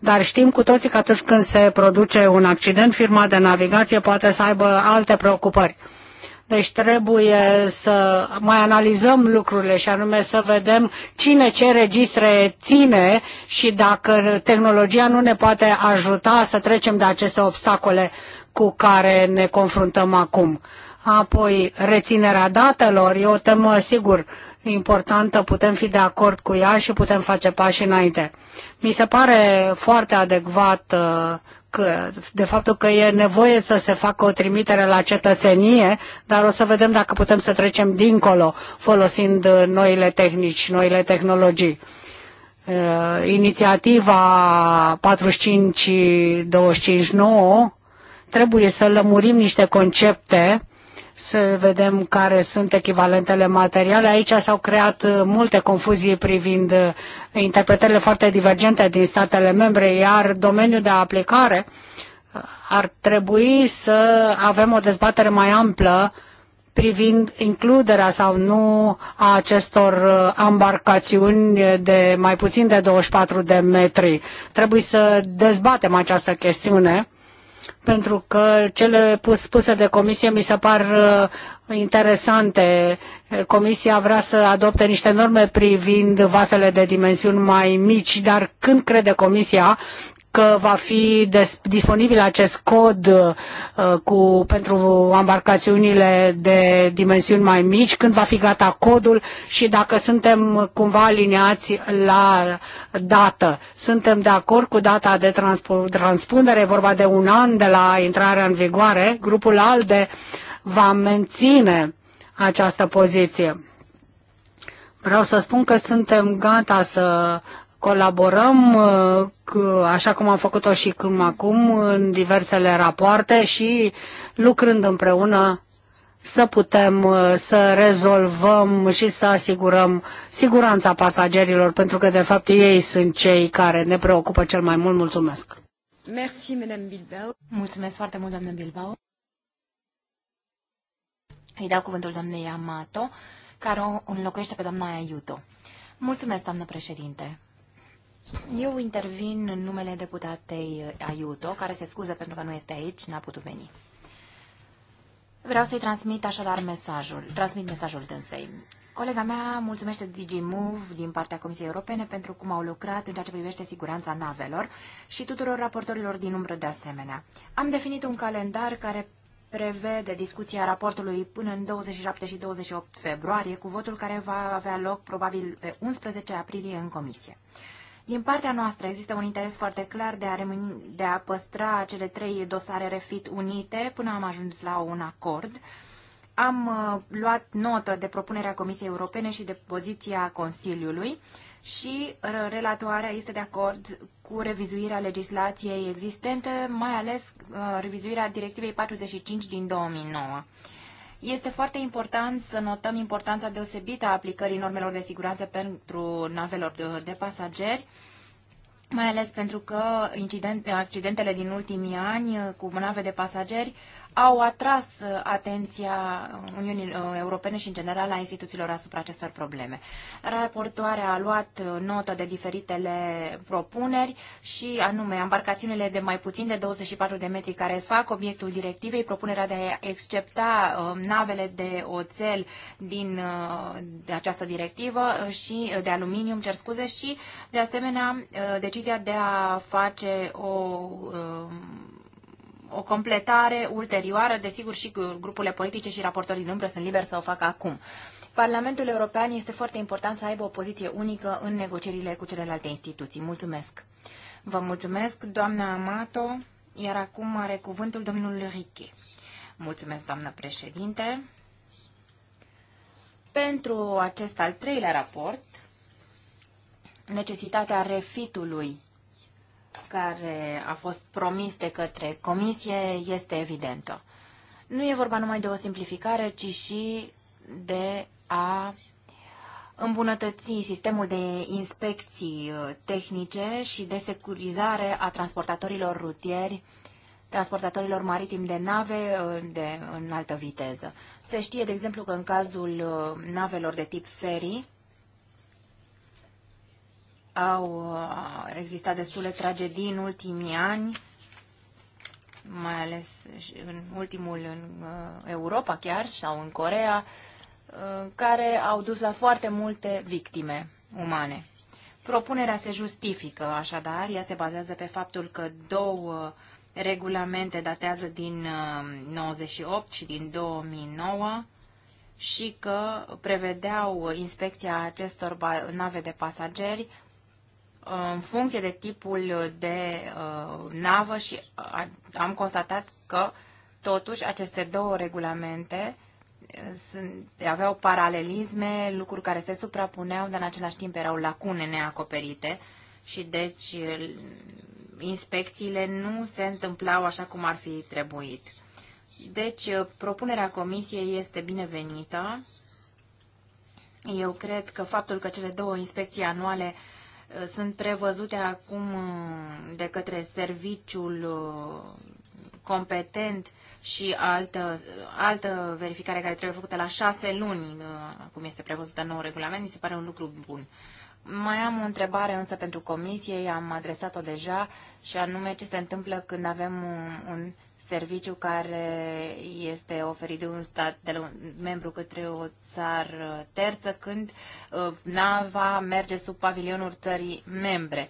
Dar știm cu toții că atunci când se produce un accident, firma de navigație poate să aibă alte preocupări. Deci trebuie să mai analizăm lucrurile și anume să vedem cine ce registre ține și dacă tehnologia nu ne poate ajuta să trecem de aceste obstacole cu care ne confruntăm acum. Apoi, reținerea datelor e o temă, sigur, importantă, putem fi de acord cu ea și putem face pași înainte. Mi se pare foarte adecvat uh, că, de faptul că e nevoie să se facă o trimitere la cetățenie, dar o să vedem dacă putem să trecem dincolo folosind uh, noile tehnici, noile tehnologii. Uh, inițiativa 45-25-9 trebuie să lămurim niște concepte să vedem care sunt echivalentele materiale. Aici s-au creat uh, multe confuzii privind uh, interpretările foarte divergente din statele membre, iar domeniul de aplicare uh, ar trebui să avem o dezbatere mai amplă privind includerea sau nu a acestor embarcațiuni de mai puțin de 24 de metri. Trebuie să dezbatem această chestiune pentru că cele spuse de comisie mi se par uh, interesante. Comisia vrea să adopte niște norme privind vasele de dimensiuni mai mici, dar când crede comisia că va fi disponibil acest cod uh, cu, pentru embarcațiunile de dimensiuni mai mici, când va fi gata codul și dacă suntem cumva aliniați la dată. Suntem de acord cu data de transp- transpunere, vorba de un an de la intrarea în vigoare. Grupul ALDE va menține această poziție. Vreau să spun că suntem gata să colaborăm uh, așa cum am făcut-o și cum acum în diversele rapoarte și lucrând împreună să putem uh, să rezolvăm și să asigurăm siguranța pasagerilor, pentru că de fapt ei sunt cei care ne preocupă cel mai mult. Mulțumesc! Merci, Bilbao. Mulțumesc foarte mult, doamnă Bilbao. Îi dau cuvântul doamnei Amato, care o înlocuiește pe doamna Iuto. Mulțumesc, doamnă președinte. Eu intervin în numele deputatei Aiuto, care se scuză pentru că nu este aici, n-a putut veni. Vreau să-i transmit așadar mesajul, transmit mesajul dânsei. Colega mea mulțumește DigiMove din partea Comisiei Europene pentru cum au lucrat în ceea ce privește siguranța navelor și tuturor raportorilor din umbră de asemenea. Am definit un calendar care prevede discuția raportului până în 27 și 28 februarie, cu votul care va avea loc probabil pe 11 aprilie în comisie. Din partea noastră există un interes foarte clar de a, remâni, de a păstra cele trei dosare refit unite până am ajuns la un acord. Am uh, luat notă de propunerea Comisiei Europene și de poziția Consiliului și uh, relatoarea este de acord cu revizuirea legislației existente, mai ales uh, revizuirea Directivei 45 din 2009. Este foarte important să notăm importanța deosebită a aplicării normelor de siguranță pentru navelor de pasageri, mai ales pentru că accidentele din ultimii ani cu nave de pasageri au atras uh, atenția Uniunii uh, Europene și, în general, a instituțiilor asupra acestor probleme. Raportoarea a luat uh, notă de diferitele propuneri și, anume, embarcațiunile de mai puțin de 24 de metri care fac obiectul directivei, propunerea de a excepta navele de oțel din de această directivă și de aluminium, cer scuze, și, de asemenea, decizia de a face o o completare ulterioară, desigur și grupurile politice și raportorii din umbră sunt liberi să o facă acum. Parlamentul European este foarte important să aibă o poziție unică în negocierile cu celelalte instituții. Mulțumesc! Vă mulțumesc, doamna Amato, iar acum are cuvântul domnul Riche. Mulțumesc, doamnă președinte. Pentru acest al treilea raport, necesitatea refitului care a fost promis de către Comisie este evidentă. Nu e vorba numai de o simplificare, ci și de a îmbunătăți sistemul de inspecții uh, tehnice și de securizare a transportatorilor rutieri, transportatorilor maritimi de nave uh, de înaltă viteză. Se știe, de exemplu, că în cazul uh, navelor de tip ferii, au uh, existat destule tragedii în ultimii ani, mai ales în ultimul în uh, Europa chiar sau în Corea, uh, care au dus la foarte multe victime umane. Propunerea se justifică, așadar, ea se bazează pe faptul că două regulamente datează din 98 și din 2009 și că prevedeau inspecția acestor nave de pasageri în funcție de tipul de uh, navă și am constatat că totuși aceste două regulamente uh, sunt, aveau paralelisme, lucruri care se suprapuneau, dar în același timp erau lacune neacoperite și deci inspecțiile nu se întâmplau așa cum ar fi trebuit. Deci, uh, propunerea comisiei este binevenită. Eu cred că faptul că cele două inspecții anuale uh, Uh, sunt prevăzute acum uh, de către serviciul uh, competent și altă, altă verificare care trebuie făcută la șase luni, acum este prevăzută nou regulament, mi se pare un lucru bun. Mai am o întrebare însă pentru comisie, am adresat-o deja, și anume ce se întâmplă când avem un, un serviciu care este oferit de un stat de un membru către o țară terță când uh, nava merge sub pavilionul țării membre.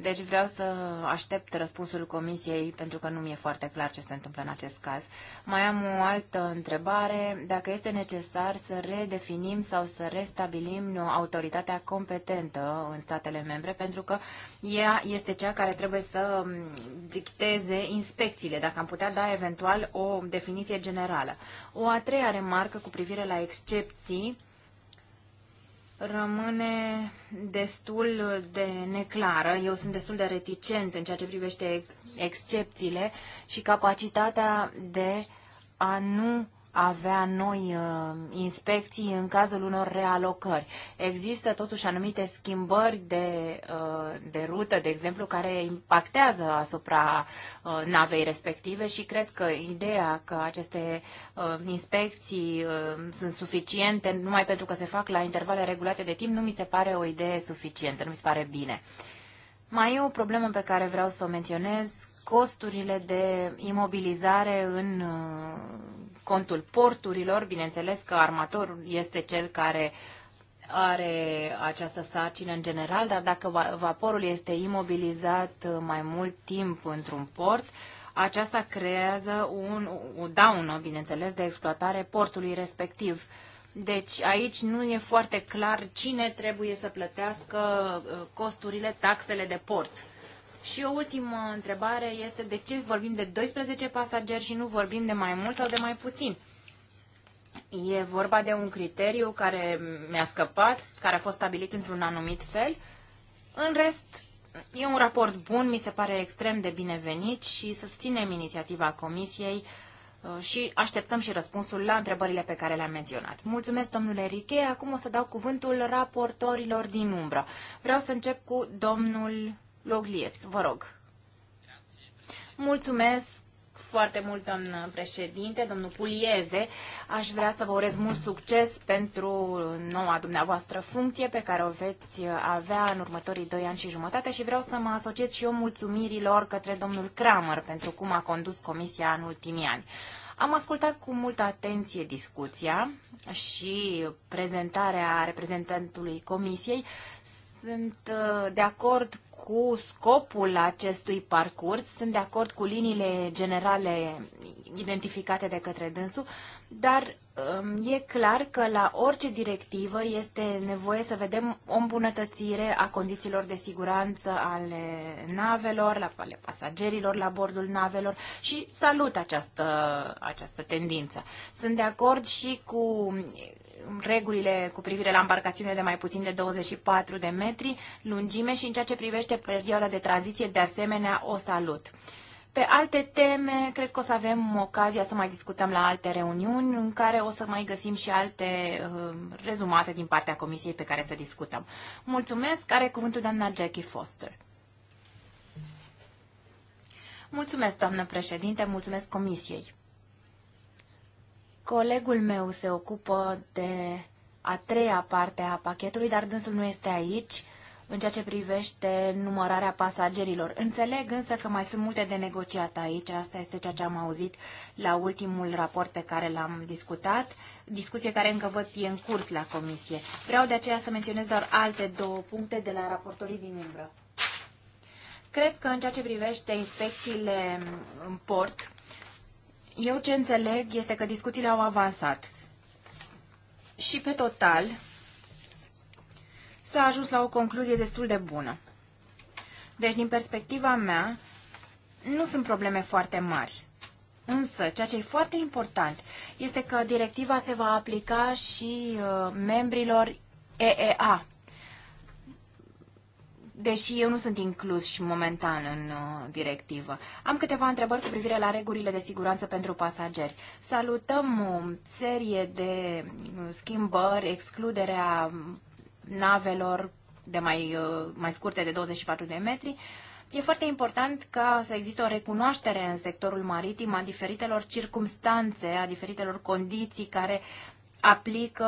Deci vreau să aștept răspunsul comisiei pentru că nu mi-e foarte clar ce se întâmplă în acest caz. Mai am o altă întrebare. Dacă este necesar să redefinim sau să restabilim autoritatea competentă în statele membre, pentru că ea este cea care trebuie să dicteze inspecțiile, dacă am putea da eventual o definiție generală. O a treia remarcă cu privire la excepții rămâne destul de neclară. Eu sunt destul de reticent în ceea ce privește excepțiile și capacitatea de a nu avea noi uh, inspecții în cazul unor realocări. Există totuși anumite schimbări de, uh, de rută, de exemplu, care impactează asupra uh, navei respective și cred că ideea că aceste inspecții sunt suficiente numai pentru că se fac la intervale regulate de timp nu mi se pare o idee suficientă, nu mi se pare bine. Mai e o problemă pe care vreau să o menționez, costurile de imobilizare în contul porturilor. Bineînțeles că armatorul este cel care are această sarcină în general, dar dacă vaporul este imobilizat uh, mai mult timp într-un port, aceasta creează un, o daună, bineînțeles, de exploatare portului respectiv. Deci aici nu e foarte clar cine trebuie să plătească uh, costurile, taxele de port. Și o ultimă întrebare este de ce vorbim de 12 pasageri și nu vorbim de mai mult sau de mai puțin? E vorba de un criteriu care mi-a scăpat, care a fost stabilit într-un anumit fel. În rest, e un raport bun, mi se pare extrem de binevenit și susținem inițiativa Comisiei uh, și așteptăm și răspunsul la întrebările pe care le-am menționat. Mulțumesc, domnule Riche. Acum o să dau cuvântul raportorilor din umbră. Vreau să încep cu domnul Loglies, vă rog. Mulțumesc foarte mult, domn președinte, domnul Pulieze. Aș vrea să vă urez mult succes pentru noua dumneavoastră funcție pe care o veți avea în următorii doi ani și jumătate și vreau să mă asociez și eu mulțumirilor către domnul Kramer pentru cum a condus comisia în ultimii ani. Am ascultat cu multă atenție discuția și prezentarea reprezentantului comisiei. Sunt uh, de acord cu scopul acestui parcurs. Sunt de acord cu liniile generale identificate de către dânsul, dar um, e clar că la orice directivă este nevoie să vedem o îmbunătățire a condițiilor de siguranță ale navelor, ale pasagerilor la bordul navelor și salut această, această tendință. Sunt de acord și cu regulile cu privire la embarcațiune de mai puțin de 24 de metri lungime și în ceea ce privește perioada de tranziție, de asemenea, o salut. Pe alte teme, cred că o să avem ocazia să mai discutăm la alte reuniuni, în care o să mai găsim și alte uh, rezumate din partea comisiei pe care să discutăm. Mulțumesc. Are cuvântul doamna Jackie Foster. Mulțumesc, doamnă președinte, mulțumesc comisiei. Colegul meu se ocupă de a treia parte a pachetului, dar dânsul nu este aici în ceea ce privește numărarea pasagerilor. Înțeleg însă că mai sunt multe de negociat aici, asta este ceea ce am auzit la ultimul raport pe care l-am discutat, discuție care încă văd e în curs la comisie. Vreau de aceea să menționez doar alte două puncte de la raportorii din umbră. Cred că în ceea ce privește inspecțiile în port, eu ce înțeleg este că discuțiile au avansat. Și pe total s-a ajuns la o concluzie destul de bună. Deci, din perspectiva mea, nu sunt probleme foarte mari. Însă, ceea ce e foarte important este că directiva se va aplica și uh, membrilor EEA, deși eu nu sunt inclus și momentan în uh, directivă. Am câteva întrebări cu privire la regulile de siguranță pentru pasageri. Salutăm o um, serie de uh, schimbări, excluderea um, navelor de mai, uh, mai scurte de 24 de metri. E foarte important ca să existe o recunoaștere în sectorul maritim a diferitelor circumstanțe, a diferitelor condiții care aplică,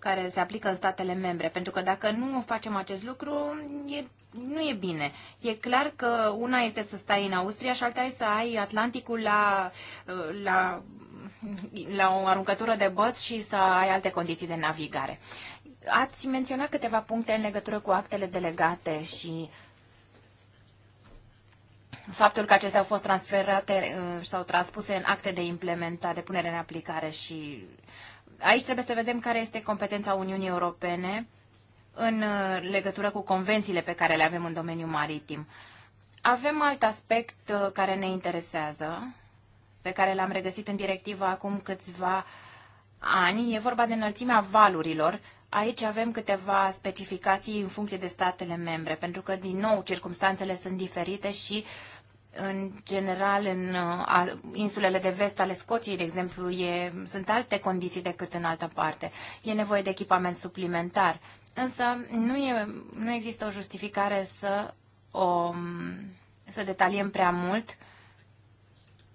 care se aplică în statele membre. Pentru că dacă nu facem acest lucru, e, nu e bine. E clar că una este să stai în Austria și alta este să ai Atlanticul la, la, la o aruncătură de băț și să ai alte condiții de navigare. Ați menționat câteva puncte în legătură cu actele delegate și faptul că acestea au fost transferate uh, sau transpuse în acte de implementare, de punere în aplicare și aici trebuie să vedem care este competența Uniunii Europene în uh, legătură cu convențiile pe care le avem în domeniul maritim. Avem alt aspect uh, care ne interesează, pe care l-am regăsit în directivă acum câțiva ani. E vorba de înălțimea valurilor. Aici avem câteva specificații în funcție de statele membre, pentru că, din nou, circumstanțele sunt diferite și uh, în general, în uh, insulele de vest ale Scoției, de exemplu, e, sunt alte condiții decât în altă parte. E nevoie de echipament suplimentar. Însă nu, e, nu există o justificare să, o, să detaliem prea mult.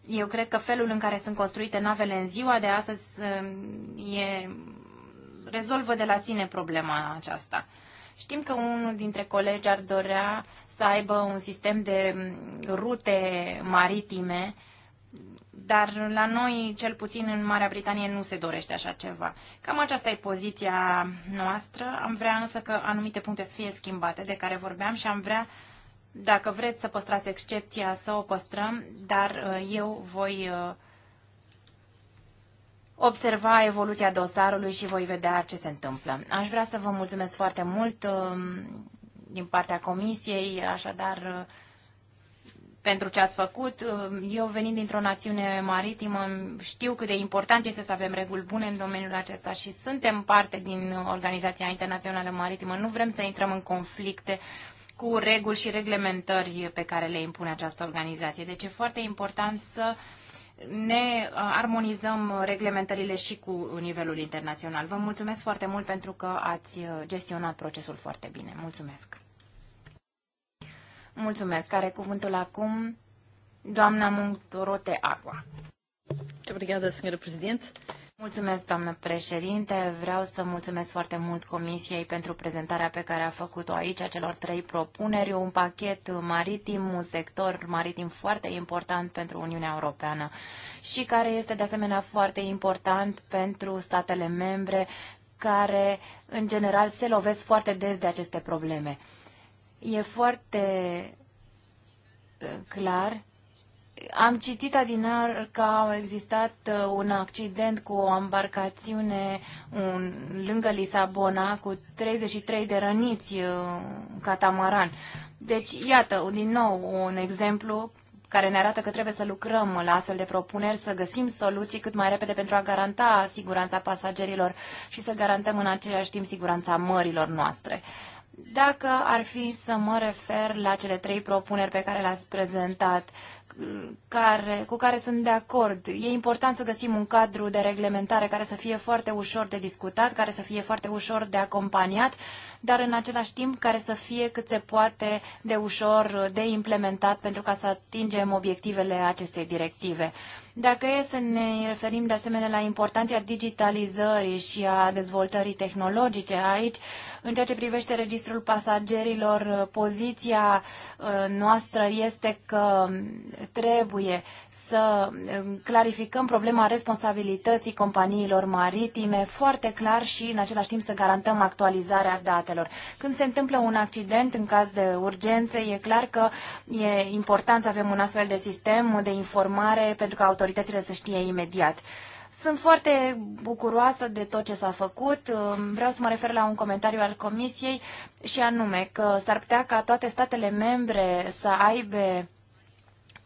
Eu cred că felul în care sunt construite navele în ziua de astăzi uh, e, rezolvă de la sine problema aceasta. Știm că unul dintre colegi ar dorea să aibă un sistem de rute maritime, dar la noi, cel puțin în Marea Britanie, nu se dorește așa ceva. Cam aceasta e poziția noastră. Am vrea însă că anumite puncte să fie schimbate, de care vorbeam, și am vrea, dacă vreți să păstrați excepția, să o păstrăm, dar uh, eu voi uh, observa evoluția dosarului și voi vedea ce se întâmplă. Aș vrea să vă mulțumesc foarte mult um, din partea comisiei, așadar pentru ce ați făcut. Eu venind dintr-o națiune maritimă știu cât de important este să avem reguli bune în domeniul acesta și suntem parte din Organizația Internațională Maritimă. Nu vrem să intrăm în conflicte cu reguli și reglementări pe care le impune această organizație. Deci e foarte important să uh, ne uh, armonizăm reglementările și cu nivelul internațional. Vă mulțumesc foarte mult pentru că ați uh, gestionat procesul foarte bine. Mulțumesc! Mulțumesc! Care cuvântul acum? Doamna Muntorote Aqua. Obrigada, senhora Presidente. Mulțumesc, doamnă președinte. Vreau să mulțumesc foarte mult Comisiei pentru prezentarea pe care a făcut-o aici, a celor trei propuneri, un pachet maritim, un sector maritim foarte important pentru Uniunea Europeană și care este de asemenea foarte important pentru statele membre care, în general, se lovesc foarte des de aceste probleme. E foarte uh, clar am citit adinar că a existat uh, un accident cu o embarcațiune un, lângă Lisabona cu 33 de răniți uh, catamaran. Deci, iată, din nou un exemplu care ne arată că trebuie să lucrăm la astfel de propuneri, să găsim soluții cât mai repede pentru a garanta siguranța pasagerilor și să garantăm în același timp siguranța mărilor noastre. Dacă ar fi să mă refer la cele trei propuneri pe care le-ați prezentat, uh, care, cu care sunt de acord. E important să găsim un cadru de reglementare care să fie foarte ușor de discutat, care să fie foarte ușor de acompaniat, dar în același timp care să fie cât se poate de ușor de implementat pentru ca să atingem obiectivele acestei directive. Dacă e să ne referim de asemenea la importanța digitalizării și a dezvoltării tehnologice aici, în ceea ce privește registrul pasagerilor, poziția uh, noastră este că trebuie să um, clarificăm problema responsabilității companiilor maritime foarte clar și în același timp să garantăm actualizarea datelor. Când se întâmplă un accident în caz de urgențe, e clar că e important să avem un astfel de sistem de informare pentru că autoritățile să știe imediat. Sunt foarte bucuroasă de tot ce s-a făcut. Um, vreau să mă refer la un comentariu al Comisiei și anume că s-ar putea ca toate statele membre să aibă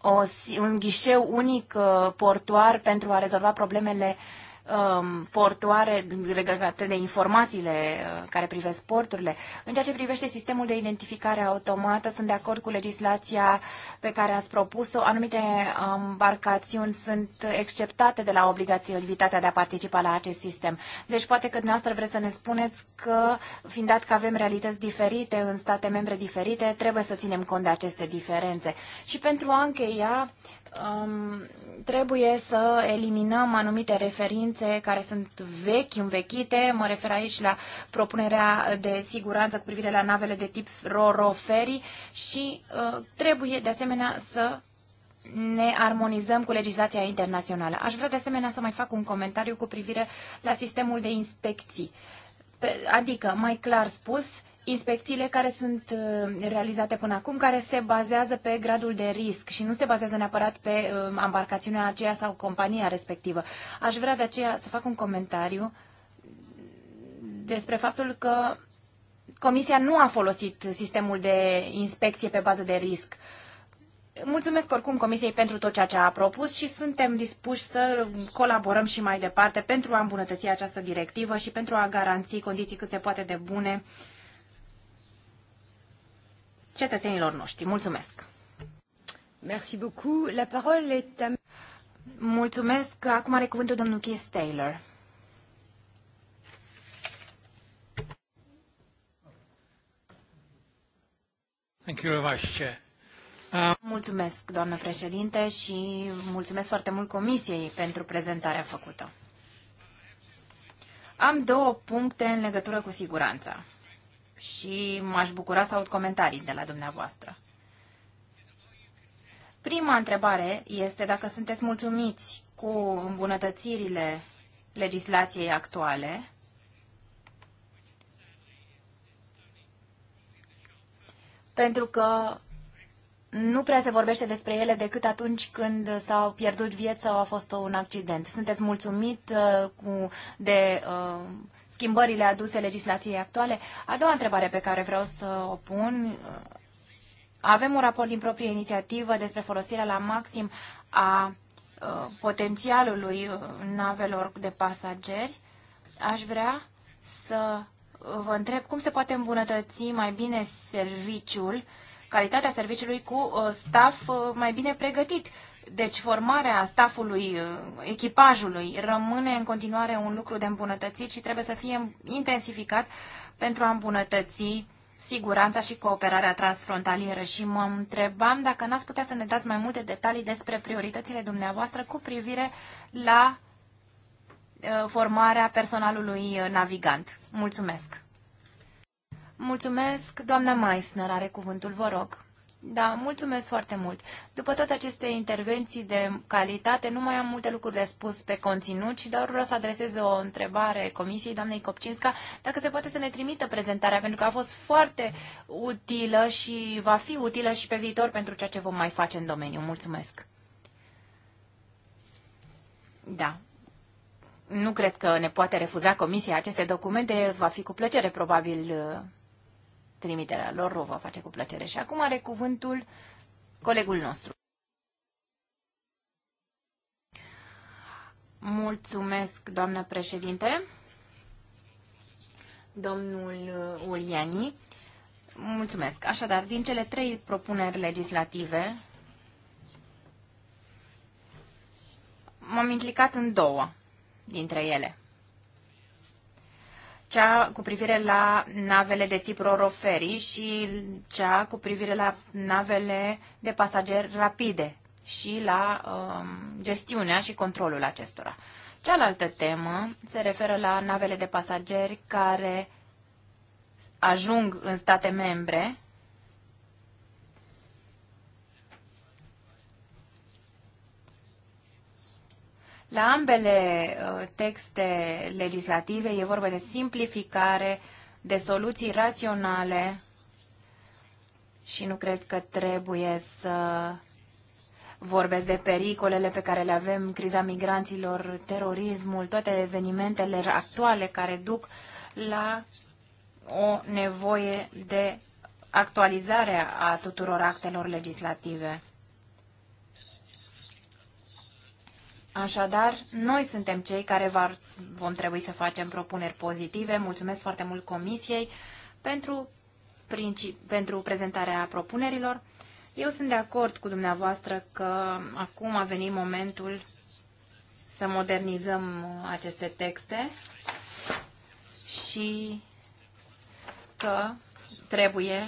o, un ghișeu unic uh, portuar pentru a rezolva problemele uh, Um, portoare legate de informațiile uh, care privesc porturile. În ceea ce privește sistemul de identificare automată, sunt de acord cu legislația pe care ați propus-o. Anumite um, embarcațiuni sunt exceptate de la obligativitatea de a participa la acest sistem. Deci poate că dumneavoastră vreți să ne spuneți că, fiind dat că avem realități diferite în state membre diferite, trebuie să ținem cont de aceste diferențe. Și pentru a încheia, um, trebuie să eliminăm anumite referințe care sunt vechi, învechite. Mă refer aici la propunerea de siguranță cu privire la navele de tip ro-ro ferry și uh, trebuie de asemenea să ne armonizăm cu legislația internațională. Aș vrea de asemenea să mai fac un comentariu cu privire la sistemul de inspecții. adică, mai clar spus, uh, inspecțiile care sunt uh, realizate până acum, care se bazează pe gradul de risc și nu se bazează neapărat pe uh, embarcațiunea aceea sau compania respectivă. Aș vrea de aceea să fac un comentariu despre faptul că Comisia nu a folosit sistemul de inspecție pe bază de risc. Mulțumesc oricum Comisiei pentru tot ceea ce a propus și suntem dispuși să colaborăm și mai departe pentru a îmbunătăți această directivă și pentru a garanți condiții cât se poate de bune uh, cetățenilor noștri. Mulțumesc! Merci beaucoup. La parole est à... Mulțumesc. Acum are cuvântul domnul Keith Taylor. Thank you very much, Chair. Mulțumesc, doamnă președinte, și mulțumesc foarte mult Comisiei pentru prezentarea făcută. Am două puncte în legătură cu siguranța și m-aș bucura să aud comentarii de la dumneavoastră. Prima întrebare este dacă sunteți mulțumiți cu îmbunătățirile legislației actuale pentru că nu prea se vorbește despre ele decât atunci când s-au pierdut vieți sau a fost un accident. Sunteți mulțumit uh, cu, de uh, schimbările aduse legislației actuale. A doua întrebare pe care vreau să o pun. Avem un raport din proprie inițiativă despre folosirea la maxim a uh, potențialului uh, navelor de pasageri. Aș vrea să uh, vă întreb cum se poate îmbunătăți mai bine serviciul, calitatea serviciului cu staff mai bine pregătit deci formarea stafului, uh, echipajului rămâne în continuare un lucru de îmbunătățit și trebuie să fie intensificat pentru a îmbunătăți siguranța și cooperarea transfrontalieră și mă întrebam dacă n-ați putea să ne dați mai multe detalii despre prioritățile dumneavoastră cu privire la uh, formarea personalului uh, navigant. Mulțumesc! Mulțumesc, doamna Meissner are cuvântul, vă rog. Da, mulțumesc foarte mult. După toate aceste intervenții de calitate, nu mai am multe lucruri de spus pe conținut și doar vreau să adresez o întrebare Comisiei doamnei Copcinska, dacă se poate să ne trimită prezentarea, pentru că a fost foarte utilă și va fi utilă și pe viitor pentru ceea ce vom mai face în domeniu. Mulțumesc. Da. Nu cred că ne poate refuza Comisia aceste documente. Va fi cu plăcere, probabil, trimiterea lor o va face cu plăcere. Și acum are cuvântul colegul nostru. Mulțumesc, doamnă președinte, domnul Uliani. Mulțumesc. Așadar, din cele trei propuneri legislative, m-am implicat în două dintre ele cea cu privire la navele de tip ro ferry și cea cu privire la navele de pasageri rapide și la um, gestiunea și controlul acestora. Cealaltă temă se referă la navele de pasageri care ajung în state membre La ambele uh, texte legislative e vorba de simplificare, de soluții raționale și nu cred că trebuie să vorbesc de pericolele pe care le avem, criza migranților, terorismul, toate evenimentele actuale care duc la o nevoie de actualizare a tuturor actelor legislative. Așadar, noi suntem cei care va, vom trebui să facem propuneri pozitive. Mulțumesc foarte mult Comisiei pentru, pentru prezentarea propunerilor. Eu sunt de acord cu dumneavoastră că acum a venit momentul să modernizăm aceste texte și că trebuie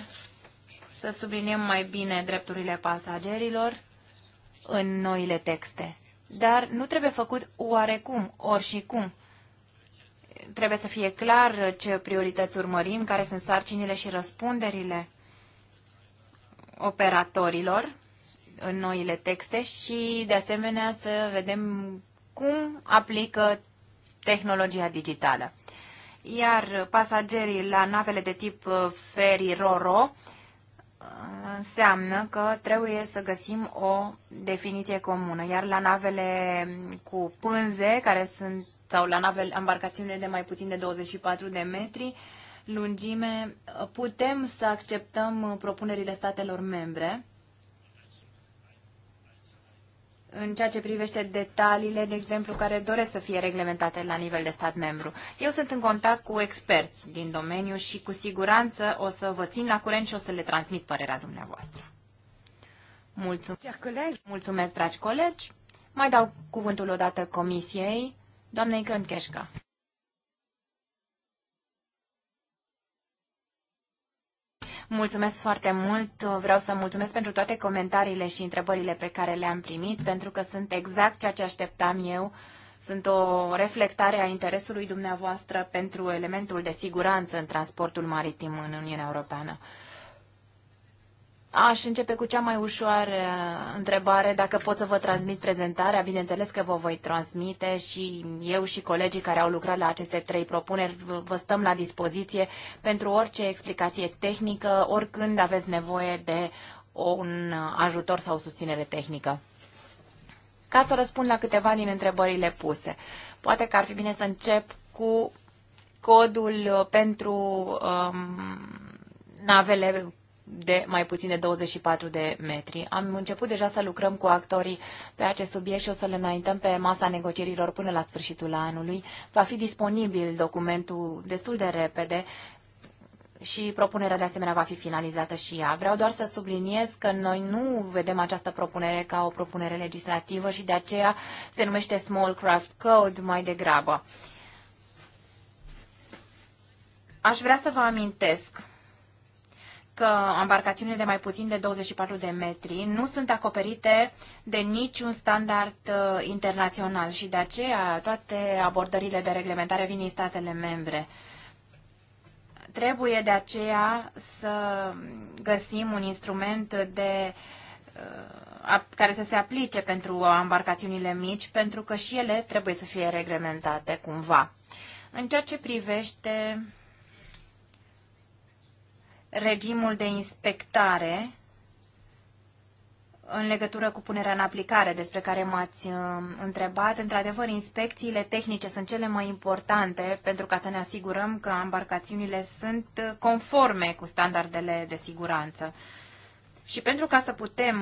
să subliniem mai bine drepturile pasagerilor în noile texte dar nu trebuie făcut oarecum, oricum. Trebuie să fie clar ce priorități urmărim, care sunt sarcinile și răspunderile operatorilor în noile texte și, de asemenea, să vedem cum aplică tehnologia digitală. Iar pasagerii la navele de tip uh, ferry RORO înseamnă că trebuie să găsim o definiție comună, iar la navele cu pânze, care sunt, sau la navele, embarcațiune de mai puțin de 24 de metri, lungime, putem să acceptăm propunerile statelor membre în ceea ce privește detaliile, de exemplu, care doresc să fie reglementate la nivel de stat membru. Eu sunt în contact cu experți din domeniu și cu siguranță o să vă țin la curent și o să le transmit părerea dumneavoastră. Mulțumesc, Mulțumesc dragi colegi. Mai dau cuvântul odată comisiei, doamnei Căncheșca. Mulțumesc foarte mult. Vreau să mulțumesc pentru toate comentariile și întrebările pe care le-am primit, pentru că sunt exact ceea ce așteptam eu. Sunt o reflectare a interesului dumneavoastră pentru elementul de siguranță în transportul maritim în Uniunea Europeană. Aș începe cu cea mai ușoară întrebare, dacă pot să vă transmit prezentarea. Bineînțeles că vă voi transmite și eu și colegii care au lucrat la aceste trei propuneri vă stăm la dispoziție pentru orice explicație tehnică, oricând aveți nevoie de un ajutor sau susținere tehnică. Ca să răspund la câteva din întrebările puse, poate că ar fi bine să încep cu codul pentru um, navele de mai puțin de 24 de metri. Am început deja să lucrăm cu actorii pe acest subiect și o să le înaintăm pe masa negocierilor până la sfârșitul anului. Va fi disponibil documentul destul de repede și propunerea de asemenea va fi finalizată și ea. Vreau doar să subliniez că noi nu vedem această propunere ca o propunere legislativă și de aceea se numește Small Craft Code mai degrabă. Aș vrea să vă amintesc că embarcațiunile de mai puțin de 24 de metri nu sunt acoperite de niciun standard uh, internațional și de aceea toate abordările de reglementare vin din statele membre. Trebuie de aceea să găsim un instrument de uh, care să se aplice pentru embarcațiunile mici, pentru că și ele trebuie să fie reglementate cumva. În ceea ce privește regimul de inspectare în legătură cu punerea în aplicare despre care m-ați uh, întrebat. Într-adevăr, inspecțiile tehnice sunt cele mai importante pentru ca să ne asigurăm că embarcațiunile sunt uh, conforme cu standardele de siguranță. Și pentru ca să putem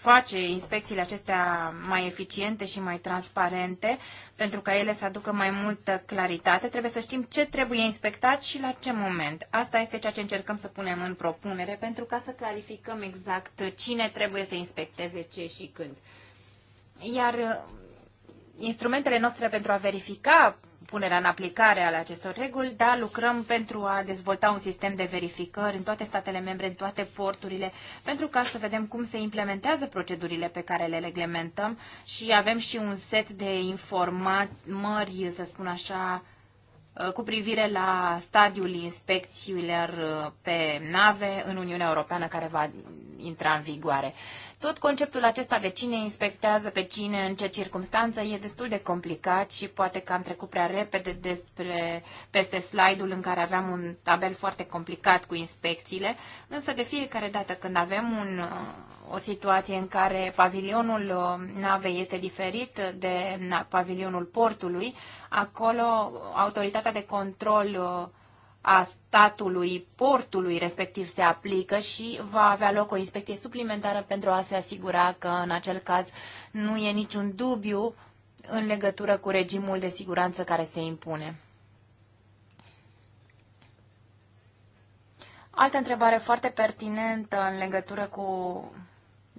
face inspecțiile acestea mai eficiente și mai transparente, pentru ca ele să aducă mai multă claritate, trebuie să știm ce trebuie inspectat și la ce moment. Asta este ceea ce încercăm să punem în propunere, pentru ca să clarificăm exact cine trebuie să inspecteze ce și când. Iar uh, instrumentele noastre pentru a verifica punerea în aplicare ale acestor reguli, dar lucrăm pentru a dezvolta un sistem de verificări în toate statele membre, în toate porturile, pentru ca să vedem cum se implementează procedurile pe care le reglementăm și avem și un set de informări, să spun așa, Uh, cu privire la stadiul inspecțiilor uh, pe nave în Uniunea Europeană care va intra în vigoare. Tot conceptul acesta de cine inspectează pe cine, în ce circunstanță, e destul de complicat și poate că am trecut prea repede despre, peste slide-ul în care aveam un tabel foarte complicat cu inspecțiile, însă de fiecare dată când avem un uh, o situație în care pavilionul uh, navei este diferit de pavilionul portului, acolo uh, autoritatea de control uh, a statului portului respectiv se aplică și va avea loc o inspecție suplimentară pentru a se asigura că în acel caz nu e niciun dubiu în legătură cu regimul de siguranță care se impune. Altă întrebare foarte pertinentă în legătură cu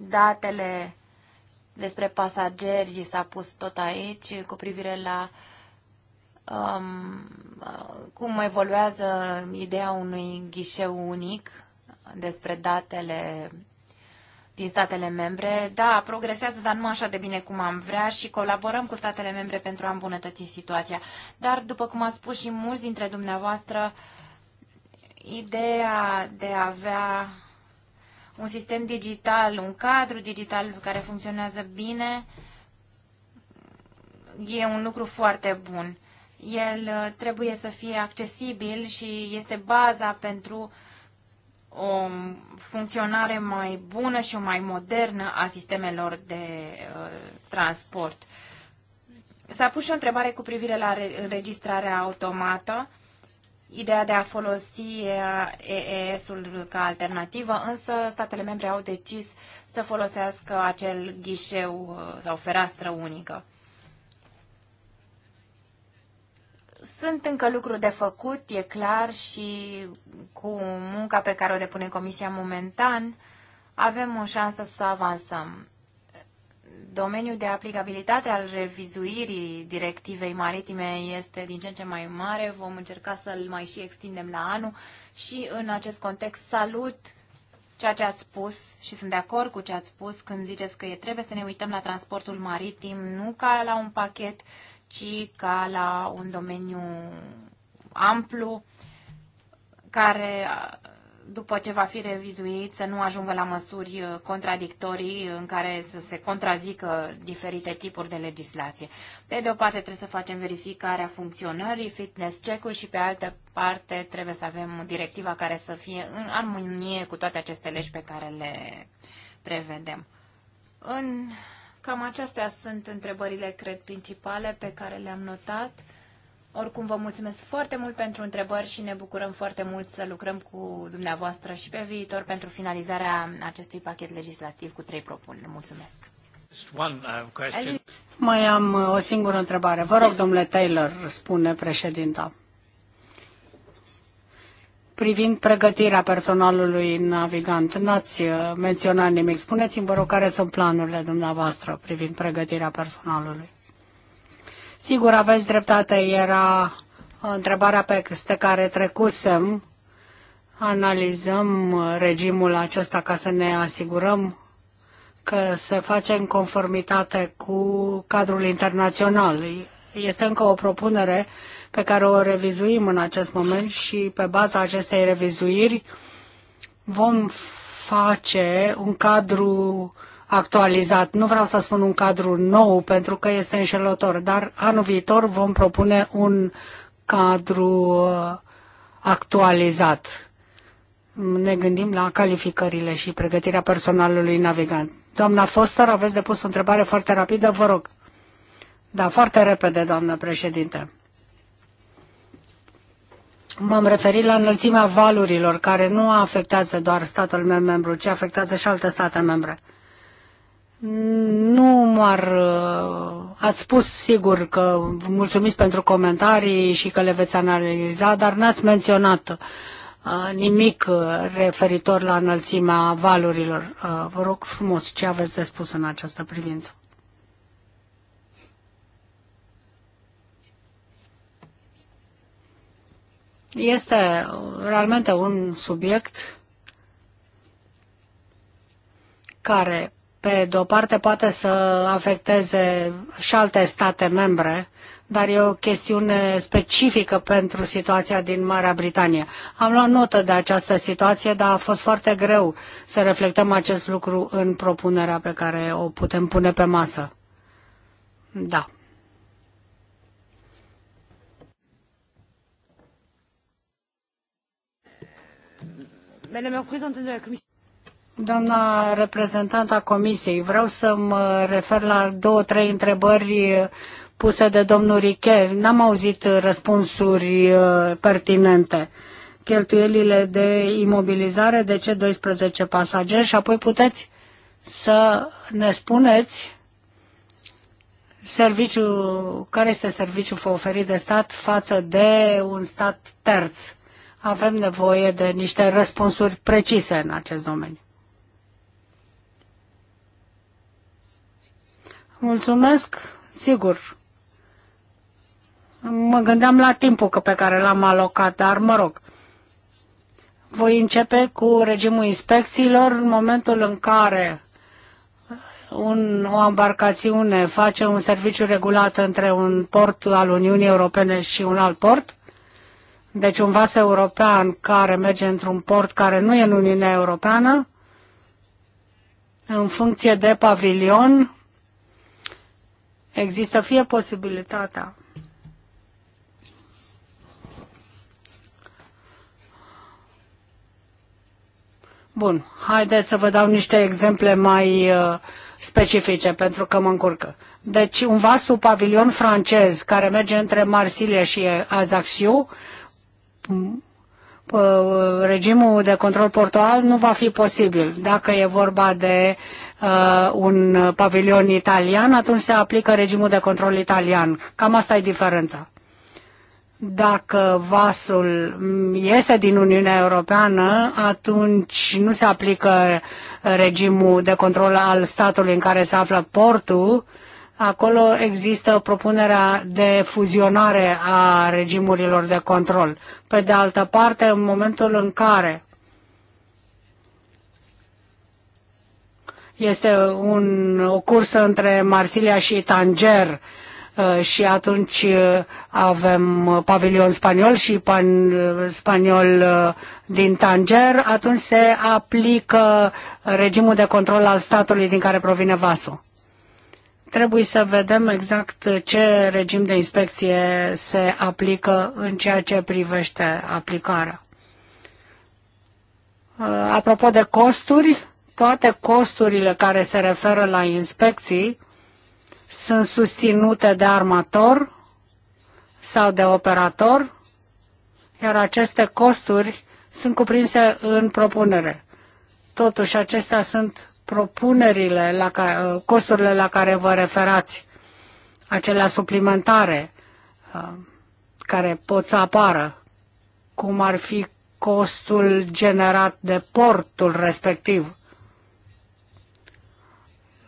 datele despre pasageri s-a pus tot aici cu privire la um, cum evoluează ideea unui ghișeu unic despre datele din statele membre. Da, progresează, dar nu așa de bine cum am vrea și colaborăm cu statele membre pentru a îmbunătăți situația. Dar, după cum ați spus și mulți dintre dumneavoastră, ideea de a avea un sistem digital, un cadru digital care funcționează bine, e un lucru foarte bun. El uh, trebuie să fie accesibil și este baza pentru o funcționare mai bună și o mai modernă a sistemelor de uh, transport. S-a pus și o întrebare cu privire la înregistrarea automată ideea de a folosi EES-ul ca alternativă, însă statele membre au decis să folosească acel ghișeu uh, sau fereastră unică. Sunt încă lucruri de făcut, e clar, și cu munca pe care o depune Comisia momentan, avem o șansă să avansăm domeniul de aplicabilitate al revizuirii directivei maritime este din ce în ce mai mare. Vom încerca să-l mai și extindem la anul și în acest context salut ceea ce ați spus și sunt de acord cu ce ați spus când ziceți că e, trebuie să ne uităm la transportul maritim nu ca la un pachet, ci ca la un domeniu amplu care după ce va fi revizuit, să nu ajungă la măsuri uh, contradictorii uh, în care să se contrazică diferite tipuri de legislație. Pe de o parte trebuie să facem verificarea funcționării, fitness check-ul și pe altă parte trebuie să avem directiva care să fie în armonie cu toate aceste legi pe care le prevedem. În Cam acestea sunt întrebările, cred, principale pe care le-am notat. Oricum, vă mulțumesc foarte mult pentru întrebări și ne bucurăm foarte mult să lucrăm cu dumneavoastră și pe viitor pentru finalizarea acestui pachet legislativ cu trei propuneri. Mulțumesc! Uh, Mai am uh, o singură întrebare. Vă rog, domnule Taylor, spune președinta. Privind pregătirea personalului navigant, n-ați uh, menționat nimic. Spuneți-mi, vă rog, care sunt planurile dumneavoastră privind pregătirea personalului? Sigur, aveți dreptate, era uh, întrebarea pe care trecusem. Analizăm uh, regimul acesta ca să ne asigurăm că se face în conformitate cu cadrul internațional. Este încă o propunere pe care o revizuim în acest moment și pe baza acestei revizuiri vom face un cadru uh, actualizat. Nu vreau să spun un cadru nou pentru că este înșelător, dar anul viitor vom propune un cadru uh, actualizat. Ne gândim la calificările și pregătirea personalului navigant. Doamna Foster, aveți depus o întrebare foarte rapidă, vă rog. Da, foarte repede, doamnă președinte. M-am referit la înălțimea valurilor, care nu afectează doar statul meu membru, ci afectează și alte state membre. Nu m-ar... Uh, ați spus sigur că mulțumiți pentru comentarii și că le veți analiza, dar n-ați menționat uh, nimic uh, referitor la înălțimea valurilor. Vă rog frumos, ce aveți de spus în această privință? Este realmente un subiect care pe de o parte poate să afecteze și alte state membre, dar e o chestiune specifică pentru situația din Marea Britanie. Am luat notă de această situație, dar a fost foarte greu să reflectăm acest lucru în propunerea pe care o putem pune pe masă. Da. Madame la représentante de la Commission. Doamna reprezentanta Comisiei, vreau să mă refer la două, trei întrebări puse de domnul Richer. N-am auzit răspunsuri uh, pertinente. Cheltuielile de imobilizare, de ce 12 pasageri și apoi puteți să ne spuneți serviciu, care este serviciul oferit de stat față de un stat terț. Avem nevoie de niște răspunsuri precise în acest domeniu. Mulțumesc, sigur. Mă gândeam la timpul pe care l-am alocat, dar mă rog. Voi începe cu regimul inspecțiilor în momentul în care un, o embarcațiune face un serviciu regulat între un port al Uniunii Europene și un alt port, deci un vas european care merge într-un port care nu e în Uniunea Europeană, în funcție de pavilion, există fie posibilitatea Bun, haideți să vă dau niște exemple mai uh, specifice, pentru că mă încurcă. Deci un vas sub pavilion francez care merge între Marsilia și Azaxiu, mm, uh, regimul de control portual nu va fi posibil. Dacă e vorba de uh, un pavilion italian, atunci se aplică regimul de control italian. Cam asta e diferența. Dacă vasul iese din Uniunea Europeană, atunci nu se aplică regimul de control al statului în care se află portul. Acolo există propunerea de fuzionare a regimurilor de control. Pe de altă parte, în momentul în care Este un, o cursă între Marsilia și Tanger uh, și atunci uh, avem uh, pavilion spaniol și pan, spaniol din Tanger, atunci se aplică regimul de control al statului din care provine vasul. Trebuie să vedem exact ce regim de inspecție se aplică în ceea ce privește aplicarea. Apropo de costuri, toate costurile care se referă la inspecții sunt susținute de armator sau de operator, iar aceste costuri sunt cuprinse în propunere. Totuși, acestea sunt propunerile, la care, uh, costurile la care vă referați, acelea suplimentare uh, care pot să apară, cum ar fi costul generat de portul respectiv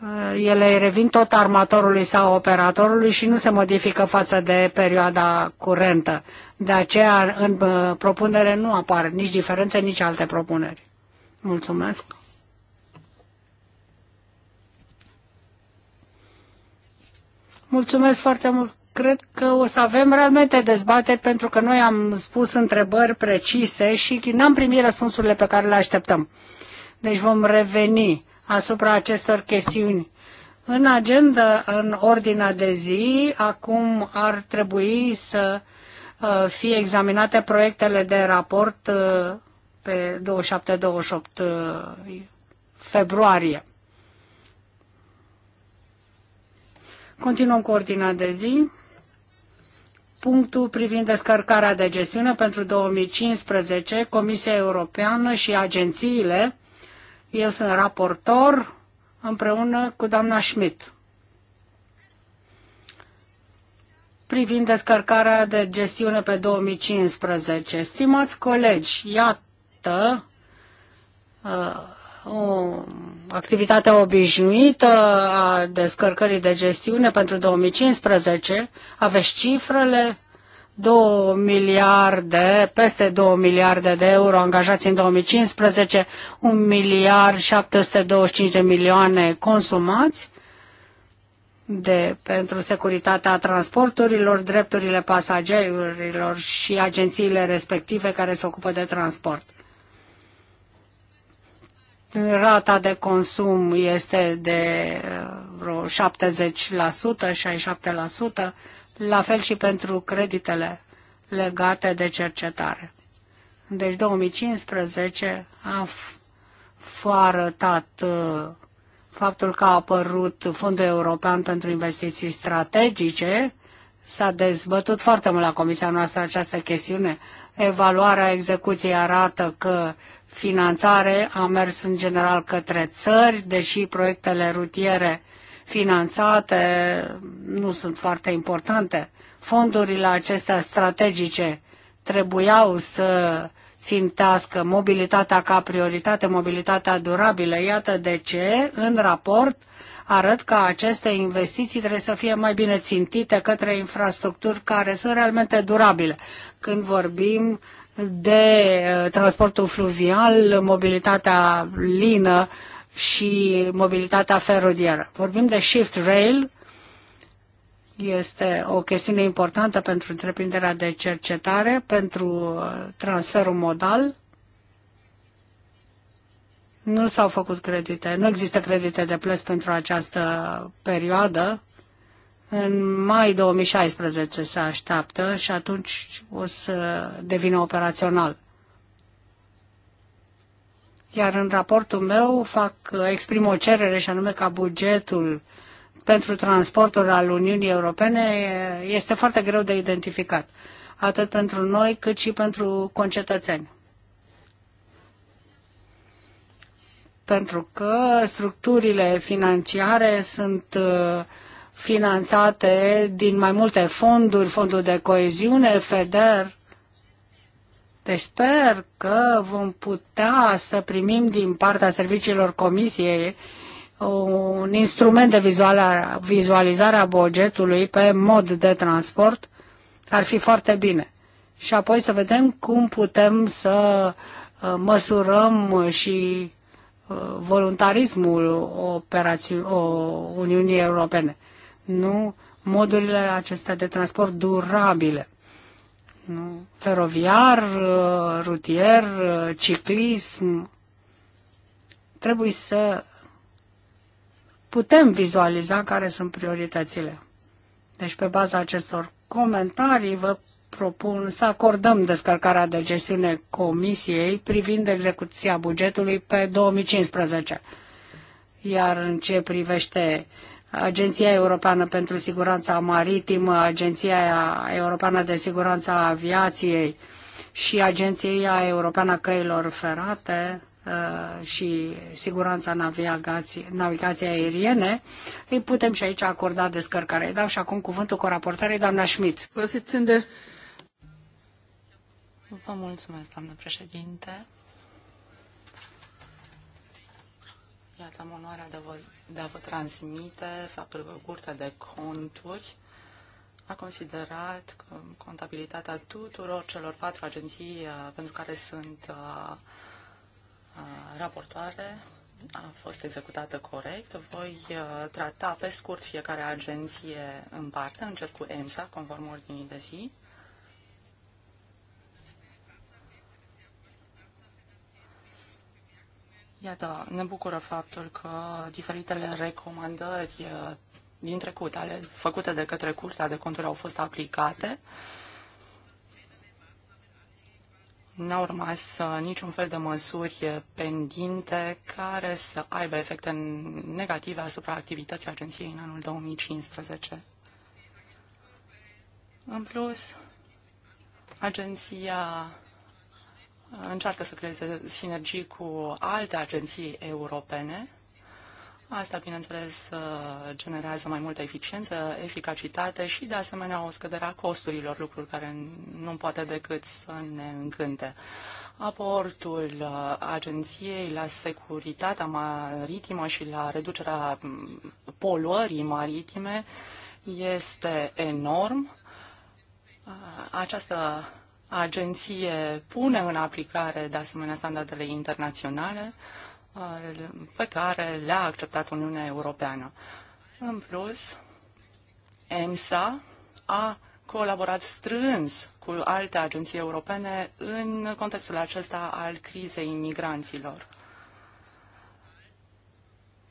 Eh, ele revin tot armatorului sau operatorului și nu se modifică față de perioada curentă. De aceea, în eh, propunere nu apar nici diferențe, nici alte propuneri. Mulțumesc! Mulțumesc foarte mult! Cred că o să avem realmente dezbateri pentru că noi am spus întrebări precise și n-am primit răspunsurile pe care le așteptăm. Deci vom reveni asupra acestor chestiuni. În agenda, în ordinea de zi, acum ar trebui să uh, fie examinate proiectele de raport uh, pe 27-28 uh, februarie. Continuăm cu ordinea de zi. Punctul privind descărcarea de gestiune pentru 2015, Comisia Europeană și agențiile eu sunt raportor împreună cu doamna Schmidt. privind descărcarea de gestiune pe 2015. Stimați colegi, iată uh, o activitate obișnuită a descărcării de gestiune pentru 2015. Aveți cifrele, 2 miliarde, peste 2 miliarde de euro angajați în 2015, 1 miliard 725 de milioane consumați de, pentru securitatea transporturilor, drepturile pasagerilor și agențiile respective care se ocupă de transport. Rata de consum este de uh, vreo 70%, 67%, la fel și pentru creditele legate de cercetare. Deci 2015 a arătat uh, faptul că a apărut Fondul European pentru Investiții Strategice, s-a dezbătut foarte mult la comisia noastră această chestiune. Evaluarea execuției arată că finanțare a mers în general către țări, deși proiectele rutiere finanțate nu sunt foarte importante. Fondurile acestea strategice trebuiau să țintească mobilitatea ca prioritate, mobilitatea durabilă. Iată de ce, în raport, arăt că aceste investiții trebuie să fie mai bine țintite către infrastructuri care sunt realmente durabile. Când vorbim de uh, transportul fluvial, mobilitatea lină, și mobilitatea feroviară. Vorbim de Shift Rail, este o chestiune importantă pentru întreprinderea de cercetare, pentru uh, transferul modal. Nu s-au făcut credite, nu există credite de plăți pentru această perioadă. În mai 2016 se așteaptă și atunci o să devină operațional. Iar în raportul meu fac, uh, exprim o cerere și anume ca bugetul pentru transportul al Uniunii Europene uh, este foarte greu de identificat, atât pentru noi cât și pentru concetățeni. Pentru că structurile financiare sunt uh, finanțate din mai multe fonduri, fondul de coeziune, FEDER, deci sper că vom putea să primim din partea serviciilor comisiei un instrument de vizualizare a bugetului pe mod de transport. Ar fi foarte bine. Și apoi să vedem cum putem să uh, măsurăm și uh, voluntarismul o Uniunii Europene. Nu modurile acestea de transport durabile nu? feroviar, rutier, ciclism. Trebuie să putem vizualiza care sunt prioritățile. Deci, pe baza acestor comentarii, vă propun să acordăm descărcarea de gestiune Comisiei privind execuția bugetului pe 2015. Iar în ce privește uh, Agenția Europeană pentru Siguranța Maritimă, Agenția Europeană de Siguranță a Aviației și Agenția Europeană a Căilor Ferate uh, și siguranța navigației, navigației aeriene, îi putem și aici acorda descărcare. Îi dau și acum cuvântul cu raportare, doamna Schmidt. Vă mulțumesc, doamnă președinte. Iată, am onoarea de, vă, de a vă transmite faptul că Curtea de Conturi a considerat că contabilitatea tuturor celor patru agenții uh, pentru care sunt uh, uh, raportoare a fost executată corect. Voi trata pe scurt fiecare agenție în parte. Încep cu EMSA, conform ordinii de zi. Iată, ne bucură faptul că diferitele recomandări uh, din trecut, ale făcute de către Curtea de Conturi, au fost aplicate. N-au rămas uh, niciun fel de măsuri uh, pendinte care să aibă efecte negative asupra activității agenției în anul 2015. În plus, agenția încearcă să creeze sinergii cu alte agenții europene. Asta, bineînțeles, generează mai multă eficiență, eficacitate și, de asemenea, o scădere a costurilor, lucruri care nu poate decât să ne încânte. Aportul uh, agenției la securitatea maritimă și la reducerea mm, poluării maritime este enorm. Uh, această agenție pune în aplicare de asemenea standardele internaționale uh, pe care le-a acceptat Uniunea Europeană. În plus, EMSA a colaborat strâns cu alte agenții europene în contextul acesta al crizei imigranților.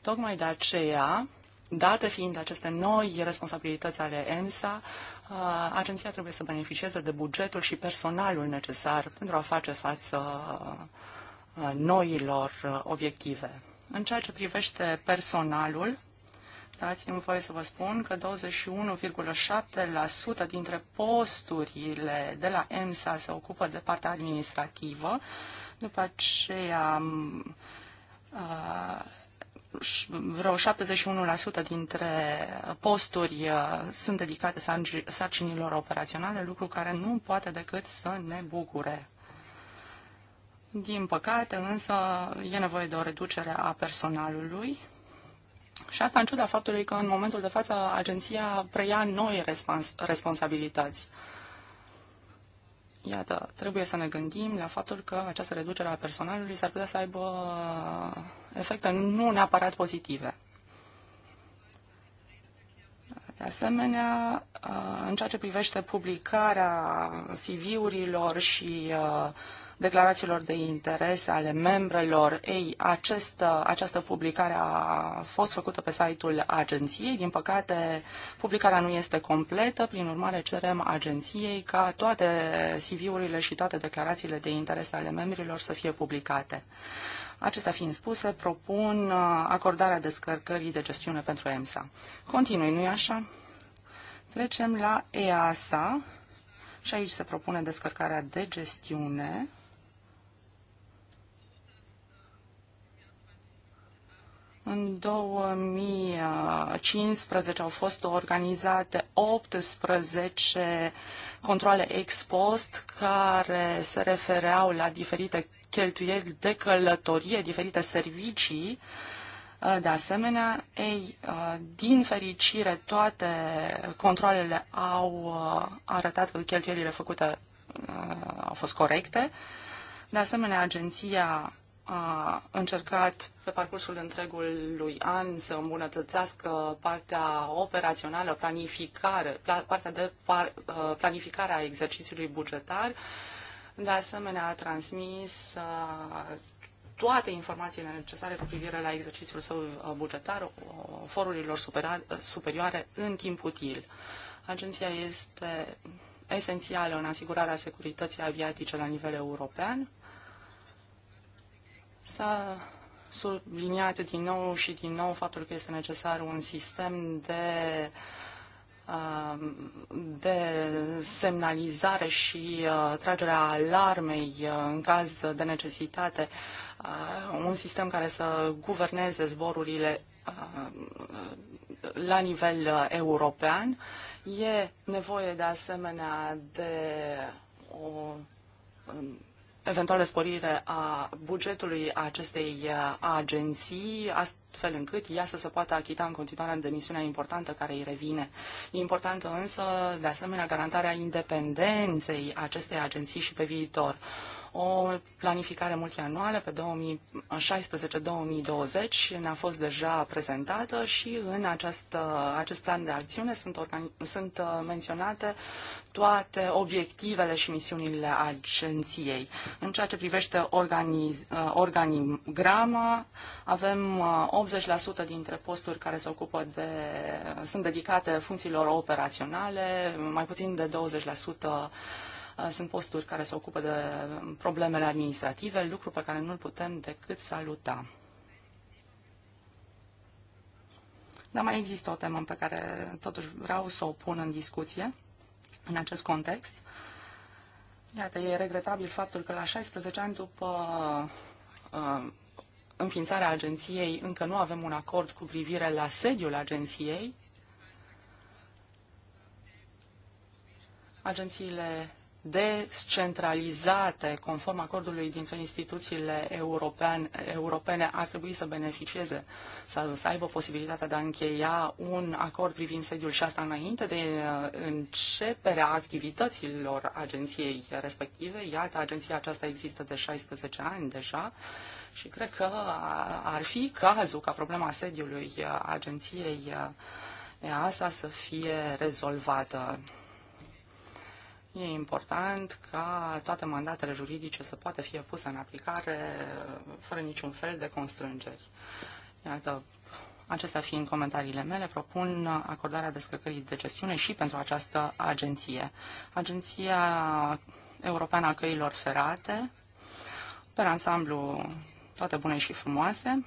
Tocmai de aceea, date fiind aceste noi responsabilități ale EMSA, Uh, agenția trebuie să beneficieze de bugetul și personalul necesar pentru a face față uh, noilor uh, obiective. În ceea ce privește personalul, dați-mi voie să vă spun că 21,7% dintre posturile de la EMSA se ocupă de partea administrativă, după aceea vreo 71% dintre posturi uh, sunt dedicate sarcinilor operaționale, lucru care nu poate decât să ne bucure. Din păcate, însă, e nevoie de o reducere a personalului și asta în ciuda faptului că în momentul de față agenția preia noi respons- responsabilități. Iată, trebuie să ne gândim la faptul că această reducere a personalului s-ar putea să aibă efecte nu neapărat pozitive. De asemenea, uh, în ceea ce privește publicarea CV-urilor și uh, declarațiilor de interes ale membrelor, ei, această, uh, această publicare a fost făcută pe site-ul agenției. Din păcate, publicarea nu este completă, prin urmare cerem agenției ca toate CV-urile și toate declarațiile de interes ale membrilor să fie publicate. Acestea fiind spuse, propun uh, acordarea descărcării de gestiune pentru EMSA. Continui, nu-i așa? Trecem la EASA și aici se propune descărcarea de gestiune. În 2015 au fost organizate 18 controle ex post care se refereau la diferite cheltuieli de călătorie, diferite servicii. Uh, de asemenea, ei, uh, din fericire, toate controlele au uh, arătat că cheltuielile făcute au fost corecte. De asemenea, agenția a încercat pe parcursul întregului an să îmbunătățească partea operațională, planificare, partea de par, planificare a exercițiului bugetar de asemenea, a transmis uh, toate informațiile necesare cu privire la exercițiul său uh, bugetar uh, forurilor superioare în timp util. Agenția este esențială în asigurarea securității aviatice la nivel european. S-a subliniat din nou și din nou faptul că este necesar un sistem de uh, de semnalizare și uh, tragerea alarmei uh, în caz de necesitate, uh, un sistem care să guverneze zborurile la nivel european. E nevoie de asemenea de o um, eventuală sporire a bugetului acestei uh, agenții, astfel încât ea să se poată achita în continuare de misiunea importantă care îi revine. Importantă însă, de asemenea, garantarea independenței acestei agenții și pe viitor o planificare multianuală pe 2016-2020 ne-a fost deja prezentată și în acest, acest plan de acțiune sunt, organi- sunt uh, menționate toate obiectivele și misiunile agenției. În ceea ce privește organiz, uh, organigrama, avem 80% uh, dintre posturi care se ocupă de, sunt dedicate funcțiilor operaționale, mai puțin de 20% Uh, sunt posturi care se ocupă de problemele administrative, lucru pe care nu-l putem decât saluta. Dar mai există o temă pe care totuși vreau să o pun în discuție în acest context. Iată, e regretabil faptul că la 16 ani după uh, înființarea agenției încă nu avem un acord cu privire la sediul agenției. Agențiile descentralizate, conform acordului dintre instituțiile europeane, europene, ar trebui să beneficieze, să, să aibă posibilitatea de a încheia un acord privind sediul și asta înainte de uh, începerea activităților agenției respective. Iată, agenția aceasta există de 16 ani deja și cred că ar fi cazul ca problema sediului uh, agenției uh, asta să fie rezolvată. E important ca toate mandatele juridice să poată fi puse în aplicare fără niciun fel de constrângeri. Iată, Acestea fiind comentariile mele, propun acordarea descărcării de gestiune și pentru această agenție. Agenția Europeană a Căilor Ferate, pe ansamblu toate bune și frumoase,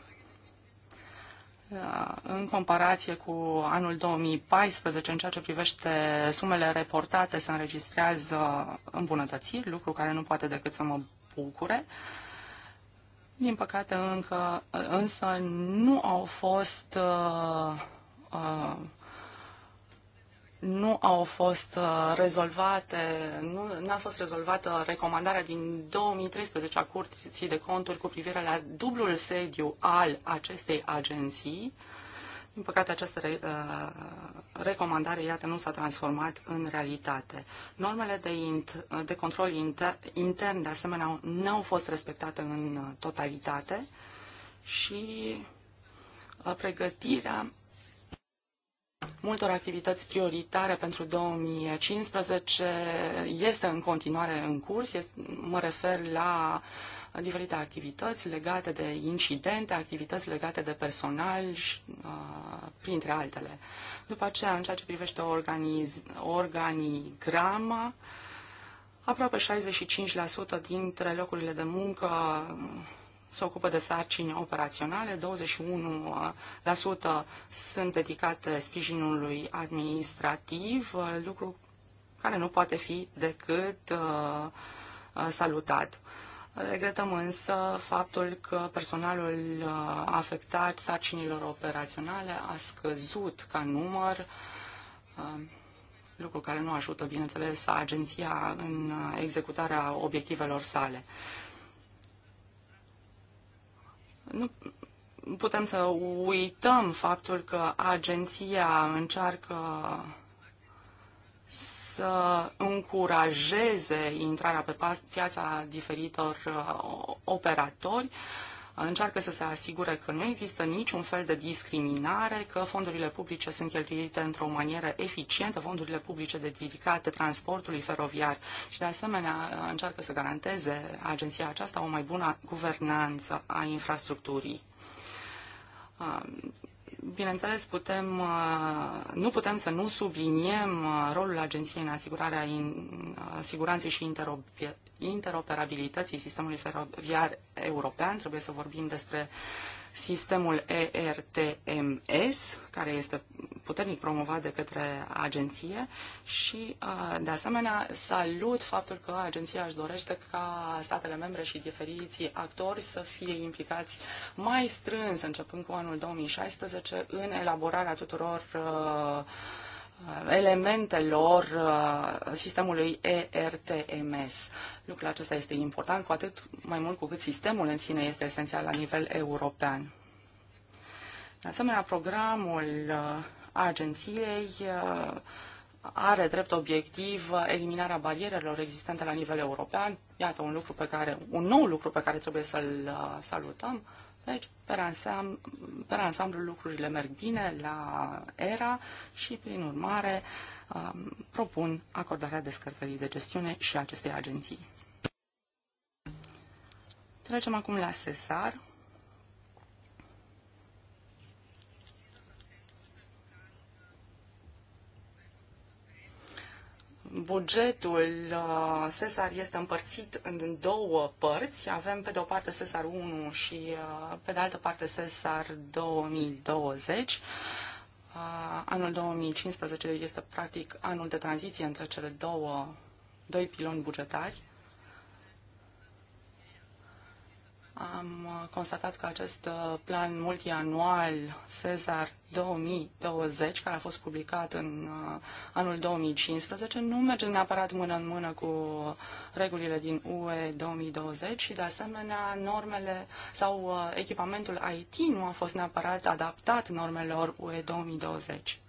Uh, în comparație cu anul 2014, în ceea ce privește sumele reportate, se înregistrează îmbunătățiri, lucru care nu poate decât să mă bucure. Din păcate, încă, însă nu au fost uh, uh, nu au fost uh, rezolvate, nu a fost rezolvată recomandarea din 2013 a Curții de Conturi cu privire la dublul sediu al acestei agenții. Din păcate, această re, uh, recomandare, iată, nu s-a transformat în realitate. Normele de, int, de control inter, intern, de asemenea, nu au fost respectate în totalitate și uh, pregătirea multor activități prioritare pentru 2015 este în continuare în curs. Este, mă refer la diferite activități legate de incidente, activități legate de personal, și, uh, printre altele. După aceea, în ceea ce privește organiz, organigrama, aproape 65% dintre locurile de muncă se ocupă de sarcini operaționale, 21% sunt dedicate sprijinului administrativ, lucru care nu poate fi decât uh, uh, salutat. Regretăm însă faptul că personalul uh, afectat sarcinilor operaționale a scăzut ca număr, lucru care nu ajută, bineînțeles, agenția în executarea obiectivelor sale. Nu putem să uităm faptul că agenția încearcă să încurajeze intrarea pe piața diferitor uh, operatori, încearcă să se asigure că nu există niciun fel de discriminare, că fondurile publice sunt cheltuite într-o manieră eficientă, fondurile publice dedicate transportului feroviar și de asemenea încearcă să garanteze agenția aceasta o mai bună guvernanță a infrastructurii bineînțeles, putem, uh, nu putem să nu subliniem uh, rolul agenției în asigurarea in, uh, siguranței și interoperabilității sistemului feroviar european. Trebuie să vorbim despre sistemul ERTMS, care este puternic promovat de către agenție și, uh, de asemenea, salut faptul că agenția își dorește ca statele membre și diferiții actori să fie implicați mai strâns, începând cu anul 2016, în elaborarea tuturor uh, elementelor uh, sistemului ERTMS. Lucrul acesta este important, cu atât mai mult cu cât sistemul în sine este esențial la nivel european. De asemenea, programul uh, agenției uh, are drept obiectiv eliminarea barierelor existente la nivel european. Iată un lucru pe care, un nou lucru pe care trebuie să-l salutăm. Deci, per, ansam, per ansamblu, lucrurile merg bine la ERA și, prin urmare, um, propun acordarea descărcării de gestiune și acestei agenții. Trecem acum la SESAR. bugetul uh, SESAR este împărțit în două părți. Avem pe de o parte SESAR 1 și uh, pe de altă parte SESAR 2020. Uh, anul 2015 este practic anul de tranziție între cele două, doi piloni bugetari Am constatat că acest uh, plan multianual Cezar 2020, care a fost publicat în uh, anul 2015, nu merge neapărat mână în mână cu regulile din UE 2020 și, de asemenea, normele sau uh, echipamentul IT nu a fost neapărat adaptat normelor UE 2020.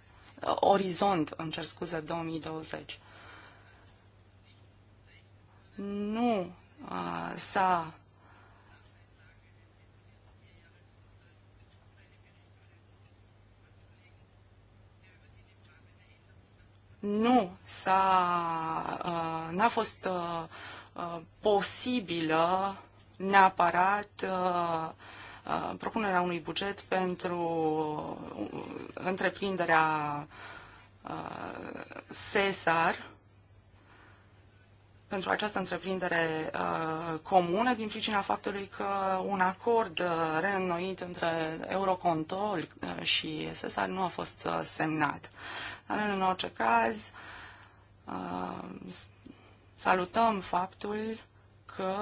Orizont, îmi cer scuze, 2020. Nu s-a nu s-a, uh, n-a fost uh, uh, posibilă neapărat propunerea unui buget pentru întreprinderea Cesar, pentru această întreprindere uh, comună din pricina faptului că un acord uh, reînnoit între Eurocontrol uh, și SESAR nu a fost uh, semnat. Dar în orice caz, uh, salutăm faptul că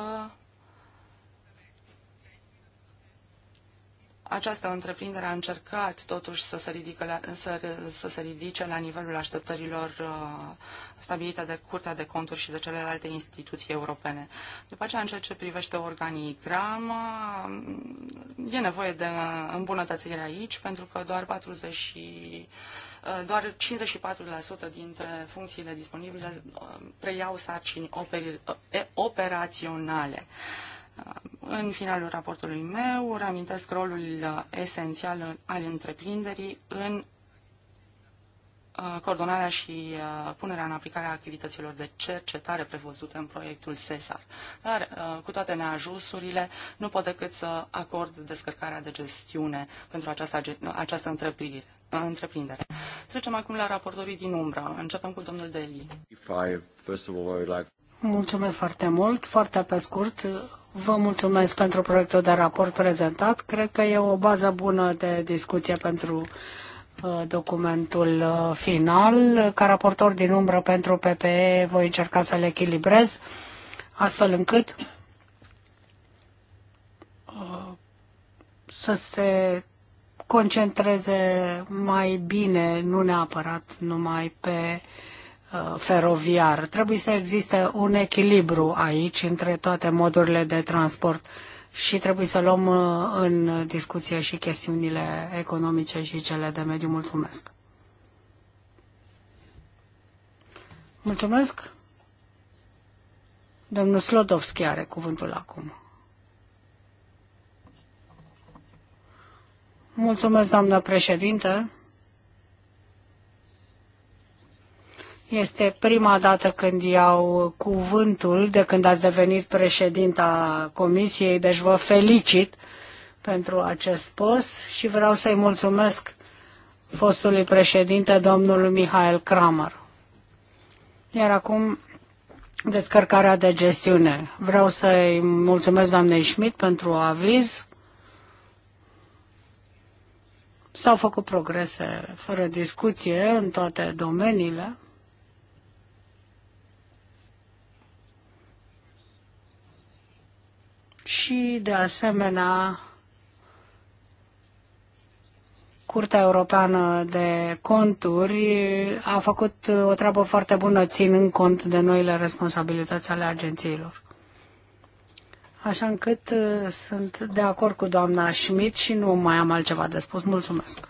această întreprindere a încercat totuși să se, ridică la, să, să se ridice la nivelul așteptărilor uh, stabilite de Curtea de Conturi și de celelalte instituții europene. După aceea, în ceea ce privește organigrama, e nevoie de îmbunătățire aici, pentru că doar 40 și uh, doar 54% dintre funcțiile disponibile uh, preiau sarcini operaționale. În finalul raportului meu reamintesc rolul uh, esențial al întreprinderii în uh, coordonarea și uh, punerea în aplicare a activităților de cercetare prevăzute în proiectul SESAR. Dar, cu toate neajusurile, nu pot decât să acord descărcarea de gestiune pentru această, această întreprindere. Întreprindere. Trecem acum la raportorii din umbră. Începem cu domnul Deli. Mulțumesc foarte mult. Foarte pe scurt, Vă mulțumesc pentru proiectul de raport prezentat. Cred că e o bază bună de discuție pentru uh, documentul uh, final. Ca raportor din umbră pentru PPE voi încerca să le echilibrez astfel încât uh, să se concentreze mai bine, nu neapărat numai pe uh, Uh, feroviar. Trebuie să existe un echilibru aici între toate modurile de transport și trebuie să luăm uh, în discuție și chestiunile economice și cele de mediu. Mulțumesc! Mulțumesc! Domnul Slodovski are cuvântul acum. Mulțumesc, doamnă președinte. Este prima dată când iau cuvântul de când ați devenit președinta comisiei, deci vă felicit pentru acest post și vreau să-i mulțumesc fostului președinte, domnul Mihail Kramer. Iar acum descărcarea de gestiune. Vreau să-i mulțumesc doamnei Schmidt pentru aviz. S-au făcut progrese fără discuție în toate domeniile. și, de asemenea, Curtea Europeană de Conturi a făcut o treabă foarte bună ținând cont de noile responsabilități ale agențiilor. Așa încât uh, sunt de acord cu doamna Schmidt și nu mai am altceva de spus. Mulțumesc!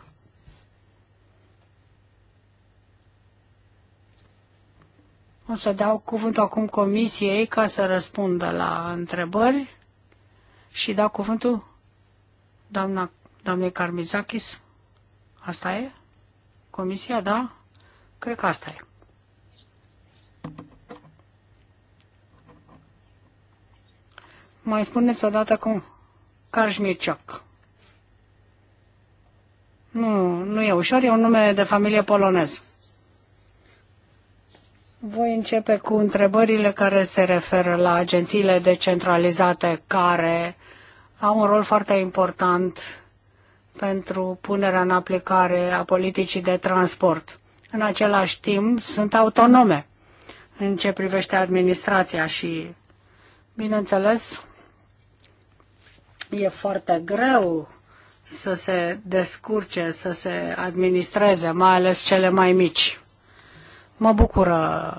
O să dau cuvântul acum comisiei ca să răspundă la întrebări și dau cuvântul doamna, doamnei Carmizakis. Asta e? Comisia, da? Cred că asta e. Mai spuneți odată cum? Karșmirciok. Nu, nu e ușor, e un nume de familie polonez. Voi începe cu întrebările care se referă la agențiile decentralizate care au un rol foarte important pentru punerea în aplicare a politicii de transport. În același timp, sunt autonome în ce privește administrația și, bineînțeles, e foarte greu să se descurce, să se administreze, mai ales cele mai mici. Mă bucură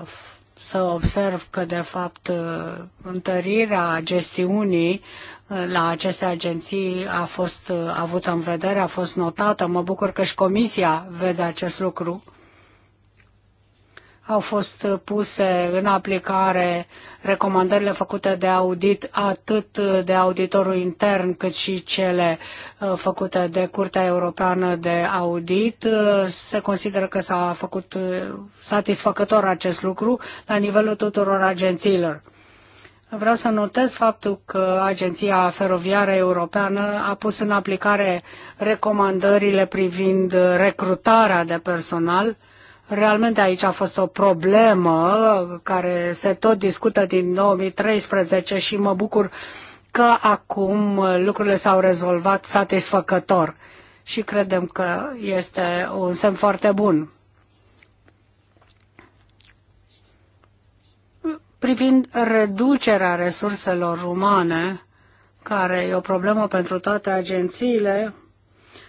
să observ că, de fapt, uh, întărirea gestiunii uh, la aceste agenții a fost uh, avută în vedere, a fost notată. Mă bucur că și Comisia vede acest lucru au fost puse în aplicare recomandările făcute de audit atât de auditorul intern cât și cele uh, făcute de Curtea Europeană de Audit. Uh, se consideră că s-a făcut uh, satisfăcător acest lucru la nivelul tuturor agențiilor. Vreau să notez faptul că Agenția Feroviară Europeană a pus în aplicare recomandările privind recrutarea de personal Realmente aici a fost o problemă care se tot discută din 2013 și mă bucur că acum lucrurile s-au rezolvat satisfăcător și credem că este un semn foarte bun. Privind reducerea resurselor umane, care e o problemă pentru toate agențiile,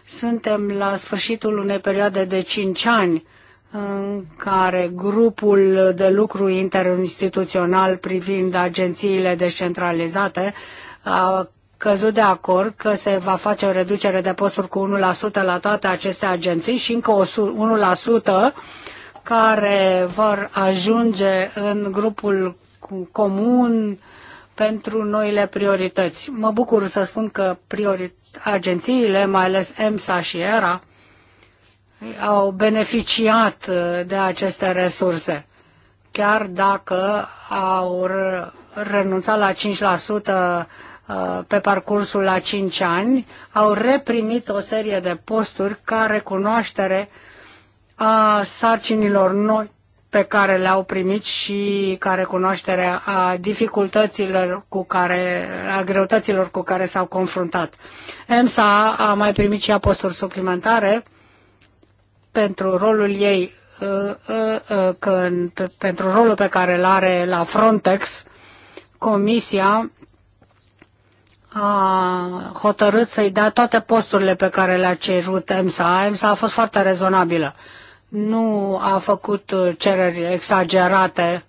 suntem la sfârșitul unei perioade de 5 ani în care grupul de lucru interinstituțional privind agențiile descentralizate a căzut de acord că se va face o reducere de posturi cu 1% la toate aceste agenții și încă 1% care vor ajunge în grupul comun pentru noile priorități. Mă bucur să spun că priori... agențiile, mai ales EMSA și ERA, au beneficiat uh, de aceste resurse, chiar dacă au renunțat la 5% uh, pe parcursul la 5 ani, au reprimit o serie de posturi ca recunoaștere a sarcinilor noi pe care le-au primit și ca recunoaștere a dificultăților cu care, a greutăților cu care s-au confruntat. EMSA a mai primit și aposturi suplimentare, pentru rolul ei, uh, uh, uh, că, pentru rolul pe care îl are la Frontex, Comisia a hotărât să-i dea toate posturile pe care le-a cerut EMSA. EMSA a fost foarte rezonabilă. Nu a făcut cereri exagerate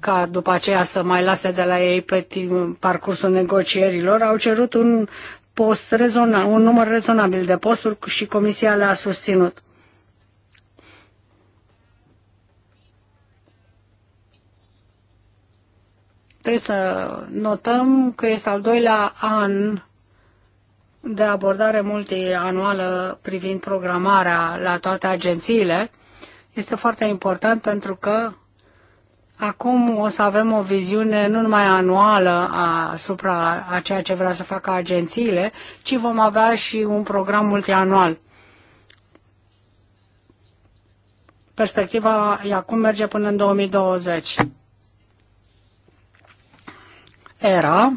ca după aceea să mai lase de la ei pe timp, parcursul negocierilor. Au cerut un post rezonabil, un număr rezonabil de posturi și comisia le-a susținut. Trebuie să notăm că este al doilea an de abordare multianuală privind programarea la toate agențiile. Este foarte important pentru că Acum o să avem o viziune nu numai anuală asupra a ceea ce vrea să facă agențiile, ci vom avea și un program multianual. Perspectiva acum merge până în 2020 era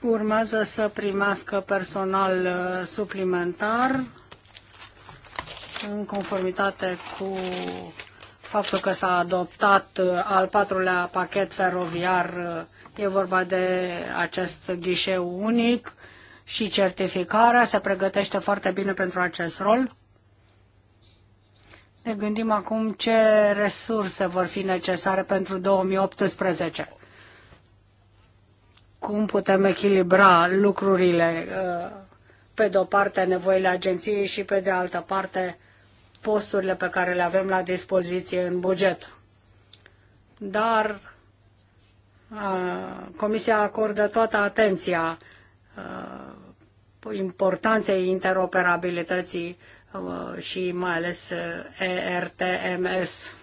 urmează să primească personal uh, suplimentar în conformitate cu faptul că s-a adoptat uh, al patrulea pachet feroviar, uh, e vorba de acest ghișeu unic și certificarea, se pregătește foarte bine pentru acest rol. Ne gândim acum ce resurse vor fi necesare pentru 2018. Cum putem echilibra lucrurile, uh, pe de o parte nevoile agenției și pe de altă parte posturile pe care le avem la dispoziție în buget. Dar uh, Comisia acordă toată atenția uh, importanței interoperabilității Uh, și mai ales uh, ERTMS.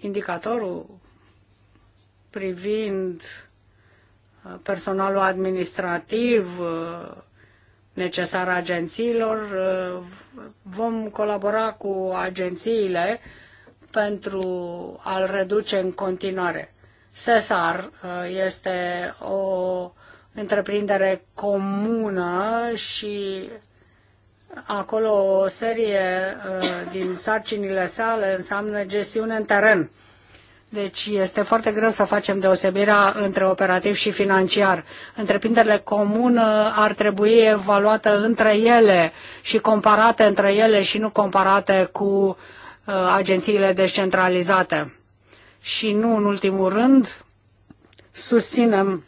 Indicatorul privind uh, personalul administrativ necesar agențiilor, vom colabora cu agențiile pentru a-l reduce în continuare. Cesar este o întreprindere comună și acolo o serie uh, din sarcinile sale înseamnă gestiune în teren. Deci este foarte greu să facem deosebirea între operativ și financiar. Întreprinderile comună ar trebui evaluată între ele și comparate între ele și nu comparate cu uh, agențiile descentralizate. Și nu în ultimul rând, susținem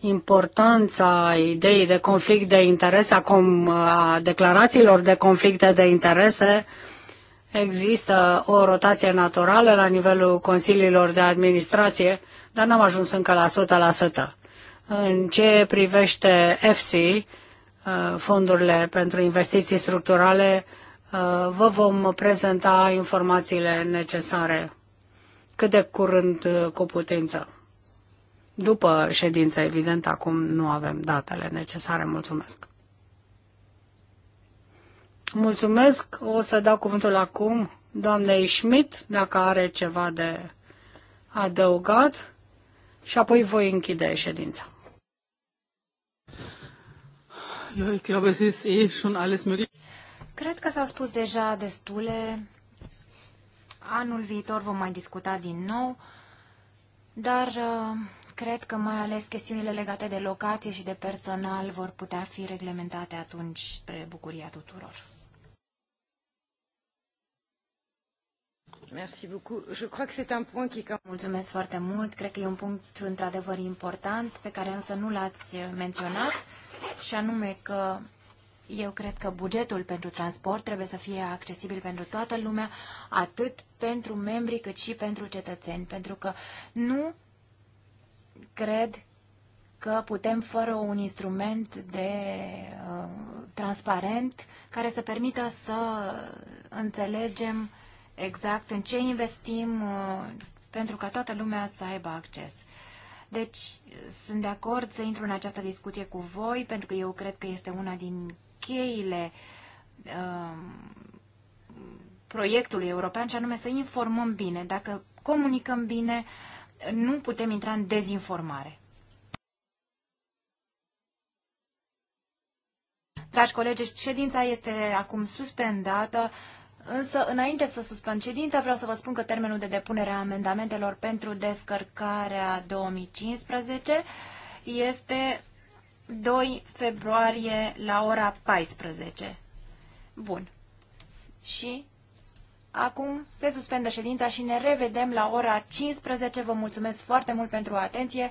importanța ideii de conflict de interese, acum a declarațiilor de conflicte de interese. Există o rotație naturală la nivelul consiliilor de administrație, dar n-am ajuns încă la 100%. În ce privește EFSI, uh, fondurile pentru investiții structurale, uh, vă vom prezenta informațiile necesare cât de curând uh, cu putință după ședință, evident, acum nu avem datele necesare. Mulțumesc! Mulțumesc! O să dau cuvântul acum doamnei Schmidt, dacă are ceva de adăugat, și apoi voi închide ședința. Eh cred că Cred că s-au spus deja destule. Anul viitor vom mai discuta din nou, dar uh, cred că mai ales chestiunile legate de locație și de personal vor putea fi reglementate atunci spre bucuria tuturor. Mulțumesc foarte mult. Cred că e un punct într-adevăr important pe care însă nu l-ați menționat și anume că eu cred că bugetul pentru transport trebuie să fie accesibil pentru toată lumea, atât pentru membri cât și pentru cetățeni, pentru că nu cred că putem, fără un instrument de uh, transparent, care să permită să înțelegem exact în ce investim uh, pentru ca toată lumea să aibă acces. Deci, sunt de acord să intru în această discuție cu voi, pentru că eu cred că este una din cheile uh, proiectului european, și anume să informăm bine. Dacă comunicăm bine, uh, nu putem intra în dezinformare. Dragi colegi, ședința este acum suspendată, însă înainte să suspend ședința vreau să vă spun că termenul de depunere a amendamentelor pentru descărcarea 2015 este 2 februarie la ora 14. Bun. Și Acum se suspendă ședința și ne revedem la ora 15. Vă mulțumesc foarte mult pentru atenție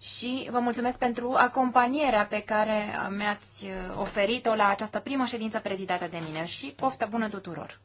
și vă mulțumesc pentru acompanierea pe care mi-ați oferit-o la această primă ședință prezidată de mine și poftă bună tuturor!